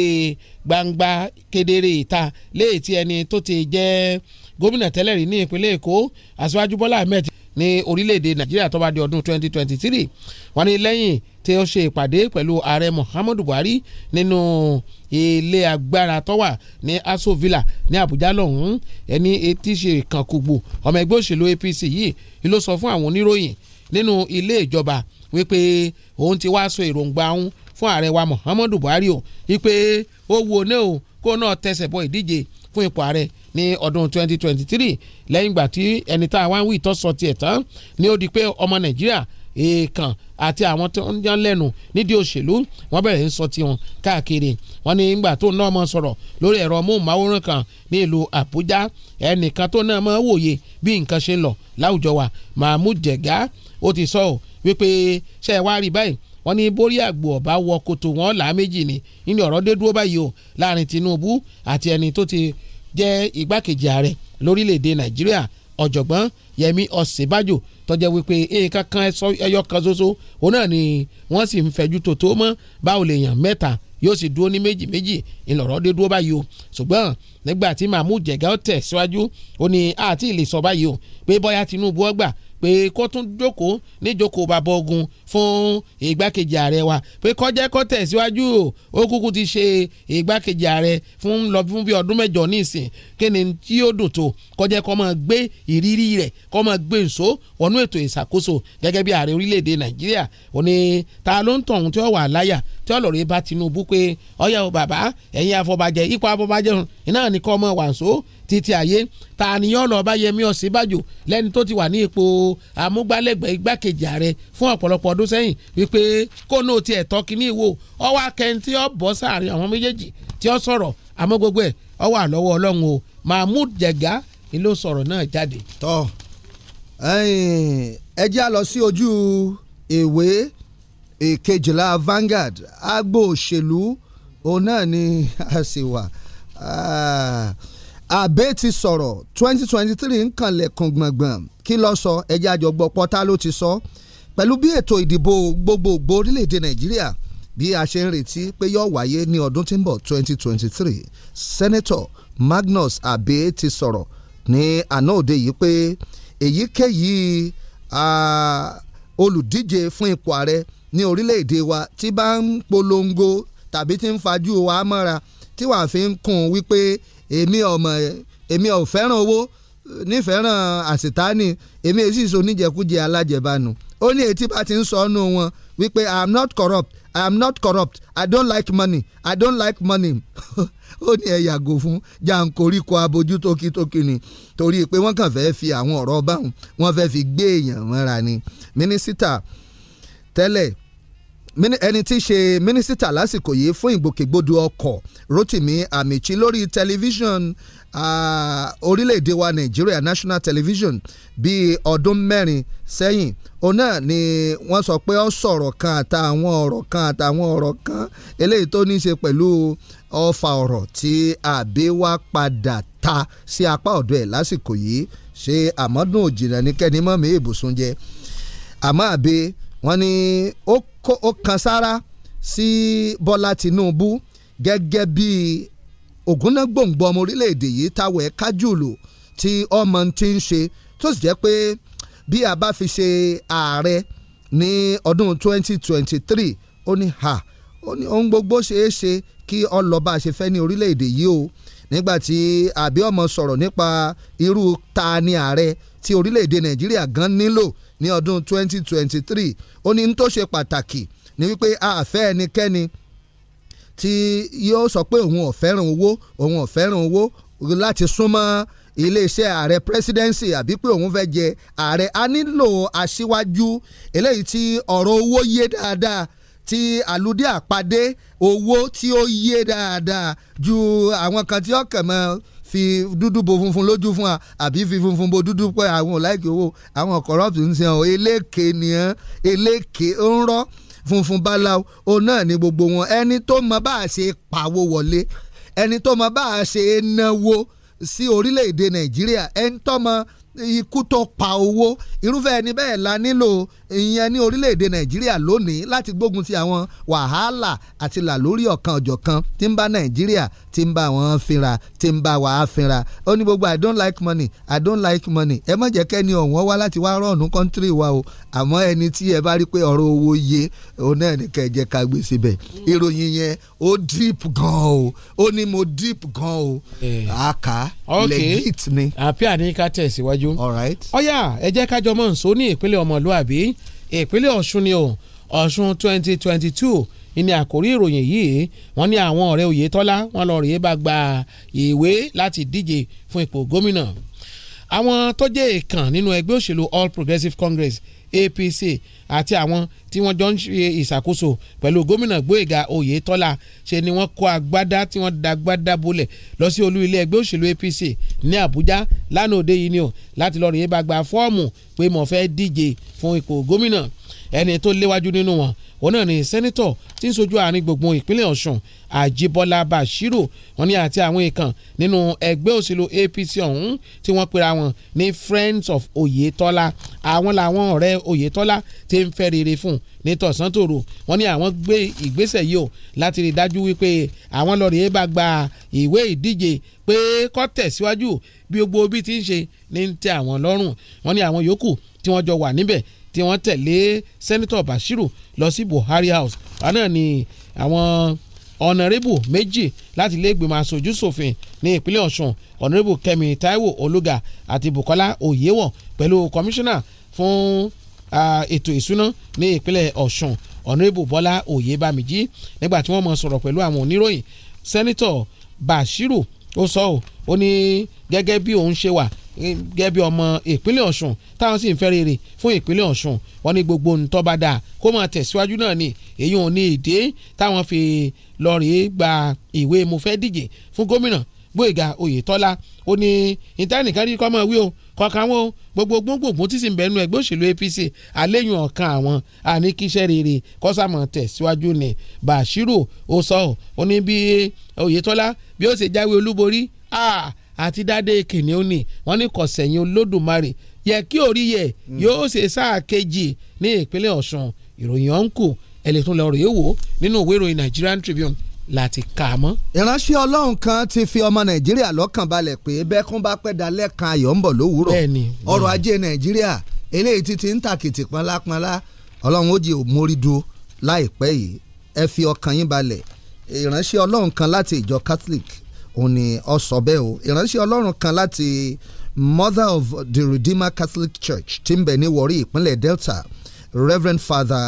Speaker 5: gbangba kedere ìta léètí ẹni tó ti jẹ́ gómìnà tẹ́lẹ̀ rí ní ìpínlẹ̀ èkó aṣíwájú bọ́lá ahmed ní orílẹ̀-èdè nàìjíríà tó bá di ọdún 2023 wọ́n ní lẹ́yìn tí ó ṣe ìpàdé pẹ̀lú ààrẹ muhammadu buhari nínú ilé agbára tó ní aso villa ní abuja lọ́hùn-ún ẹni etí ṣe ìkànkùgbò ọmọ ẹgbẹ́ òṣèlú apc yìí ló sọ fún àwọn oníròyìn nínú ilé ìjọba wípé òun ti wá so èròǹgbà òun fún ààrẹ wa Muhammadu Buhari o wípé ó wo ní o kó náà tẹsẹ̀ bọ ìdíje fún ipò ààrẹ ní ọdún 2023 lẹ́yìn ìgbà tí ẹni tá a wá ń wí ìtọ́sọ tiẹ̀ tán ni ó di pé ọmọ Nàìjíríà èèkàn àti àwọn tó ń jẹun lẹ́nu nídìí òṣèlú wọ́n bẹ̀rẹ̀ ń sọ tiwọn káàkiri wọ́n ní ìgbà tó náà mọ̀ sọ̀rọ̀ lórí ẹ̀rọ móhùnmáwòrán kan ní ìlú Àbújá ẹnìkan tó náà mọ̀ wòye bí nǹkan ṣe ń lọ láwùjọ wa Mahmood Jega ó ti sọ ọ́ wípé ṣe é wá rí báyìí wọ́n ní borí àgbò ọ̀bá wọ kòtò wọn là méjì ni nínú ọ̀rọ̀ dé dúró báyìí o láàrin Tinubu àti ẹni tó ti jẹ́ igbákejì ààrẹ lórílẹ̀‐èdè Nàìjíríà ọ̀jọ̀gbọ́n Yẹmi Ọ̀sínbàjò tó jẹ́ wípé nǹkan kan ẹyọ kan ṣoṣo òun náà ni wọ́n sì ń fẹ̀jú tòótó mọ́ báwo lè yàn mẹ́ta yóò sì dúró ní méjì méjì ńlọrọ dé dúró báyìí o ṣùgbọ́n nígbà tí Mahmood Jega tẹ̀ síwájú ó ní àti ìlè báyìí o pé bóyá Tinubu ọgbà pé kó tún jókòó níjókòó bàbá ogun fún ìgbákejì ààrẹ wa pé kọjá kó tẹ̀síwájú o ó kúkú ti ṣe ìgbákejì ààrẹ fún lọ fún bí ọdún mẹ́jọ nísìn kí ni tí ó dùn tó kọjá kó máa gbé ìrírí rẹ̀ kó máa gbé nso wọnú ètò ìṣàkóso gẹ́gẹ́ bí ààrẹ orílẹ̀-èdè Nàìjíríà òní ta ló ń tọ̀ ohun tí ó wà láyà tí ọlọ́run bá Tinubu pé ọyá o bàbá ẹ̀yin afọbajẹ ipò afọbajẹ náà ní kọ́ ọmọ wàǹso títí ayé ta ni yọ lọ bá Yẹmí Ọ̀ṣínbàjò lẹ́ni tó ti wà ní ipò amúgbálẹ́gbẹ̀ẹ́ igbákejì ààrẹ fún ọ̀pọ̀lọpọ̀ ọdún sẹ́yìn wípé kó náà tiẹ̀ tọ́ kínní ìwò ọwọ́ akẹ́ntì ọ̀bọ̀ sáàrin àwọn méjèèjì tí ó sọ̀rọ̀ àmọ́ gbogbo ẹ̀ ọ wà lọ́wọ́ o
Speaker 6: Mahmood Jega ló sọ̀rọ̀ náà jáde. tọ́ ẹ jẹ́ lọ sí ojú ìwé ìkejìlá Vanguard agbo òṣèlú òun náà ni a sì wà àbẹ́ ah, ti sọ̀rọ̀ twenty twenty three nkànlẹ̀kùn gbọ̀ngbọ̀n kí ló sọ ẹjẹ́ àjọgbọ́ pọ́tà ló ti sọ pẹ̀lú bí ètò ìdìbò gbogbogbò orílẹ̀-èdè Nàìjíríà bí a ṣe ń retí pé yóò wáyé ní ọdún tí ń bọ̀ twenty Senator Magnus Abe ti sọ̀rọ̀ ní àná òde yìí pé èyíkéyìí ah, olùdíje fún ipò ààrẹ ní orílẹ̀-èdè wa tí bá ń polongo tàbí tí ń fajú wa mọ́ra tí wàá fi ń kún wípé èmi ọmọ èmi ò fẹ́ràn owó nífẹ̀ẹ́ràn àṣetánì èmi èsì so níjẹkújẹ alájẹbánu ó ní etí bá ti ń sọ ọ́nù wọn wípé i am not corrupt i am not corrupt i don't like money i don't like money <laughs> ó ní ẹ yàgò fún jàǹkóríkọ abojú tókítókì ni torí pé wọ́n kàn fẹ́ fi àwọn ọ̀rọ̀ báwọn wọ́n fẹ́ fi gbé èèyàn mọ́ra ni mínísítà tẹ́lẹ̀ ẹni tí í ṣe mínísítà lásìkò yìí fún ìgbòkègbodò ọkọ̀ Rotimi Amichi lórí tẹlifíṣàn uh, orílẹ̀-èdè wa Nàìjíríà National Television bíi ọdún mẹ́rin sẹ́yìn òun náà ni wọ́n sọ pé ó sọ̀rọ̀ kan àtàwọn ọ̀rọ̀ kan àtàwọn ọ̀rọ̀ kan eléyìí tó ní í ṣe pẹ̀lú ọfà ọ̀rọ̀ tí àbí wá padà ta sí apá ọ̀dọ̀ ẹ̀ lásìkò yìí ṣe àmọ́dún òjìnà ní kẹ́ni mọ́mí ìbùsùn jẹ àmọ́ àbí wọ́n ní ó kan sára sí Bọ́lá Tinubu gẹ́gẹ́ bí ògúnná gbòǹgbò ọmọ orílẹ̀-èdè yìí táwọ̀ ẹ̀ kájùlù tí ọmọ ti ń ṣe tó sì jẹ́ pé bí a bá fi ṣe ààrẹ ní ọdún 2023 ó ní ha ó ní ohun gbogbo ṣeé ṣe kí ọlọ́ba ṣe fẹ́ ní orílẹ̀-èdè yìí o nígbàtí àbí ọmọ sọ̀rọ̀ nípa irú ta ni ààrẹ tí orílẹ̀-èdè Nàìjíríà gan nílò ní ọdún 2023 ó ní tó ṣe pàtàkì ní wípé àfẹ́ ẹnikẹ́ni tí yóò sọ pé òun ò fẹ́ràn owó òun ò fẹ́ràn owó láti súnmọ́ iléeṣẹ́ ààrẹ presidency àbí pé òun fẹ́ jẹ ààrẹ a nílò aṣíwájú eléyìí tí ọ̀rọ̀ owó yé dáadáa tí àlùdí àpadé owó tí ó yé dáadáa ju àwọn kan tí ọkàn mọ́ fi dúdú bo funfun lójú fún wa àbí fi funfun bo dúdú pé àwọn ò láìkí owó àwọn corrupt ń sẹ́ ọ́ eléke ni ẹ́ eléke ń rọ́ funfun báláwo òun náà ni gbogbo wọn ẹni tó mọ bá a ṣe pawó wọlé ẹni tó mọ bá a ṣe náwó sí orílẹ̀-èdè nàìjíríà ẹni tó mọ ikú tó pa owó irúfẹ́ ẹni bẹ́ẹ̀ la nílò ìyẹn ní orílẹ̀-èdè nàìjíríà lónìí láti gbógun ti àwọn wàhálà àti là lórí ọ̀kan ọ̀jọ̀kan tí ń bá nàìjíríà tí ń bá wọn fínra tí ń bá wàá fínra ó ní gbogbo i don't like money i don't like money ẹ má jẹ́ kẹ́ni ọ̀wọ́n wá láti wá rọ̀ọ̀nù kọ́ńtírì wa o àmọ́ ẹni tí ẹ bá rí pé ọ̀rọ̀ owó yé òun náà ní kẹ́ ẹ jẹ́ ká gbé síbẹ̀ ìròyìn yẹn ó deep gan o ó ní mo deep gan o àkà
Speaker 5: eh. legit ni. àpẹ́ àníkà tẹ̀síwájú síwájú. ọ̀yà ẹ jẹ́ kájọ mọ̀ nsọ ní ìpínlẹ̀ ọmọlúàbí ìpínlẹ̀ ọ̀ṣun ni o ọ̀ṣun twenty twenty two ìní àkórí ìròyìn yìí wọ́n ní àwọn ọ̀rẹ́ oyetola wọ́n lọ rèé bá gba ìwé láti díje fún ipò gómìnà àwọn tó jẹ́ èèkàn nínú ẹgbẹ́ òṣèlú All Progressives Congress APC àti àwọn tí wọ́n jọ ń ṣe ìṣàkóso pẹ̀lú gómìnà Gbóyèga Oyètọ́lá ṣe ni wọ́n kó agbádá tí wọ́n da agbádá bolẹ̀ lọ sí olú ilé ẹgbẹ́ òṣèlú APC ní Àbújá lánàá òde yìí ni o láti lọ rèé bá gba fọ́ọ̀mù pé mo fẹ́ díje fún ipò gómìnà ẹni tó léwájú nínú wọn òun náà ni sẹ́nitọ̀ tí ń sojú àárín gbùngbùn ìpínlẹ̀ Ọ̀ṣun Àjíbọ́lá Bashiru wọn ni àti àwọn èèkàn nínú ẹgbẹ́ òṣèlú APC ọ̀hún tí wọ́n pera wọn ní Friends of Oyetola àwọn làwọn ọ̀rẹ́ Oyetola ti ń fẹ́ rere fún ní tọ̀sán tòru wọn ni àwọn gbé ìgbésẹ̀ yìí o láti rí dájú wípé àwọn lọ́ọ̀rì bá gba ìwé ìdíje pé kó tẹ̀síwájú bí gbogbo bí ti ń ṣe ní tẹ́ àwọn lọ́rùn wọn ni àwọn yòókù tí wọ́n jọ wà níbẹ̀ tí wọ́n tẹ̀lé sẹ́nitọ̀ Bashiru lọ sí Buhari House wọn náà ni àwọn ọ̀nàrẹ́bù méjì láti iléègbìmọ̀ aṣojú ṣòfin ní ìpínlẹ̀ Ọ̀ṣun ọ̀nàrẹ́bù Kẹ́mi Táíwò Olúga àti Bùkọ́lá Oyèwọ̀n pẹ̀lú kọmíṣánná fún ètò ìsúná ní ìpínlẹ̀ Ọ̀ṣun ọ̀nàrẹ́bù Bọ́lá Oyèbámijí nígbà tí wọ́n mọ̀ sọ̀rọ̀ pẹ̀lú àwọn oníròyìn sẹ́nitọ̀ Bashiru ó sọ ọ́ ó ní gẹ́gẹ́ bí òun ṣe wà gẹ́gẹ́ bí ọmọ ìpínlẹ̀ Ọ̀ṣun táwọn sì ń fẹ́ rere fún ìpínlẹ̀ Ọ̀ṣun wọn ní gbogbo ntọ́ba dáa kó máa tẹ̀síwájú náà ni èyí ò ní ìdí táwọn fi lọ rèé gba ìwé mo fẹ́ díje fún gómìnà Gbóyèga Oyètọ́lá ó ní ìtẹ́nìkan ní kọ́mọ wí o kọ̀ọ̀kan wọn o gbogbo gbogbogbò tí sì ń bẹnu ẹgbẹ́ òṣèlú APC àléyìn ọ̀kan àwọn àníkíṣẹ́ rere kọ́sàmọ̀ tẹ̀síwájú ní Bashiru ó sọ ọ́ ó ní bí Oyètọ́lá bí ó ṣe jáwé olúborí ah àti dádé kìnìún ni wọ́n ní kò sẹ̀yìn olódùmarè yẹ kí orí yẹ mm. yóò ṣe sáà kejì ní ìpínlẹ̀ ọ̀ṣun ìròyìn ọ̀nkù ẹ̀lẹ́ tó lọ rèé wò nínú ìwé ìròyìn Nigerian Tribune láti kà á mọ́.
Speaker 6: ìránṣẹ́ ọlọ́run kan ti fi ọmọ nàìjíríà lọ́kàn balẹ̀ pé bẹ́kún bá pẹ́ dalẹ́ kan ayọ̀ ń bọ̀ lówùúrọ̀ ọrọ̀ ajé nàìjíríà eléyìí ti ti ń tàkìtì pọnlápọnlá ọlọ́run ó jẹ́ òmórídó láìpẹ́ yìí ẹ fi ọkàn yín balẹ̀ ìránṣẹ́ ọlọ́run kan láti ìjọ Catholic òun ni ọ sọ bẹ́ẹ̀ o ìránṣẹ́ ọlọ́run kan láti Mother of the Redeemer Catholic Church tí ń bẹ ní Warri ìpínlẹ̀ Delta Reverend Father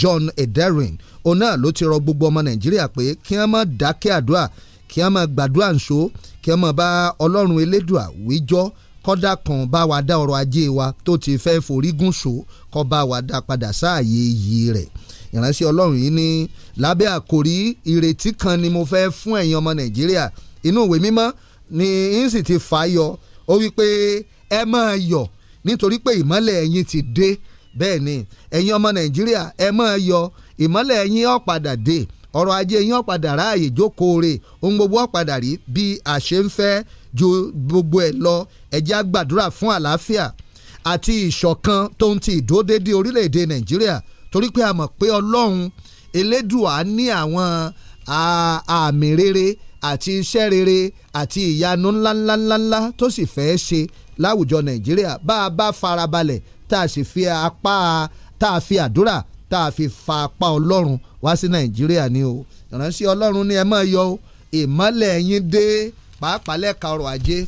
Speaker 6: John Ederin òun náà ló ti rọ gbogbo ọmọ Nàìjíríà pé kí wọ́n má dákẹ́ àdúrà kí wọ́n má gbàdúrà ńṣó kí wọ́n má bá ọlọ́run elédùà wíjọ́ kọ́dà kan bá wa dá ọrọ̀ ajé wa tó ti fẹ́ forígùn ṣó kọ́ bá wa dá padà sáàyè iyì rẹ̀ ìránṣẹ́ ọlọ́run yìí ní lábẹ́ àkòrí ìrètí kan ni mo fẹ́ fún ẹ̀yin ọmọ nàìjíríà inú ìwé mímọ́ ni n sì ti fà yọ ó wí pé ẹ máa yọ̀ nítorí pé ìmọ́lẹ̀ ẹ̀yin ti dé bẹ́ẹ̀ ni ẹ̀yin ọmọ nàìjíríà ẹ máa yọ̀ ìmọ́lẹ̀ ẹ̀yin ó padà dé ọrọ̀ ajé yín ó padà ráàyè jókòó rè ohun gbogbo ó padà rí bí a ṣe ń fẹ́ ju gbogbo ẹ̀ lọ ẹ á gbàdúrà fún àlàáfíà àti ìṣọ̀kan tó ń ti ìdúródédé orílẹ̀-èdè nàìjíríà torí pé a mọ̀ pé ọlọ́run elédùà ní àwọn àmì rere àti iṣẹ́ rere àti ìyanu ńláńláńláńlá tó sì fẹ́ ṣe láwùjọ nàìjíríà bá a bá farabalẹ̀ tá a sì fi apá tá a fi àdúrà tá a fi fa apá ọlọ́run wá sí nàìjíríà ni o ìránṣẹ́ ọlọ́run ni ẹ máa yọ o ìmọ́lẹ̀ yín dé pàápàá lẹ́ka ọrọ̀ ajé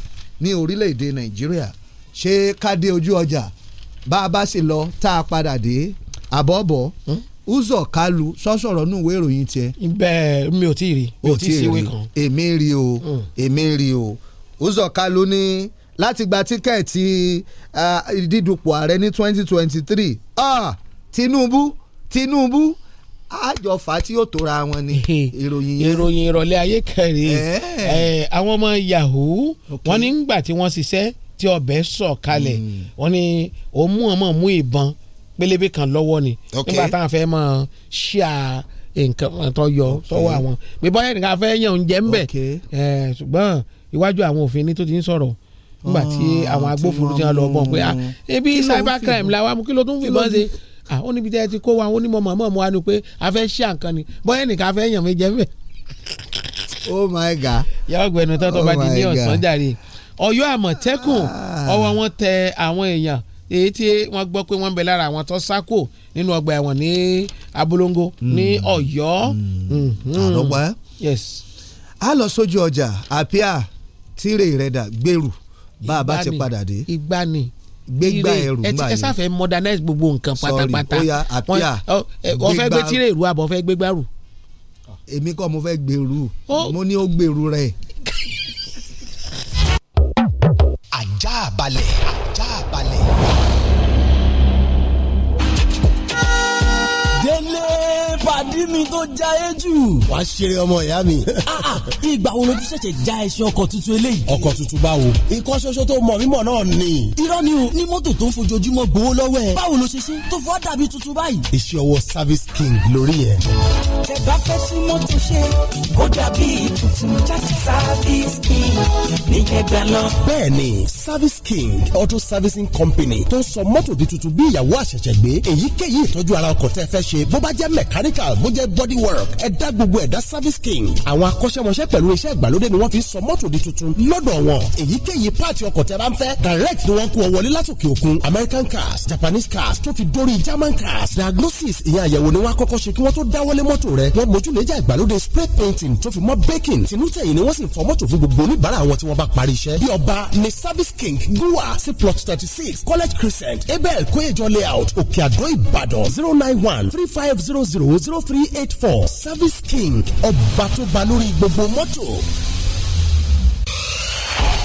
Speaker 6: ní orílẹ̀-èdè nàìjíríà ṣé ká dé ojú ọjà bá a bá sì lọ tá a padà dé àbọ̀bọ̀ hmm? uzọ kalu sọ́sọ̀rọ̀ nù ìwé ìròyìn tiẹ̀. bẹ́ẹ̀ mi ò tí ì rí mi ò tí ì sí ìwé kan. èmi rí o hmm. èmi rí o uzọ kalu ní láti gba tíkẹ́ẹ̀tì dídùpọ̀ ààrẹ ní twenty twenty three Tinubu Tinubu àjọfà tí yóò tóra wọn ni ìròyìn yẹn. ìròyìn ìrọ̀lẹ́ ayé kẹrin àwọn ọmọ yahoo
Speaker 5: wọn nígbà tí wọ́n ṣiṣẹ́ tí ọbẹ̀ sọ̀ kalẹ̀ hmm. wọ́n ní òun mú ọmọ mú ìbọn pélébé kan lọ́wọ́ ni nígbà táwọn fẹ́ mọ̀ ṣíà nǹkan tó yọ sọ́wọ́ àwọn pé bọ́yá nìkan fẹ́ yàn oúnjẹ ń bẹ̀ ṣùgbọ́n iwájú àwọn òfin ni tó ti ń sọ̀rọ̀ nígbà tí ah, àwọn agbófinró ti hàn lọ bọ̀ pé ah ebi cyber crime làwọn amú kí ló tún fìbọn ṣe ah ó níbi tẹ́ ẹ ti kó wa ó ní mọ̀ mọ̀ mọ̀ wa ni pé a fẹ́ ṣí àǹkan ni bọ́yá nìkan fẹ́ yàn mí jẹ́ ń bẹ̀. oh my god. yàrá ọgbẹ́ni tọ́tọ́ bá di oh ní ọ̀sán èyí tí wọ́n gbọ́ pé wọ́n ń bẹ lára àwọn tó sákò nínú ọgbà ẹ̀wọ̀n ní abolongo ní hmm. ọ̀yọ́. Hmm.
Speaker 6: Hmm. àlọ́gbà a lọ sójú ọjà àpíà tíre ìrẹ́dà gbèrú bá a bá ti padà dé. ìgbà gbégbá ẹrù gbà yìí ẹ sáfẹ́ modernize gbogbo nǹkan pátápátá sorry oya àpíà gbégbá wọ́n fẹ́ gbé tíre ìrù àbọ̀ fẹ́ gbégbá rù. èmi kọ́ mo fẹ́ gbèrú mo ní ó gbèrú rẹ̀
Speaker 2: kí n tó já e jù.
Speaker 1: wà á ṣeré ọmọ ìyá mi. Ah, ah, ìgbà wo ló tún ṣẹ̀ṣẹ̀ já ẹṣin ọkọ̀ tuntun eléyìí. ọkọ̀ tuntun báwo. ikọ́ ṣoṣo tó mọ̀ mímọ̀ náà ni. irọ́ ni o ní mọ́tò tó ń fojoojúmọ́ gbowó lọ́wọ́ ẹ̀. báwo ló
Speaker 2: ṣe ṣe tó fọ́ dàbí tuntun báyìí.
Speaker 1: iṣẹ́ ọwọ́ service king lórí ẹ̀.
Speaker 2: tẹ̀ fẹ́ sí
Speaker 3: mọ́tò ṣe kó dàbí tuntun jáde service king níkẹgbẹ́ lọ.
Speaker 1: bẹ́ẹ̀ni service king auto servicing company tó ń sọ mọ́tò di tuntun bí ìyàwó àṣẹ̀ṣẹ̀ gbé èyíkéyìí ìtọ́jú ara ọkọ̀ tẹ́ fẹ́ ṣe bó bá jẹ́ mechanical bó jẹ́ body work ẹ̀dá gbogbo ẹ̀dá service king àwọn akọ́ṣẹ́mọṣẹ́ pẹ̀lú iṣẹ́ ìgbàlódé ni wọ́n fi sọ mọ́tò di tuntun lọ́dọ̀ wọn èyíkéyìí páàtì ọkọ̀ tẹ́ bá ń fẹ́ direct ni wọ́n kó wọlé látòkè òkun american cars japanese cars tó fi dórí german cars diagnosis ìyẹn àyẹ̀wò ni wọ́n akọ́kọ́ ṣe kí wọ́n tó dáwọ́lé mọ́tò rẹ̀ wọ́n mójúlé spray painting tó fi mọ́ baking tinútẹ̀yìn ni wọ́n sì ń fọ mọ́tò fún gbogbo oníbàárà wọn tí wọ́n bá parí iṣẹ́ bí ọba ní service king gua sí plot thirty six college crescent abel kóyèjọ layout òkè àdó ìbàdàn zero nine one three five zero zero zero three eight four service king ọba tó ba lórí gbogbo mọ́tò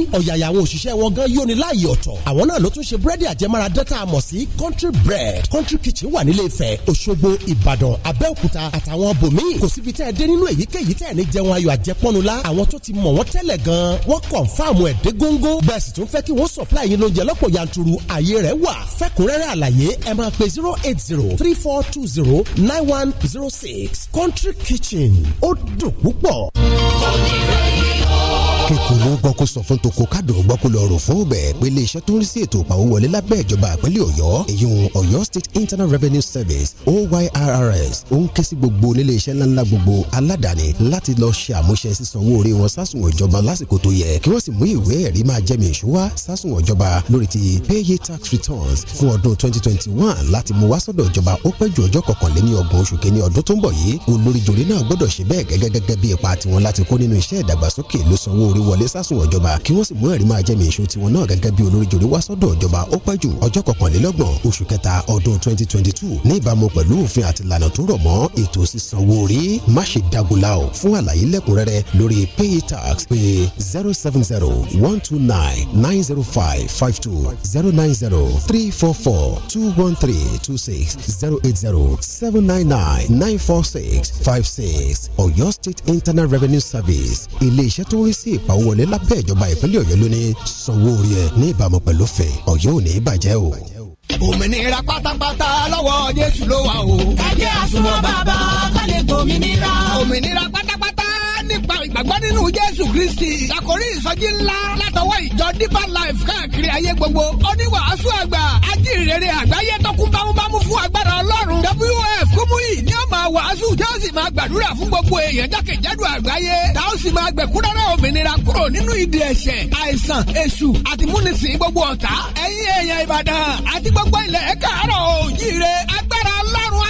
Speaker 1: ní ọ̀yàyà àwọn òṣìṣẹ́ wọn gan yóò ní láàyè ọ̀tọ̀ àwọn náà ló tún ṣe búrẹ́dì àjẹmára dẹ́ta àmọ̀ sí country bread country kitchen wà nílé Ifẹ̀ Òṣogbo Ìbàdàn Abẹ́òkúta àtàwọn bòmíì kò síbi tẹ́ ẹ dé nínú èyíkéyìí tẹ́ ẹ ní jẹun ayọ̀ àjẹpọ́nu la àwọn tó ti mọ̀ wọ́n tẹ́lẹ̀ gan wọ́n kọ̀ǹfàmù ẹ̀ dé góńgó bẹ́ẹ̀ sì tún fẹ́ kí wọ́n supply country kitchen ó dùn kíkúnú gbọ́ kó sọ fún toko kádò gbọ́ kó lọ rò fún bẹ̀ pé iléeṣẹ́ tó ń rí sí ètò ìpawówọlé lábẹ́ ìjọba àpẹẹlẹ ọ̀yọ́ èyun ọ̀yọ́
Speaker 4: state internal revenue service
Speaker 1: oyrs ó ń ké sí gbogbo oníléeṣẹ́ ńláńlá gbogbo aládàáni láti lọ ṣe àmúṣe sísanwó orí wọn sásùn ìjọba lásìkò tó yẹ kí wọ́n sì mú ìwé ẹ̀rí máa jẹ́mi ìṣúwá sásùn ìjọba lórí ti paye tax returns fún ọdún 2021 láti mú wá sọ́dọ̀ ìjọba jòrè wọlé sásùn ọ̀jọba kí wọ́n sì mú ẹ̀rí máa jẹ́mi èso tiwọn náà gẹ́gẹ́ bí olórí jòrè wá sọ́dọ̀ ọ̀jọba ó pẹ́ jù ọjọ́ kọkànlélọ́gbọ̀n oṣù kẹta ọdún twenty twenty two ní ìbámu pẹ̀lú òfin àti ìlànà tó rọ̀ mọ́ ètò sísanwó orí má ṣe dagunlá o fún àlàyé lẹ́kùnrẹ́rẹ́ lórí paytax pé zero seven zero one two nine nine zero five five two zero nine zero three four four two one three two six zero eight zero seven nine nine nine four six five six Ọ̀yọ́ State Internal Revenue Service ilé iṣẹ́ tó ń rí sí ìp pawó wọlé lábẹ́ ìjọba ìpínlẹ̀ ọ̀yọ́ ló ní sanwó orí ẹ̀ ní ìbámu pẹ̀lú òfin ọ̀yọ́ ò ní í bàjẹ́ o.
Speaker 2: òmìnira pátápátá lọ́wọ́ jésù ló wà o. kájẹ́ àsunwọ̀n bàbá kálẹ̀ gbòmìnira. òmìnira pátápátá nípa ìgbàgbọ́ nínú jésù kristi àkórí ìsọjí ńlá látọwọ́ ìjọ deeper life káàkiri ayé gbogbo oníwàásù àgbà ajínrere àgbáyé tọkún bámúbámú fún agbára ọlọ́run wf kúmúyì ni ó máa wàásù tí ó sì máa gbàdúrà fún gbogbo èèyàn jákèjádò àgbáyé tá ó sì máa gbẹ̀kúrẹ́rẹ́ òmìnira kúrò nínú ìdè ẹ̀ṣẹ̀ àìsàn èṣù àti gbogbo ọ̀tá ẹ̀yin èèyàn ìbàdàn àti gbogbo ilẹ̀ káàárọ̀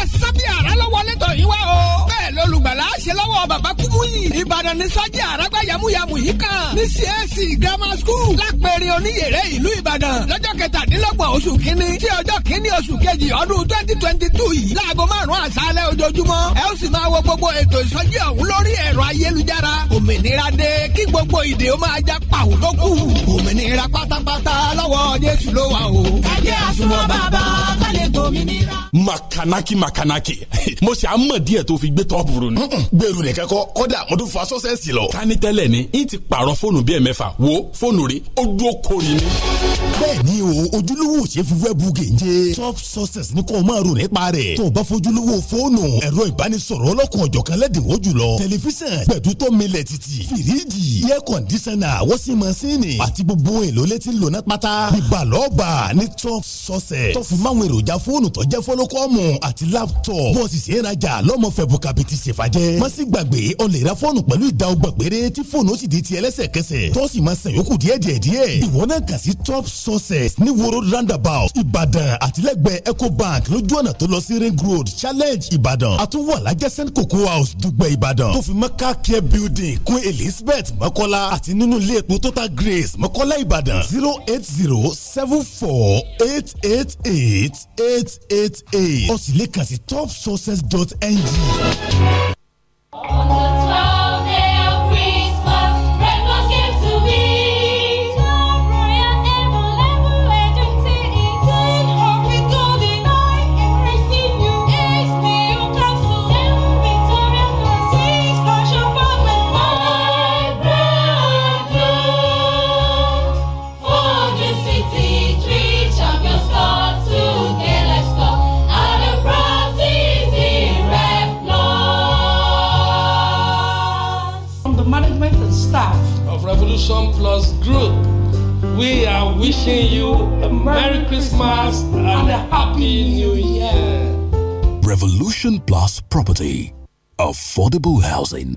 Speaker 2: asábí àrà lọ́wọ́ lẹ́tọ̀ yìí wá o. bẹ́ẹ̀ lọ́lùgbàlà ṣe lọ́wọ́ bàbá kúmú yìí. ìbàdàn ní sájà àràgbà yamuyamu yìí kan. ní csc grammar school lápẹ̀rẹ̀ oníyèrè ìlú ìbàdàn. lọ́jọ́ kẹtàdínlọ́gbọ̀n oṣù kínní tí ọjọ́ kínní oṣù kejì ọdún twenty twenty two yìí. láago márùn-ún àṣálẹ́ ojoojúmọ́. ẹ ó sì máa wo gbogbo ètò ìsọjí ọ̀hún lórí ẹ̀rọ ayélujára. òmìnira dé kí gbogbo ìdè ó máa já pàwó lókù. òmìnira pátápátá lọ́wọ́ Jésù ló wà o. ẹ jẹ́ àsùnwọ̀n gbòmìnira.
Speaker 1: makanaki makanaki <laughs> mo ṣe àmọ̀ díẹ̀ tó fi gbé tọ́pù rò ni. gbèrú nìkan kọ kọ́dà mo tún fa sọ́sẹ̀sì lọ. ká ní tẹ́lẹ̀ ni n ti pààrọ̀ fóònù bíi ẹ̀mẹ́fà wo fóònù rí ojú okò ni. bẹ́ẹ̀ni o ojúlówó ṣe fi wẹ́ẹ̀bù gèje top success ní kò máa rò nípa rẹ̀ tó o bá fojúlówó fóònù ẹ̀rọ ìbánisọ̀rọ̀ ọlọ́kùn ọ̀jọ̀kan lẹ́dínwó jùlọ tẹlifíṣàn gbẹ̀dútọ́ milẹ̀ títì fìríjì iye kọ̀ndísánà wọ́sí masínì àti gbogbo èlò létí lónà pátá ìbàlọ́ọ̀bà ní top success tó fi máwọn fóònù tó jẹ́ fọ́lọ́kọ́mù àti láptọ̀pù bọ́ọ̀sì sì ń rajà lọ́mọ fẹ̀bù kàbìtì ṣèfàjẹ́ má sì gbàgbé o lè ra fóònù pẹ̀lú ìdá ọgbà péré tí fóònù ó sì di tiẹ̀ lẹ́sẹ̀kẹsẹ̀ tó sì máa san yòókù díẹ̀ díẹ̀ díẹ̀ ìwọ náà kà sí top sources ní woro roundabout ìbàdàn àtìlẹ́gbẹ̀ẹ́ ecobank lójú ọ̀nà tó lọ sí ring road challenge ìbàdàn àtúwọ̀ alájẹ́ send cocoa house dùgbẹ̀ ìbàdàn tó fi mọ́ car care building kún elizabeth mọ́kọ́lá àti nínú ilé epo total grace mọ́kọ́lá ìbàdàn zero eight zero seven four eight eight eight eight. 888. eight eight ó kàn sí topsources dot ng.
Speaker 4: affordable housing.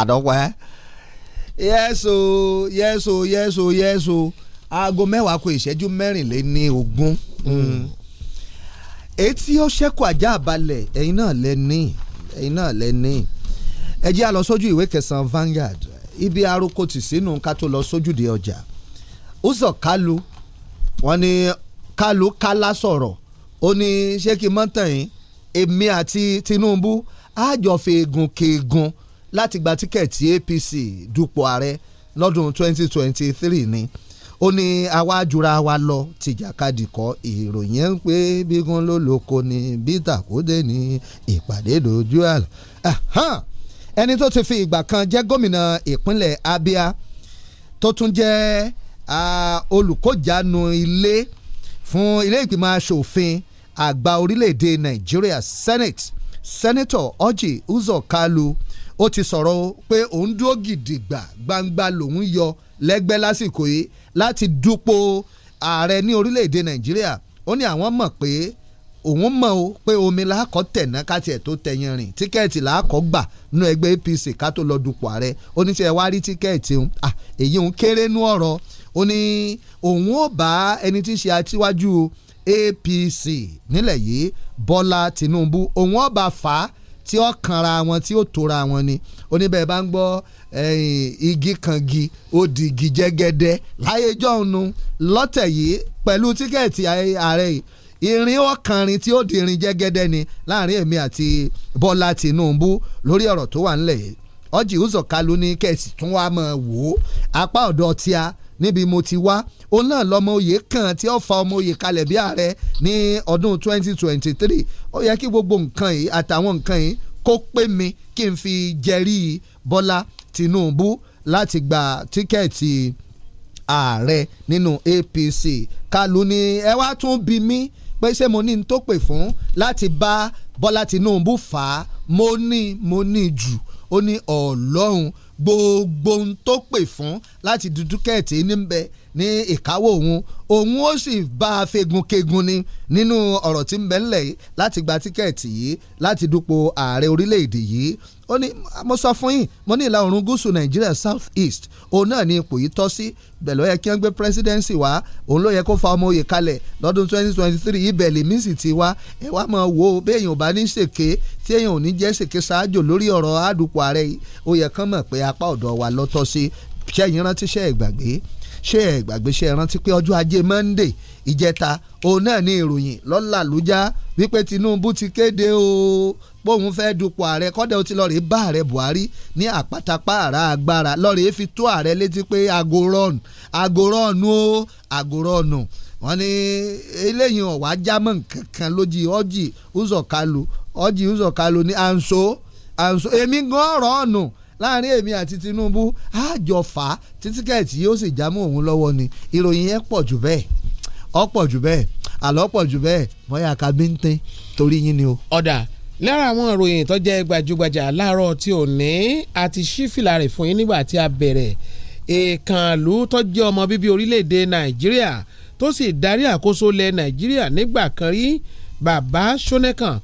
Speaker 6: àdọ́pẹ́ yẹ́sò yẹ́sò yẹ́sò yẹ́sò aago mẹ́wàá kù ìṣẹ́jú mẹ́rìnléní ogún hmm. etí ó ṣẹ́kù ajá àbálẹ̀ ẹ̀yin náà lẹ́ni ẹ̀yin náà lẹ́ni ẹ a lọ sójú ìwé kẹsàn-án Vanguard ibi aroko tì sínú ká tó lọ sójúde ọjà Uzo Kalu wọ́n ní Kalu kálá sọ̀rọ̀ ó ní ṣé kí mọ́tàn yín èmi àti Tinubu àjọfẹ́gun kẹ́gun láti gba tíkẹ́ẹ̀tì APC dupò ààrẹ lọ́dún 2023 ni ó ní awájúra wa lọ tìjàkadì kọ ìròyìn ẹ̀ ń pé bígun ló lóko ni bíta kó dé ní ìpàdé dojú àlọ́ ẹni tó ti fi ìgbà kan jẹ́ gómìnà ìpínlẹ̀ Abia tó tún jẹ́ olùkójàánu ilé fún ilé ìgbìmọ̀ asòfin àgbà orílẹ̀-èdè Nàìjíríà Senate Senator Orji Uzor Kalu ó ti sọ̀rọ̀ o pé òun dúró gidigba gbangba lòun yọ lẹ́gbẹ́ lásìkò yìí láti dúpọ̀ ààrẹ ní orílẹ̀-èdè nàìjíríà ó ní àwọn mọ̀ pé òun mọ̀ o pé omi làákọ́ tẹ̀ná káti ẹ̀ tó tẹ̀yìn rìn tíkẹ́ẹ̀tì làákọ́ gbà nú ẹgbẹ́ APC ká tó lọ dupò ààrẹ ó ní ṣe wá rí tíkẹ́ẹ̀tì òun èyí òun kéré nú ọ̀rọ̀ ó ní òun ó bá ẹni tí ń ṣe aṣíwájú APC nílẹ̀ yìí Bọ́lá Tinubu òun ó bá fà á tí ó kanra wọn tí ó tora wọn ni oníbẹ̀ bá ń gbọ́ igi kangi odi di igi jẹ́gẹ́dẹ́ ayéjọ́ nu lọ́tẹ̀ yìí pẹ̀lú tíkẹ́ẹ̀tì ààrẹ yìí irin ọkànrin tí ó di irin jẹ́gẹ́dẹ́ ni láàrin èmi àti Bọ́lá Tinubu lórí ọ̀rọ̀ tó wà ńlẹ̀ yìí ọjì ìhùsọ̀ kalu ní kẹ̀sì tún wàá mọ̀ wò ó apá ọ̀dọ̀ tíya níbi mo ti wá òun náà lọ́mọ oyè kan tí ó fa ọmọ oyè kalẹ̀ bí ààrẹ ní ọdún 2023 ó yẹ kí gbogbo nǹkan yìí àtàwọn nǹkan yìí kó pé mi kí n fi jẹ́rí Bọ́lá Tinubu láti gba tíkẹ́ẹ̀tì ààrẹ nínú APC Kalu ni ẹ wá tún bí mi pé ṣé mo ní n tó pè fún láti bá Bọ́lá Tinubu fà á mo ní mo ní jù ó ní Ọlọ́run gbogbo ohun tó pè fún láti dúdú kẹ́ẹ̀tì ní ní ìkáwọ́ òun òun ó sì bá a fegun kegun ni nínú ọ̀rọ̀ tí ń bẹ ńlẹ̀ yìí láti gba tíkẹ́ẹ̀tì yìí láti dúpọ̀ ààrẹ orílẹ̀-èdè yìí ó ní mo sọ fún yín mo ní ìlà oòrùn gúúsù nàìjíríà south east òun náà ní ipò yìí tọ́ sí bẹ́ẹ̀ ló kí wọ́n gbé presidency wá òun ló yẹ kó fa ọmọ òye kalẹ̀ lọ́dún 2023 ibẹ̀ lèmi sì ti wá ẹ wá máa wò ó béèyàn ò bá ní ṣèké tí èèyàn ò ní jẹ́ ṣèké ṣáájò lórí ọ̀rọ̀ àdùpọ̀ ààrẹ yìí ó yẹ mọ̀ pé apá ọ̀dọ̀ wa lọ́tọ́ sí ṣẹ́yìn rántí ṣẹ́ ìgbàgbé ṣé ẹ gbàgbé ṣe rántí pé ọjọ́ ajé Monday ìjẹta òun náà ní ìròyìn lọ́la lójá wípé Tinubu ti kéde o bóun fẹ́ dupò ààrẹ kọ́dẹ̀ ó ti lọ́ọ́ rè bá ààrẹ Buhari ní àpátápá àrà agbára lọ́ọ́ rè fi tó ààrẹ létí pé agorọ́ọ̀nù agorọ́ọ̀nù o agorọ́ọ̀nù wọ́n ní eléyìí ọ̀wá jámọ́ nǹkan lójì ọjì Uzọkalu ọjì Uzọkalu ní anso anso èmi gan ọ̀rọ̀ ọ̀nù no láàrin èmi àti Tinubu àjọ fà á títíkẹ́ẹ̀tì yóò sì já mọ́ òun lọ́wọ́ ni ìròyìn yẹn pọ̀ jù bẹ́ẹ̀ ọ̀pọ̀ jù bẹ́ẹ̀ àlọ́ pọ̀ jù bẹ́ẹ̀ mọ́yà ká bí ń tẹ́ torí yín ni
Speaker 5: o. ọ̀dà lára àwọn ìròyìn tó jẹ́ gbajúgbajà láàárọ̀ tí ò ní àti sífìlà rẹ̀ fún yín nígbà tí a bẹ̀rẹ̀ ìkànnlú tó jẹ́ ọmọ bíbí orílẹ̀-èdè Nàìjíríà tó sì darí àkóso lẹ̀ Nàìjíríà nígbà kan rí bàbá Ṣónẹ́kàn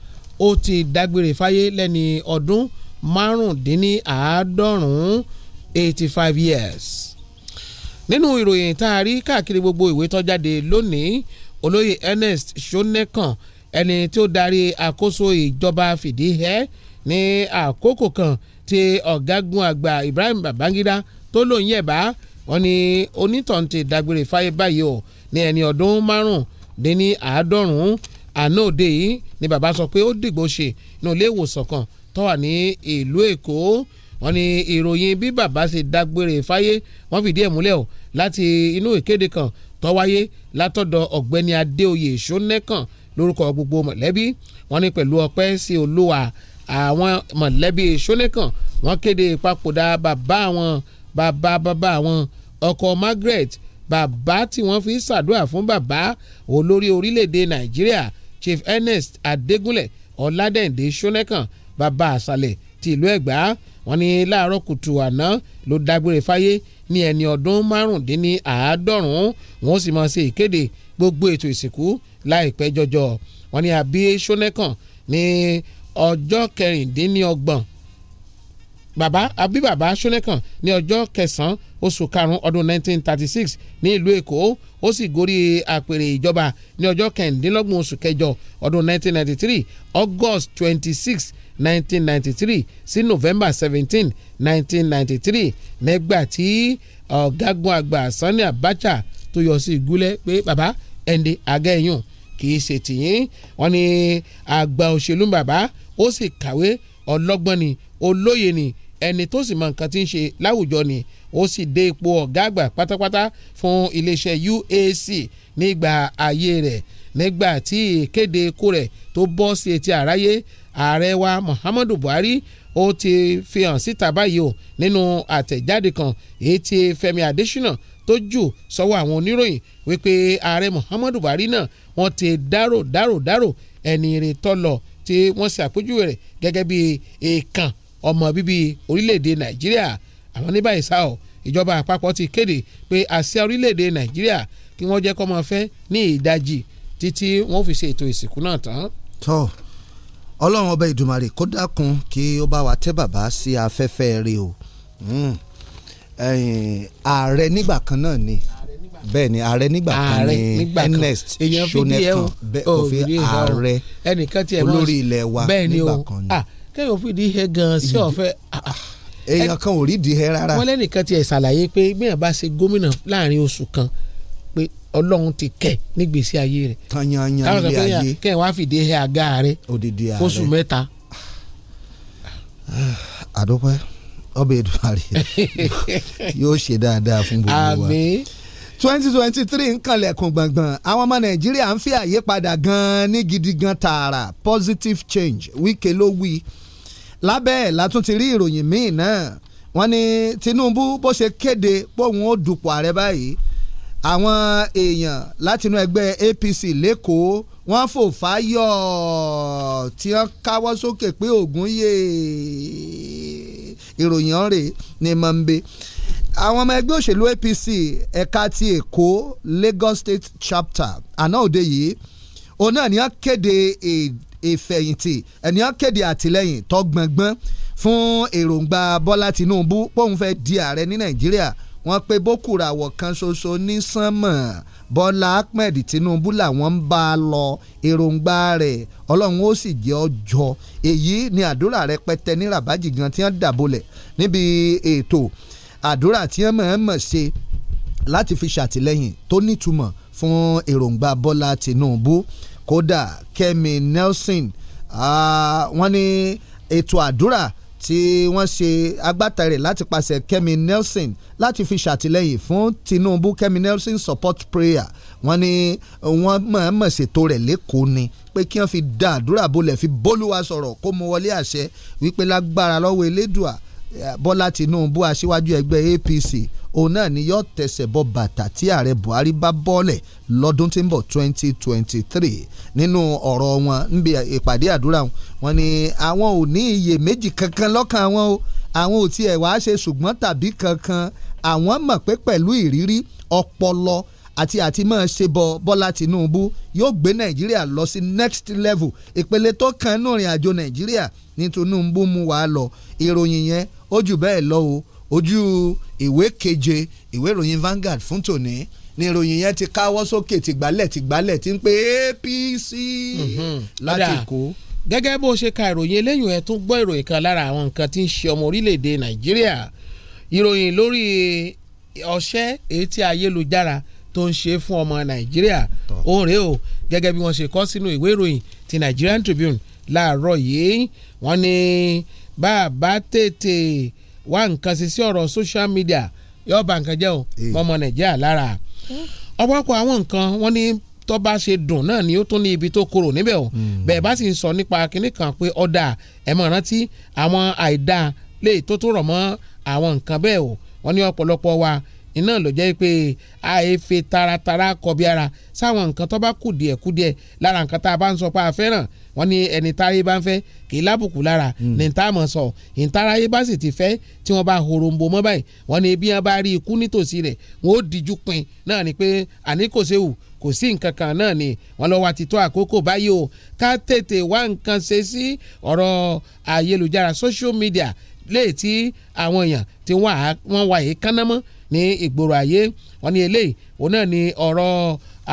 Speaker 5: ó ti dágbére fáyé lẹ́ni ọdún márùndínláàádọ́rùn-ún eighty five years. nínú ìròyìn tá a rí káàkiri gbogbo ìwé tó jáde lónìí olóyè Ernest Shonekan ẹni tí ó darí àkóso ìjọba fìdíhẹ́ ní àkókò kan tí ọ̀gágun àgbà Ibrahim Babangida tó lóun yẹ̀bá wọ́n ní onítàn ti dágbére fáyé báyìí o ní ẹni ọdún márùndínláàádọ́rùn-ún àná òde yìí ni bàbá sọ pé ó dìgbò ṣe ní ìwòsàn kan tó wà ní ìlú èkó wọ́n ní ìròyìn bí bàbá ṣe dágbére fáyé wọ́n fìdí ẹ̀ múlẹ̀ o láti inú ìkéde kan tó wáyé látọ̀dọ̀ ọ̀gbẹ́ni adéoyè ṣónẹ́kàn lórúkọ gbogbo mọ̀lẹ́bí wọ́n ní pẹ̀lú ọpẹ́ sí olúwa àwọn mọ̀lẹ́bí ṣónẹ́kàn wọ́n kéde ìpapòdà bàbá wọn bàbá bàbá wọn ọkọ Margaret bàbá tí wọ́n fi ṣàdúrà fún bàbá olórí orílẹ̀ Nàìjíríà Chief Ernest Adégúnlẹ̀ Ọládẹ̀ǹdé ṣónẹ́kàn bàbá àṣàlẹ̀ ti ìlú ẹ̀gbá wọn ní láàárọ̀ kùtù àná ló dágbére fáyé ní ẹni ọdún márùndínláàádọ́rùn-ún wọn ó sì máa ṣe ìkéde gbogbo ètò ìsìnkú láìpẹ́ jọjọ wọn ní àbí ṣónẹ́kàn ní ọjọ́ kẹrìndínlọ́gbọ̀n Baba, àbí bàbá ṣónẹ́kàn ní ọjọ́ kẹsàn-án oṣù karùn ọdún 1936 ní ìlú èkó ó sì gorí àpèrè ìjọba ní ọjọ́ kẹ̀ǹdínlọ́gbọ̀n oṣù kẹjọ ọdún 1993 august 26 1993 sí november 17 1993 nígbà tí ọ̀gágun àgbà sani abacha tó yọ sí ìgúlẹ̀ pé bàbá ẹ̀ǹdẹ̀ àgẹ́yùn kì í ṣe tìyín wọ́n ní àgbà òṣèlú bàbá ó sì kàwé ọlọ́gbọ́n ni olóye ni ẹni tó sì mọ nǹkan tí ń ṣe láwùjọ ni ó sì dé ipò ọ̀gá àgbà pátápátá fún iléeṣẹ́ UAC nígbà ayé rẹ̀ nígbà tí ìkéde ikú rẹ̀ tó bọ́ sí etí àráyé ààrẹ wa Muhammadu Buhari ó ti fi hàn síta báyìí o nínú àtẹ̀jáde kan èyí tí Fẹ́mi Adésínà tó jù sọ́wọ́ àwọn oníròyìn wípé ààrẹ Muhammadu Buhari náà wọ́n ti dárò dárò dárò ẹni rè tọ́ lọ tí wọ́n ṣe àpèjúwe rẹ̀ gẹ́gẹ́ bí èèkàn ọmọ bíbí orílẹ̀-èdè nàìjíríà àwọn ní báyìí sáà ìjọba àpapọ̀ ti kéde pé àsíá orílẹ̀-èdè nàìjíríà kí wọ́n jẹ́ kó máa fẹ́ ní ìdajì títí wọ́n fi ṣe ètò ìsìnkú náà tán.
Speaker 6: tó ọlọ́run ọba ìdùmarè kó dákun kí ó bá wa tẹ́ bàbá sí afẹ́fẹ́ rẹ̀ o ààrẹ nígbà kan náà ni bẹ́ẹ̀ ni ààrẹ nígbà kan ni Ernest Shonekan bẹ́ẹ̀ kò fi ààrẹ olórí ilẹ̀ wa nígbà kan ni
Speaker 5: kẹ́yìn òfin ìdí ihe gan-an sí <laughs> ọ̀fẹ́. èèyàn kan ò rí ìdí ihe rárá. wọ́n lẹ́nìkan ti ẹ̀ ṣàlàyé pé gbìyànjú bá ṣe gómìnà láàrin oṣù kan pé ọlọ́run ti kẹ̀ nígbèsí ayé rẹ̀. tanyanyan ilé ayé kẹ́yìn wá fìdí ihe àga
Speaker 6: rẹ̀ oṣù mẹ́ta. <sighs> àdópẹ́ ọbẹ̀ Èdùmàrè <laughs> yóò ṣe dáadáa fún gbogbo wa. twenty twenty three nkanlẹ̀kùn gbọ̀ngbọ̀n àwọn ọmọ nàìjíríà ń fi àyípadà gan-an ní gidi gan tààrà positive change wíkẹ́ ló wí. We lábẹ́ ẹ̀ látún ti rí ìròyìn míì náà wọ́n ní Tinubu bó ṣe kéde póun ó dupò ààrẹ báyìí àwọn èèyàn látinú ẹgbẹ́ APC lẹ́kọ̀ọ́ wọ́n fò fáyọ̀ tí wọ́n káwọ́ sókè pé ògùn yé ìròyìn ọ̀rẹ́ ní mọ̀nbé àwọn ọmọ ẹgbẹ́ òṣèlú APC ẹ̀ka ti Èkó Lagos State Chapter àná òde yìí òun náà ni wọ́n kéde ìfẹ̀yìntì ẹni ó kéde àtìlẹ́yìn tó gbọ̀ngbọ́n fún èròǹgbà Bọ́lá Tinubu póun fẹ́ di ààrẹ ní Nàìjíríà wọ́n pe boko ràwọ̀ kan ṣoṣo ní sánmọ̀ Bọ́lá Ahmed Tinubu làwọn ń bá a lọ èròǹgbà rẹ̀ Ọlọ́run ó sì jẹ́ ọjọ́ èyí ni àdúrà rẹpẹtẹ ní Rabaji gan tí wọ́n dàbolẹ̀ níbi ètò àdúrà tí wọ́n mọ̀-ẹ́mọ̀ ṣe láti fi ṣàtìlẹ́yìn tó nítumọ̀ fún èròǹgbà Bọ́lá Tinubu. No kódà Kẹ́mi Nelson wọ́n ní ètò àdúrà tí wọ́n ṣe agbátẹrẹ̀ láti pàṣẹ Kẹ́mi Nelson láti fi ṣàtìlẹ́yìn fún Tinubu Kẹ́mi Nelson support prayer wọ́n ní wọ́n mọ̀ọ́mọ̀ ṣètò rẹ̀ lẹ́kọ̀ọ́ ni pé kí wọ́n fi dá àdúrà bolẹ̀ fi bólúwa sọ̀rọ̀ kó mu wọlé àṣẹ wípé lágbára lọ́wọ́ elédùà Bọ́lá Tinubu aṣíwájú ẹgbẹ́ APC òun náà ni yóò tẹsẹ̀ bọ bàtà tí ààrẹ Buhari bá bọ́ọ̀lẹ̀ lọ́dún tí ń bọ̀ 2023 nínú ọ̀rọ̀ wọn níbi ìpàdé àdúrà wọn ni àwọn ò ní iyèméjì kankan lọ́kàn wọn o àwọn ò tiẹ̀ wá ṣe ṣùgbọ́n tàbí kankan àwọn mọ̀ pé pẹ̀lú ìrírí ọpọlọ àti àti máa ṣe bọ Bọ́lá Tinubu yóò gbé Nàìjíríà lọ sí next level ìpele tó kan nínú ìrìn àjò Nàìjíríà ní Tinubu mú wa lọ ìròyìn yẹn ó jù bẹ́ẹ̀ lọ o ojú ìwé keje ìwé ìròyìn Vanguard fún tòní ni ìròyìn yẹn ti káwọ́ sókè tìgbálẹ̀ tìgbálẹ̀ ti ń pe APC mhm. láti kó.
Speaker 5: gẹ́gẹ́ bó ṣe ka ìròyìn eléyìí ẹ̀ tún gbọ́ ìròyìn kan lára àwọn nǹkan tí ń ṣe ọmọ orílẹ̀-èdè Nàìjíríà ìròyìn lórí ọṣẹ́ èyí tí ayélujára tó ń ṣe fún ọmọ Nàìjíríà òun o gẹ́gẹ́ bí wọ́n ṣe kọ sínú ìwé ìròyìn ti Nigerian Tribune láàárọ̀ yìí wọ́n ní bàbá tètè wá nǹkan sí sí ọ̀rọ̀ social media yóò bà nǹkan jẹ́ o mọ́mọ́ Nàìjíríà lára ọ̀pọ̀lọpọ̀ àwọn nǹkan wọ́n ní tó bá ṣe dùn náà ni ó tún ní ibi tó korò níbẹ̀ o hmm. bẹ́ẹ̀ bá sì ń sọ nípa kinní kan pé ọ̀dà ẹ̀ rántí àwọn àìdáa lè tó tó rọ̀ mọ́ àwọn nǹkan bẹ́ẹ̀ o wọ́n ní ọ̀pọ̀lọpọ̀ wa iná ló jẹ́ pé àìfe taratara kọbi ara sáwọn nǹkan tó bá kù díẹ̀ kù díẹ̀ lára nǹkan tá a bá ń sọ pé a fẹ́ràn wọ́n ní ẹni táyé bá ń fẹ́ kì í lábùkù lára hmm. ní tá a mọ̀ sọ ìtaráyé bá sì ti fẹ́ tí wọ́n bá horombo mọ́ báyìí wọ́n ní bí wọ́n bá rí ikú nítòsí rẹ̀ wọ́n ó díjú pin náà ni pé àní kò séwu kò sí nǹkan kan náà ni wọ́n lọ wá ti tó àkókò báyìí o ká tètè wá nǹkan ṣe sí ọ̀rọ̀ ayélujára social media léè tí àwọn èèyàn tí wọ́n wà yìí kánámọ́ ní ìgboro ayé wọ́n ní eléyìí òun náà ni ọ̀rọ̀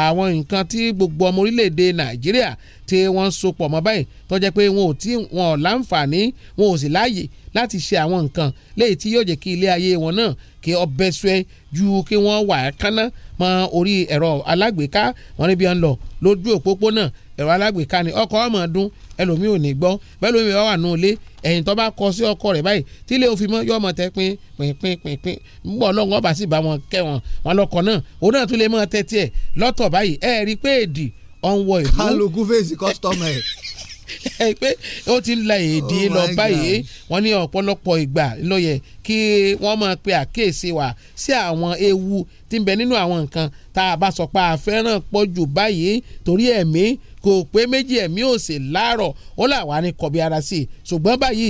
Speaker 5: àwọn nǹkan tí gbogbo ọmọ orílẹ̀-èdè nàìjíríà tí wọ́n so pọ̀ mọ́ báyìí tó jẹ́ pé wọn ò tí wọn ò láǹfààní wọn ò sì láàyè láti ṣe àwọn nǹkan léyìí tí yóò jẹ́ kí ilé ayé wọn náà kí ọ bẹ́ sẹ́ ju kí wọ́n wà á kánná mọ́ orí ẹ̀rọ alágbèéká wọn níbi ọ̀n lọ lójú òpópónà ẹ̀rọ alágbèéká ni ọkọ̀ ọmọ ọdún ẹlòmíì ò ní gbọ́ bẹ́ẹ̀ lómi wà nù ilé ẹ̀yìn tó bá kọ sí ọkọ rẹ̀ báyìí tí ilé òfin mọ́ yọmọ tẹ pin pin pin pin pin ńgbọ́ lọ́wọ́ ọba sì bá wọn kẹ́ wọn wọn lọkọ̀ náà òun náà tún lè mọ́ tẹ́tí ẹ̀ lọ́tọ̀ báyìí ẹ̀ rí pé èdì ọ̀nwọ̀ ìlú. kálukú fèsì kọ́sítọ́mù ẹ̀ <laughs> <laughs> pé ó ti la èdè oh lọ báyìí wọ́n ní ọ̀pọ̀lọpọ̀ ìgbà ló yẹ kí wọ́n máa pe àkíyèsí wa sí àwọn ewu tí ń bẹ nínú àwọn nǹkan tá a bá sọ pé a fẹ́ràn pọ̀ jù báyìí torí ẹ̀mí kò pé méjì ẹ̀mí ò sì láàrọ̀ ó là wá ní kọ̀bí ara sí i ṣùgbọ́n báyìí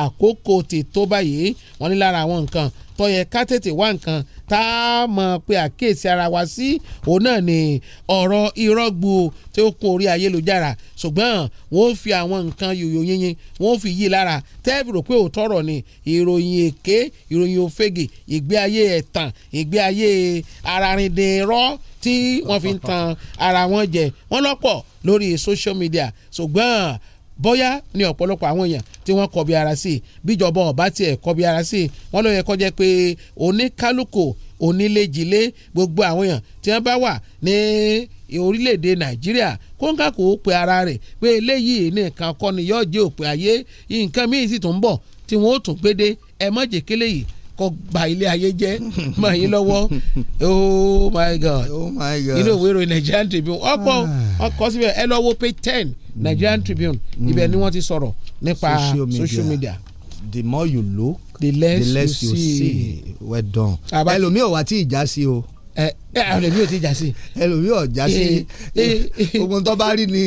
Speaker 5: àkókò ti tó báyìí wọ́n ní lára àwọn nǹkan tó yẹ ká tètè wá nǹkan tá a mọ̀ pé àkíyèsí ara wa sí òun náà ni ọ̀rọ̀ irọ́gbu tí ó kún orí ayélujára ṣùgbọ́n wọ́n fi àwọn nǹkan yòyò yinyin wọ́n fi yí lára tẹ́ẹ̀bù rò pé òótọ́ ọ̀rọ̀ ni ìròyìn èké ìròyìn òfegè ìgbé ayé ẹ̀tàn ìgbé ayé ararindinrọ́ tí wọ́n fi ń tan ara wọn jẹ wọ́n lọ́pọ̀ lórí social media ṣùgbọ́n bóyá ni ọ̀pọ̀lọpọ̀ àwọn èèyàn tí wọ́n kọbi ara sí i bíjọba ọ̀bá tiẹ̀ kọbi ara sí i wọ́n ló yẹ kó jẹ́ pé oníkálukú onílejìlé gbogbo àwọn èèyàn tí wọ́n bá wà ní orílẹ̀-èdè nàìjíríà kóńkàkó pe ara rẹ̀ pé eléyìí nìkan kọ́ ni yóò jẹ́ òpin ayé nǹkan míì sì tún ń bọ̀ tí wọ́n ó tún gbédè ẹ má jẹ́ kéléyìí kọ gba ilé ayé jẹ máa yín lọ́wọ́ <laughs> oh, oh my god inú ìwé ìròyìn Nigerian Tribune ọ̀pọ̀ ah. ọkọ̀ síbẹ̀ ẹ lọ wo ten Mm. Nigerian Tribune
Speaker 6: mm. ibẹ̀ ni wọ́n ti sọ̀rọ̀ nípa social media. the more you look the less, the less you, you see. see well done ẹlòmíì ò wá tí ìjà sí o ẹlòmíì ò tí ìjà sí ẹlòmíì ò já sí eh, eh, eh, ogun tó bá rí ni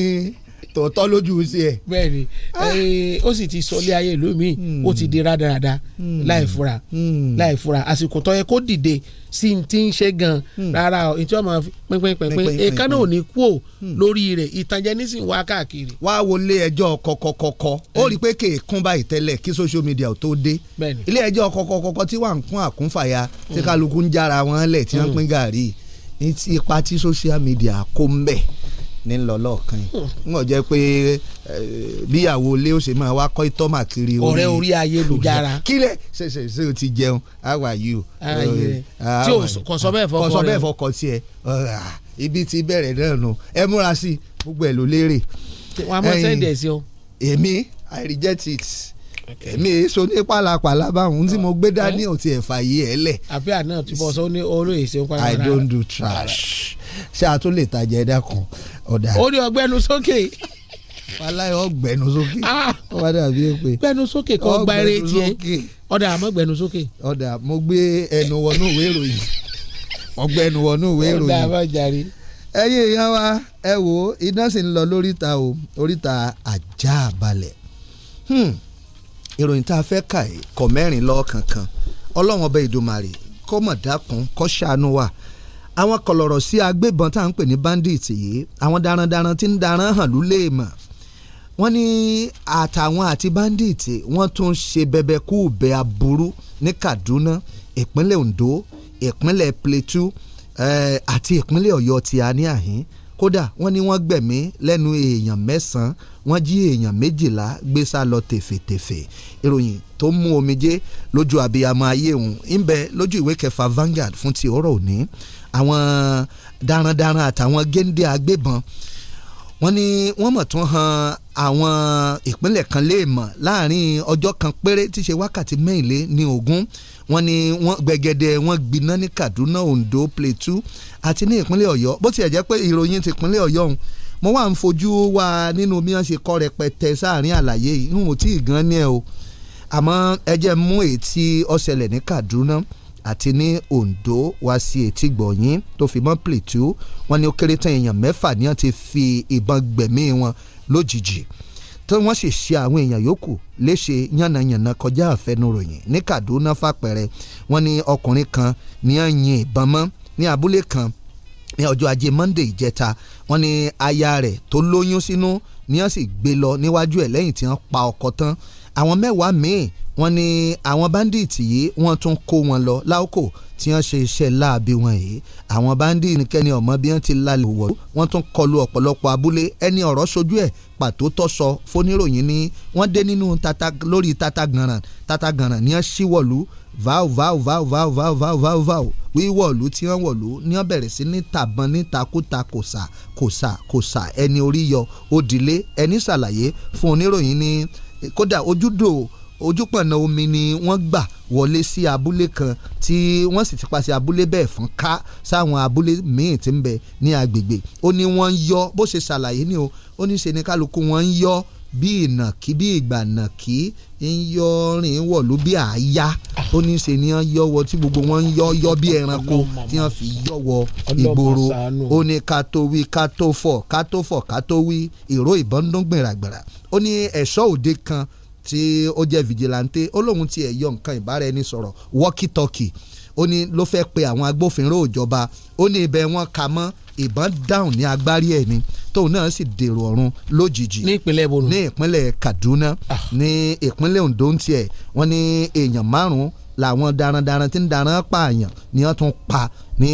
Speaker 6: tòótọ́ lójú sí
Speaker 5: ẹ. bẹ́ẹ̀ni ah. ó sì ti sọlé ayé ìlú mi hmm. ó ti di rádaràda hmm. láì fura hmm. láì fura àsìkò tó yẹ kó dìde sí ti ń ṣe gan rárá o ìtí ọmọ
Speaker 6: pínpínpínpín èkánná ò ní kú ò lórí rẹ̀ ìtànjẹ nísìnyí wá káàkiri. wá wọlé ẹjọ́ kọ̀kọ̀kọ̀kọ̀ ó rí i pé kéèkún báyìí tẹ́lẹ̀ kí social media ò tó dé ilé ẹjọ́ kọ̀kọ̀kọ̀kọ̀ tí wà ń kún àkúnfàyà tí kálukú ń jára wọn lẹ̀ tí wọ́n pín gàrí ipa tí social media kó ń bẹ̀ ní lọ lọ́ọ̀kan yìí ń wọ́n pé bíyàwó ilé ó máa wá kọ́ ìtọ́mà kiri orí ọ̀rẹ́ orí ayélujára kílẹ̀ ṣe ṣe ṣe o ti jẹun how are you. Eh, tí o kò sọ bẹ́ẹ̀ fọkọ rẹ kò sọ bẹ́ẹ̀ fọkọ tiẹ̀ eh, ah, ibi tí bẹ̀rẹ̀ náà nù ẹ múra sí gbogbo ẹ̀ ló lérè. wọn a máa sẹ́ndì ẹ̀ sí o. èmi i reject it èmi so ní pàlàpàlà báwọn tí mo gbé dání ọtí ẹ̀fà yìí ẹ̀ lẹ̀. àbí àná tí mo sọ ní olóyè ṣe ń pàlàpàlà. i don't do trash ṣé a tún lè tajà ẹ̀dá kan ọ̀dà. ó
Speaker 5: ní ọgbẹ́nu sókè. wàláyé ọgbẹ́nu sókè. Ah. ó wá dàbí èpè. gbẹ́nu sókè kọ́ gba eré tiẹ̀ ọ̀dà àmọ́ gbẹ́nu sókè.
Speaker 6: ọ̀dà mo gbé ẹnu wọnú ìwé ìròyìn ọgbẹ́nu wọnú ìwé ìròyìn. ọ̀dà àmọ́ jàre ẹ̀yin èèyàn wa ẹ wò ó iná sì ń lọ lóríta o oríta ajá balẹ̀ hmm, ìròyìn tá a fẹ́ kà é kọ̀ mẹ́rin lọ́ọ́ kankan ọlọ́run ọba ìdòmàrè kọ́mọ̀dákun kọ́ ṣàánú wa. Hmm àwọn kọ̀lọ̀rọ̀ sí agbébọn tá à ń pè ní bandit yìí àwọn darandaran tí ń daran hàn ló lè mọ̀ wọ́n ní àtàwọn àti bandit wọ́n tún ṣe bẹbẹ kú bẹ aburú ní Kaduna ìpínlẹ̀ Ondo ìpínlẹ̀ Plateau eh, àti ìpínlẹ̀ Ọ̀yọ́ ti a ní àhín kódà wọ́n ní wọ́n gbẹ̀mí lẹ́nu èèyàn mẹ́sàn-án wọ́n jí èèyàn méjìlá gbé sá lọ tẹ̀fẹ̀tẹ̀fẹ̀ ìròyìn tó mú omijé lójú abiyamọ ayé òun ń bẹ lójú ìwé kẹfà Vanguard fún ti ọ̀rọ̀ òní àwọn darandaran àtàwọn géńdé agbébọn wọ́n ní wọ́n mọ̀ tún han àwọn ìpínlẹ̀ kan léèmọ̀ láàrin ọjọ́ kan péré tí ṣe wákàtí mẹ́ìnlé ní ogún wọ́n ní wọ́n gbẹ̀gẹ̀dẹ̀ wọ́n gbiná ní Kaduna Ondo Plateau àti ní ìpínlẹ̀ Ọ̀yọ́ bó tilẹ̀ jẹ́ pé ìròyìn ti ìpínlẹ̀ Ọ̀yọ́ ọ̀hún mo wà ń fojú wa nínú bí wọ́n ṣe kọ́ rẹpẹtẹ sáàrin àlàyé yìí n ò tí ì gan ni ẹ o àmọ́ ẹ jẹ́ mú èyí tí ó ṣẹlẹ̀ ní Kaduna. No? àti ní Ondo wá sí etí gbọ̀nyìn tó fi mọ́ Plateau wọ́n ní ó kéré tán èèyàn mẹ́fà ni wọ́n ti fi ìbọn gbẹ̀mí wọn lójijì tí wọ́n sì ṣe àwọn èèyàn yòókù léṣe yànnàyànnà kọjá àfẹnuròyìn ní Kaduna fàpẹrẹ wọ́n ní ọkùnrin kan ní wọ́n yin ìbọn mọ́ ní abúlé kan ní ọjọ́ ajé Monday ìjẹta wọ́n ní aya rẹ̀ tó lóyún sínú ni wọ́n sì gbé lọ níwájú ẹ̀ lẹ́yìn tí wọ́n pa ọkọ tán àwọn mẹ́wàá míì wọ́n ní àwọn báńdíìtì yìí wọ́n tún kó wọn lọ láòkò tí wọ́n ṣe iṣẹ́ láabi wọn yìí àwọn báńdíìtì nìkẹ́ni ọ̀mọ́ bí wọ́n ti lálẹ́ wọ̀ wọ́n tún kọlu ọ̀pọ̀lọpọ̀ abúlé ẹni ọ̀rọ̀ sojú ẹ̀ pàtó tọ́ sọ fóníròyìn ni wọ́n dé nínú tata lórí tata gànràn tata gànràn ni wọ́n ṣíwọ̀lú váò váò váò váò váò váò váò váò wíwọ̀lú tí wọ́n wọ̀lú ni wọ́n bẹ̀rẹ̀ sí ní tàbọn ní takúta kòsà kòsà kòsà ẹni orí yọ òdìlé ẹni ṣàlàyé fún oníròyìn ní kódà ojúdò ojúpọ̀nà omi ni wọ́n gbà wọlé sí abúlé kan tí wọ́n sì ti paṣẹ abúlé bẹ́ẹ̀ fún ká sáwọn abúlé míì tí ń bẹ ní agbègbè ó ní wọ́n ń yọ́ bó ṣe ṣàlàyé ni o ó ní ṣe ni kálukú wọ́n ń yọ́ bí ìnàkí bí ìgbànàkí ń yọ rìn wọ̀ ló bí àáyá ó ní ṣe ni wọ́n yọ̀wọ̀ tí gbogbo wọn ń yọ yọ bí ẹranko tí wọ́n fi yọ̀wọ̀ ìgboro ó ní ká tó wí ká tó fọ̀ ká tó fọ̀ ká tó wí ìró ìbọn dún gbìràgbìrà ó ní ẹ̀ṣọ́ òde kan tí ó jẹ́ vigilante ó lóun ti ẹ̀ yọ nǹkan ìbáraẹnisọ̀rọ̀ walkie talkie ó ní ló fẹ́ pe àwọn agbófinró ìjọba ó ní ibẹ̀ wọn kà mọ́ ìbọn dáhùn ní agbárí ẹ̀ ni tóun náà sì dèrò ọ̀run lójijì ní ìpínlẹ̀ borno ní ìpínlẹ̀ kaduna ah. ní ìpínlẹ̀ ondo ń tiẹ̀ wọ́n ní èèyàn márùn-ún làwọn darandaran tí ń daran pààyàn ni wọ́n tún pa ní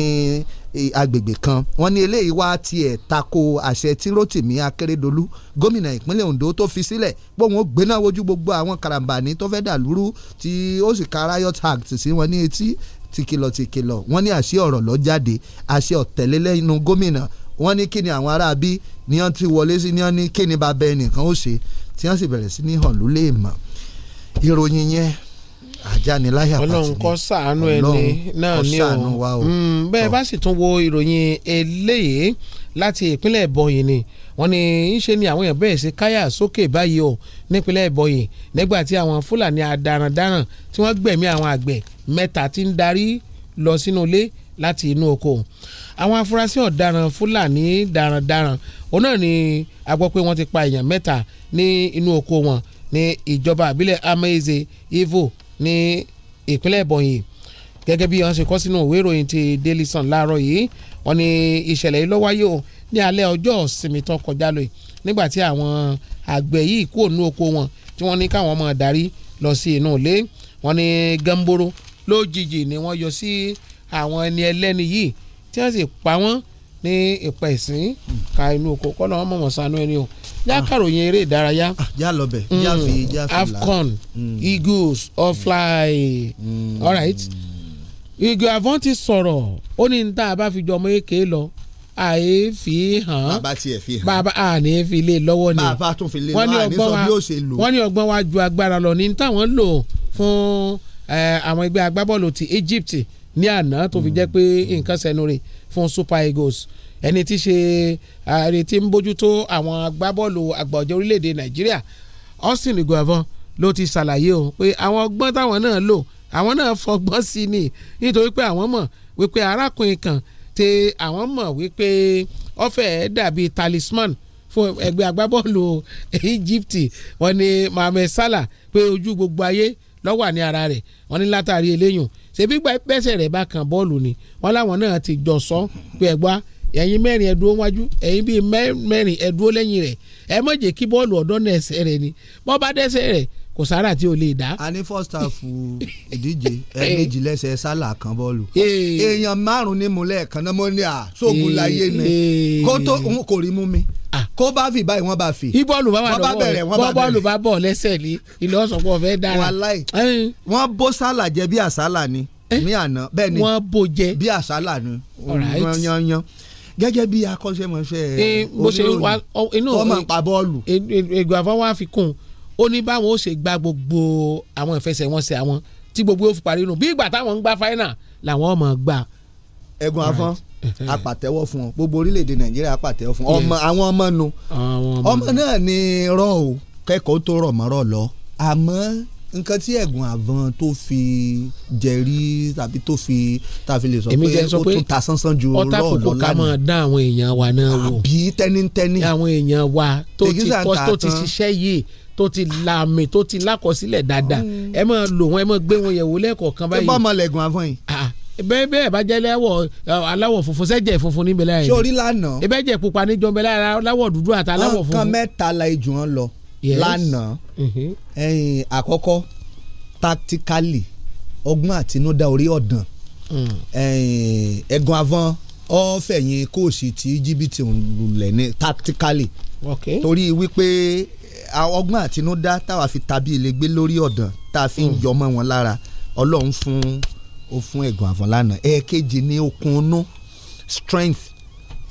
Speaker 6: e, agbègbè kan wọ́n ní eléyìí wá tiẹ̀ tako àṣẹ tí Rotimi Akeredolu gómìnà ìpínlẹ̀ Ondo tó fi sílẹ̀ gbóhùn ó gbéná wojú gbogbo àwọn karambani tó fẹ́ dàlúrú tí ó sì ka riot act sí wọn ní etí ti kìlọ̀ ti kìlọ̀ wọ́n ní àṣẹ ọ̀rọ̀ lọ jáde àṣẹ ọ̀tẹ̀lélẹ́ inú gómìnà wọ́n ní kí ni àwọn ará bí ni wọ́n ti wọlé sí ni wọ́n ní kí ni bàbá ẹnìkan ó ṣe tí wọ́n sì bẹ̀rẹ̀ sí ní hàn ló lè mọ̀ ìròyìn yẹn àjániláyà pàtì ni
Speaker 5: ọlọ́run kó ṣàánú ẹni náà ní o mm, bẹ́ẹ̀ bá sì tún wo ìròyìn eléyìí láti ìpínlẹ̀ bọ̀yìn ni. Oh wọ́n ní ńṣe ni àwọn èèyàn bẹ́ẹ̀ ṣe káyà sókè báyìí o nípínlẹ̀ ìbọyè nígbà tí àwọn fúlàní adarandaran tí wọ́n gbẹ̀mí àwọn àgbẹ̀ mẹ́ta tí ń darí lọ sínú ilé láti inú oko àwọn afurasí ọ̀daràn fúlàní darandaran òun náà ni a gbọ́ pé wọ́n ti pa èèyàn mẹ́ta ní inú oko wọn ní ìjọba àbílẹ̀ Amaeze Ivo ní ìpínlẹ̀ ìbọyè gẹ́gẹ́ bí wọ́n ṣe kọ sínú ìwé ìròyìn ti Daily Sun láàárọ̀ yìí wọ́n ní ìṣẹ̀lẹ̀ yìí ló wáyé o ní alẹ́ ọjọ́ ìsinmi tó kọjá lóye nígbà tí àwọn àgbẹ̀ yìí kú ònú oko wọn tí wọ́n ní káwọn máa darí lọ sí inú ilé wọ́n ní gamboro lójijì ni wọ́n yọ sí àwọn ẹni ẹlẹ́ni yìí tí wọ́n sì pa wọ́n ní ìpẹ́ ìsín ka inú oko kọ́ lọ́wọ́ mọ̀mọ́ sanu ẹni o jákàròyìn ah. eré ìdárayá já lọbẹ já la afcon hmm. eagles all fly hmm. all right. Mm. Ìgè Avon ti sọ̀rọ̀ ó ní ní tá a bá fi jọ ọmọ èké lọ àyè fi hàn.
Speaker 6: bàbá tiẹ̀ fi hàn.
Speaker 5: bàbá àní fi lé e lọ́wọ́ ni. bàbá tún fi lé e lọ́wọ́ àní sọ bí ó ṣe lò. wọ́n ní ọgbọ́n wa ju agbára lọ ní táwọn lò fún àwọn ẹgbẹ́ agbábọ́ọ̀lù ti Egypt ní àná tó fi hmm. jẹ́ pé nǹkan sẹ́nu rè fún Super Eagles ẹni tí ṣe ààrẹ tí ń bójútó àwọn agbábọ́ọ̀lù àgbà ọ̀jẹ̀ orílẹ̀-èdè Nàìjíríà Austin Igboavon ló ti ṣàlàyé o pé àwọn ọgbọ́n táwọn náà lò àwọn náà fọgbọ́n sí ni nítorí pé àwọn mọ̀ wípé arákùnrin kan tí àwọn mọ̀ wípé ọ̀fẹ́ dàbí talisman fún ẹgbẹ́ agbábọ́ọ̀lù Egypt wọ́n ní Mohamed Salah pé ojú gbogbo ayé ló wà ní ara rẹ̀ wọ́n ní látàrí eléyùn ṣebí gba pẹ́sẹ̀ rẹ̀ bá kan bọ́ọ̀lù ni wọ́n láwọn náà ti jọ sọ pé ẹ̀gbá ẹ̀yin mẹ́rin ẹ̀dúró wájú ẹ̀yin bíi mẹ́rin ẹ̀dúró lẹ́yìn rẹ̀ ẹ má jẹ́ kí bọ́ọ̀lù ọ̀dọ́ náà ẹsẹ̀
Speaker 6: rẹ̀ ni bọ́ bá dẹ́sẹ̀ rẹ̀ kò sára tí o lè dá. a ní first half ìdíje <laughs> ẹ̀ẹ́dẹ́jì lẹ́sẹ̀ sálà kan bọ́ọ̀lù. èèyàn márùn-ún ní mu lẹ́ẹ̀kan náà mo ní à sóògùn láyé ni kó tó n kò rí mú mi ah. kó bá fi báyìí wọ́n bá fi. bí bọ́ọ̀lù bá wà lọ́wọ́ rẹ̀ bọ́ bọ́ọ̀lù bá bọ̀ lẹ́sẹ̀ ní ilé ọ̀sọ̀pọ̀ fẹ́ dára. wàláì wọ́n bó sálà jẹ bí àsálà ni eh. ní àná bẹ́ẹ̀ ni wọ́n bó jẹ bí àsálà ni yanyan gẹ́gẹ́ bí akọ́ṣẹ́mọṣẹ́ eh, oníròyìn tọ́mọ̀ ń eh, pa bọ́ọ̀lù. ègbà fọwọ́
Speaker 5: àfikún ó ní báwọn ó ṣe gba gbogbo àwọn ìfẹsẹ̀wọnsẹ̀ àwọn tí gbogbo ó fi parí nù
Speaker 6: bí ìgbà táwọn ń gba final làwọn ọmọ gbà. ẹ̀gbọ́n afọ́n apàtẹ́wọ́ <laughs> fún ọ gbogbo orílẹ̀-èdè nàìjíríà apàtẹ́wọ́ fún ọmọ àwọn ọmọ nu ọmọ náà ni rọ o kẹ́kọ̀ọ́ tó rọ̀ mọ́rọ̀ lọ àmọ́ nǹkan tí ẹ̀gùn àvọn tó fi jẹ̀rí tàbí tó fi tàbí lè sọ pé ó tún ta sánsán ju rọ́ọ̀ lọ́la ni. ọ̀tá kòkó ká máa
Speaker 5: dán àwọn èèyàn wa náà wò àbí tẹ́nítẹ́ní. àwọn èèyàn wa tó ti kọ́ tó ti ṣiṣẹ́ yìí tó ti làmì tó ti lákọsílẹ̀ dáadáa mm. ẹ máa lò wọn ẹ máa gbé wọn yẹ̀wò lẹ́ẹ̀kọ̀ọ̀kan báyìí. ẹ bá ọmọ lẹ̀gùn àvọn yìí bẹ́ẹ̀ bẹ́ẹ̀ bá jẹ́ lẹ́wọ̀ aláwọ̀ funfun sẹ́jẹ̀ funfun níbẹ̀ láyé. sórí lánàá.
Speaker 6: ibẹ̀ jẹ́ pupa níjọ́ bẹ́ẹ̀ láyé aláwọ̀ dúdú àti aláwọ̀ funfun. nǹkan mẹ́ta la ijù wọn lọ lánàá mm-hmm. ẹ̀yìn àkọ́kọ́ tactically ọgbọ́n àtinúdá orí ọ̀dàn mm. ẹ̀gàn avọ́n ọ̀fẹ̀yìn kóòsì tí jìbìtì ń lulẹ̀ ní tactically okay. torí wípé ọgbọ́n àtinúdá táwa fi tàbí ilé lórí ọ̀dàn tá a fi ń jọmọ mm. wọn lára ọlọ́run fún ó fún ẹ̀gàn avọ́n lánàá ẹ̀ẹ́kejì ní okun inú strength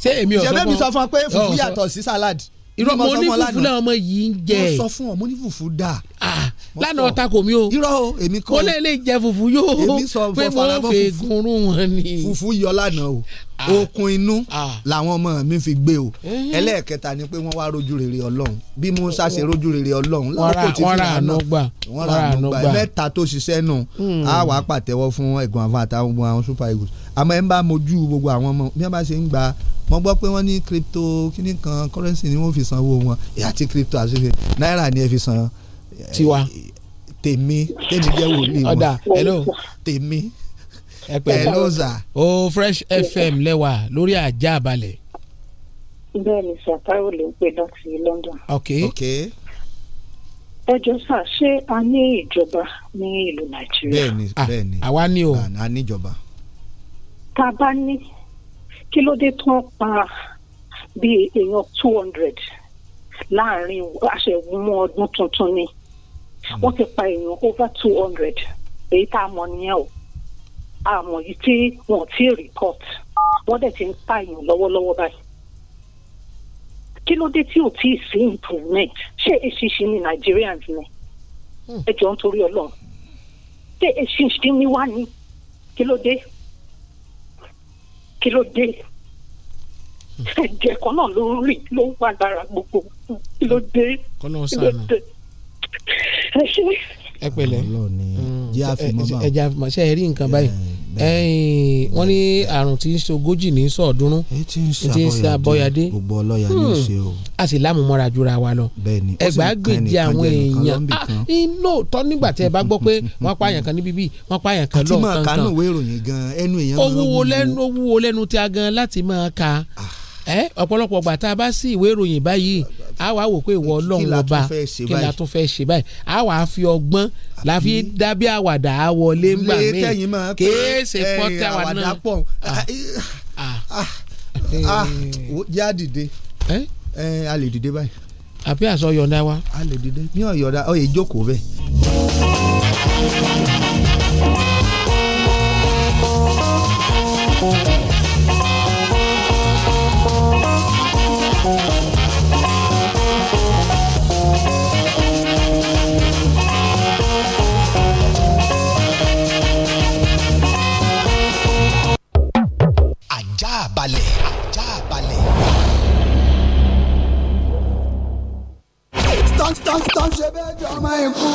Speaker 6: ṣé èmi ò sọ fún ọ ṣé bẹ́ẹ̀ mi sọ fún ọ pé fùfú yàtọ̀ sí salad irọ́ mo ní fùfú náà ọmọ yìí ń jẹ. mo sọ fún ọ mo ní fùfú dà. Ah,
Speaker 5: lánàá ọ̀tá kò mí o. irọ́ o èmi kọ́. mo lè lè jẹ fùfú yóò. èmi sọ fọ farabọ fùfú pé mo fẹ́ gunrun
Speaker 6: wọn ni. fùfú yọ lánàá o ah. okun inú ah. làwọn ọmọ mi fi gbé o ẹlẹ́ẹ̀kẹta ni pé wọ́n wá rojú rere ọlọ́run bí musa ṣe rojú rere ọlọ́run lákòókò tí fi hàn náà wọ́n ra àánú gbà mẹ́ta tó ṣiṣẹ́ nù á hmm. wàá pàtẹ́wọ́ fún ẹ̀gbọ́n àfàtàwọn ọmọ super eagles mo gbọ́ pé wọ́n ní crypto kíní kan currency ni wọ́n fi sanwó wọn àti crypto àti náírà ni ẹ fi san. tiwa tèmi tèmi jẹ́ wòlíì wọn ọ̀dà hello tèmi
Speaker 5: hello za. o fresh fm lẹ́wà lórí ajá balẹ̀.
Speaker 7: bẹ́ẹ̀ni sàtáwò ló ń pè láti london. ok ok. ẹ jọ sá ṣé a ní ìjọba ní ìlú nàìjíríà.
Speaker 6: bẹ́ẹ̀ni ah, bẹ́ẹ̀ni àwa ní o. a ní tá
Speaker 7: a bá ní kí ló dé tán pa bíi èèyàn two hundred láàrin àṣẹ̀wọ̀n ọdún tuntun ni hmm. wọ́n ti pa èèyàn over two hundred èyí tá a mọ̀ nìyẹn o àmọ́ yìí tí wọ́n ti report wọ́n dẹ̀ ti ń pààyàn lọ́wọ́lọ́wọ́ báyìí kí ló dé tí ò tí ì sí improvement ṣé èṣìṣì ni Nigerians ni hmm. ẹ jọ ń torí Ọlọ́run ṣé èṣìṣì ni wá ní kí ló dé kí ló dé ẹ̀jẹ̀ kan náà ló ń rìn ló ń wà lára gbogbo kí ló dé
Speaker 5: kí ló dé ẹ ṣe. ẹ pẹ̀lẹ́ ẹ jẹ àfimọ ṣe é rí nǹkan báyìí wọ́n ní àrùn tí ń ṣogójì ní sọ̀ọ́dúnrún tí ń ṣe abọ́yadé
Speaker 6: gbogbo ọlọ́yà ní ṣe o.
Speaker 5: a sì lámùmọ́ra jura wa lọ ẹgbàágbèje àwọn èèyàn lóòótọ́ nígbà tí ẹ bá gbọ́ pé wọ́n pa àyàn kan níbí bí wọ́n pa àyàn kan lọ́ọ̀kan kan
Speaker 6: ó
Speaker 5: wúwo lẹ́nu tí a gan láti máa ka ẹ ọ̀pọ̀lọpọ̀ gbà tá a bá sí ìwé ìròyìn báyìí a wàá wò pé ìwọ ọlọ́run ọba kí la tún fẹ́ ṣe báyìí a wàá fi ọgbọ́n la fi dábí àwàdà wọlé ńgbà mí kéèsè pọ́tà wà náà yá
Speaker 6: ah. ah, eh, ah. dìde a lè dìde báyìí. àbí àsọyọ̀ndá wa. a lè dìde ní ọ̀yọ̀ndá ọ̀yẹ̀ ìjókòó bẹ́ẹ̀.
Speaker 1: balẹ̀. ajá balẹ̀.
Speaker 6: tọ́ntọ́ntọ́n ṣe bẹ́ẹ̀ jọ ọmọ ìkú.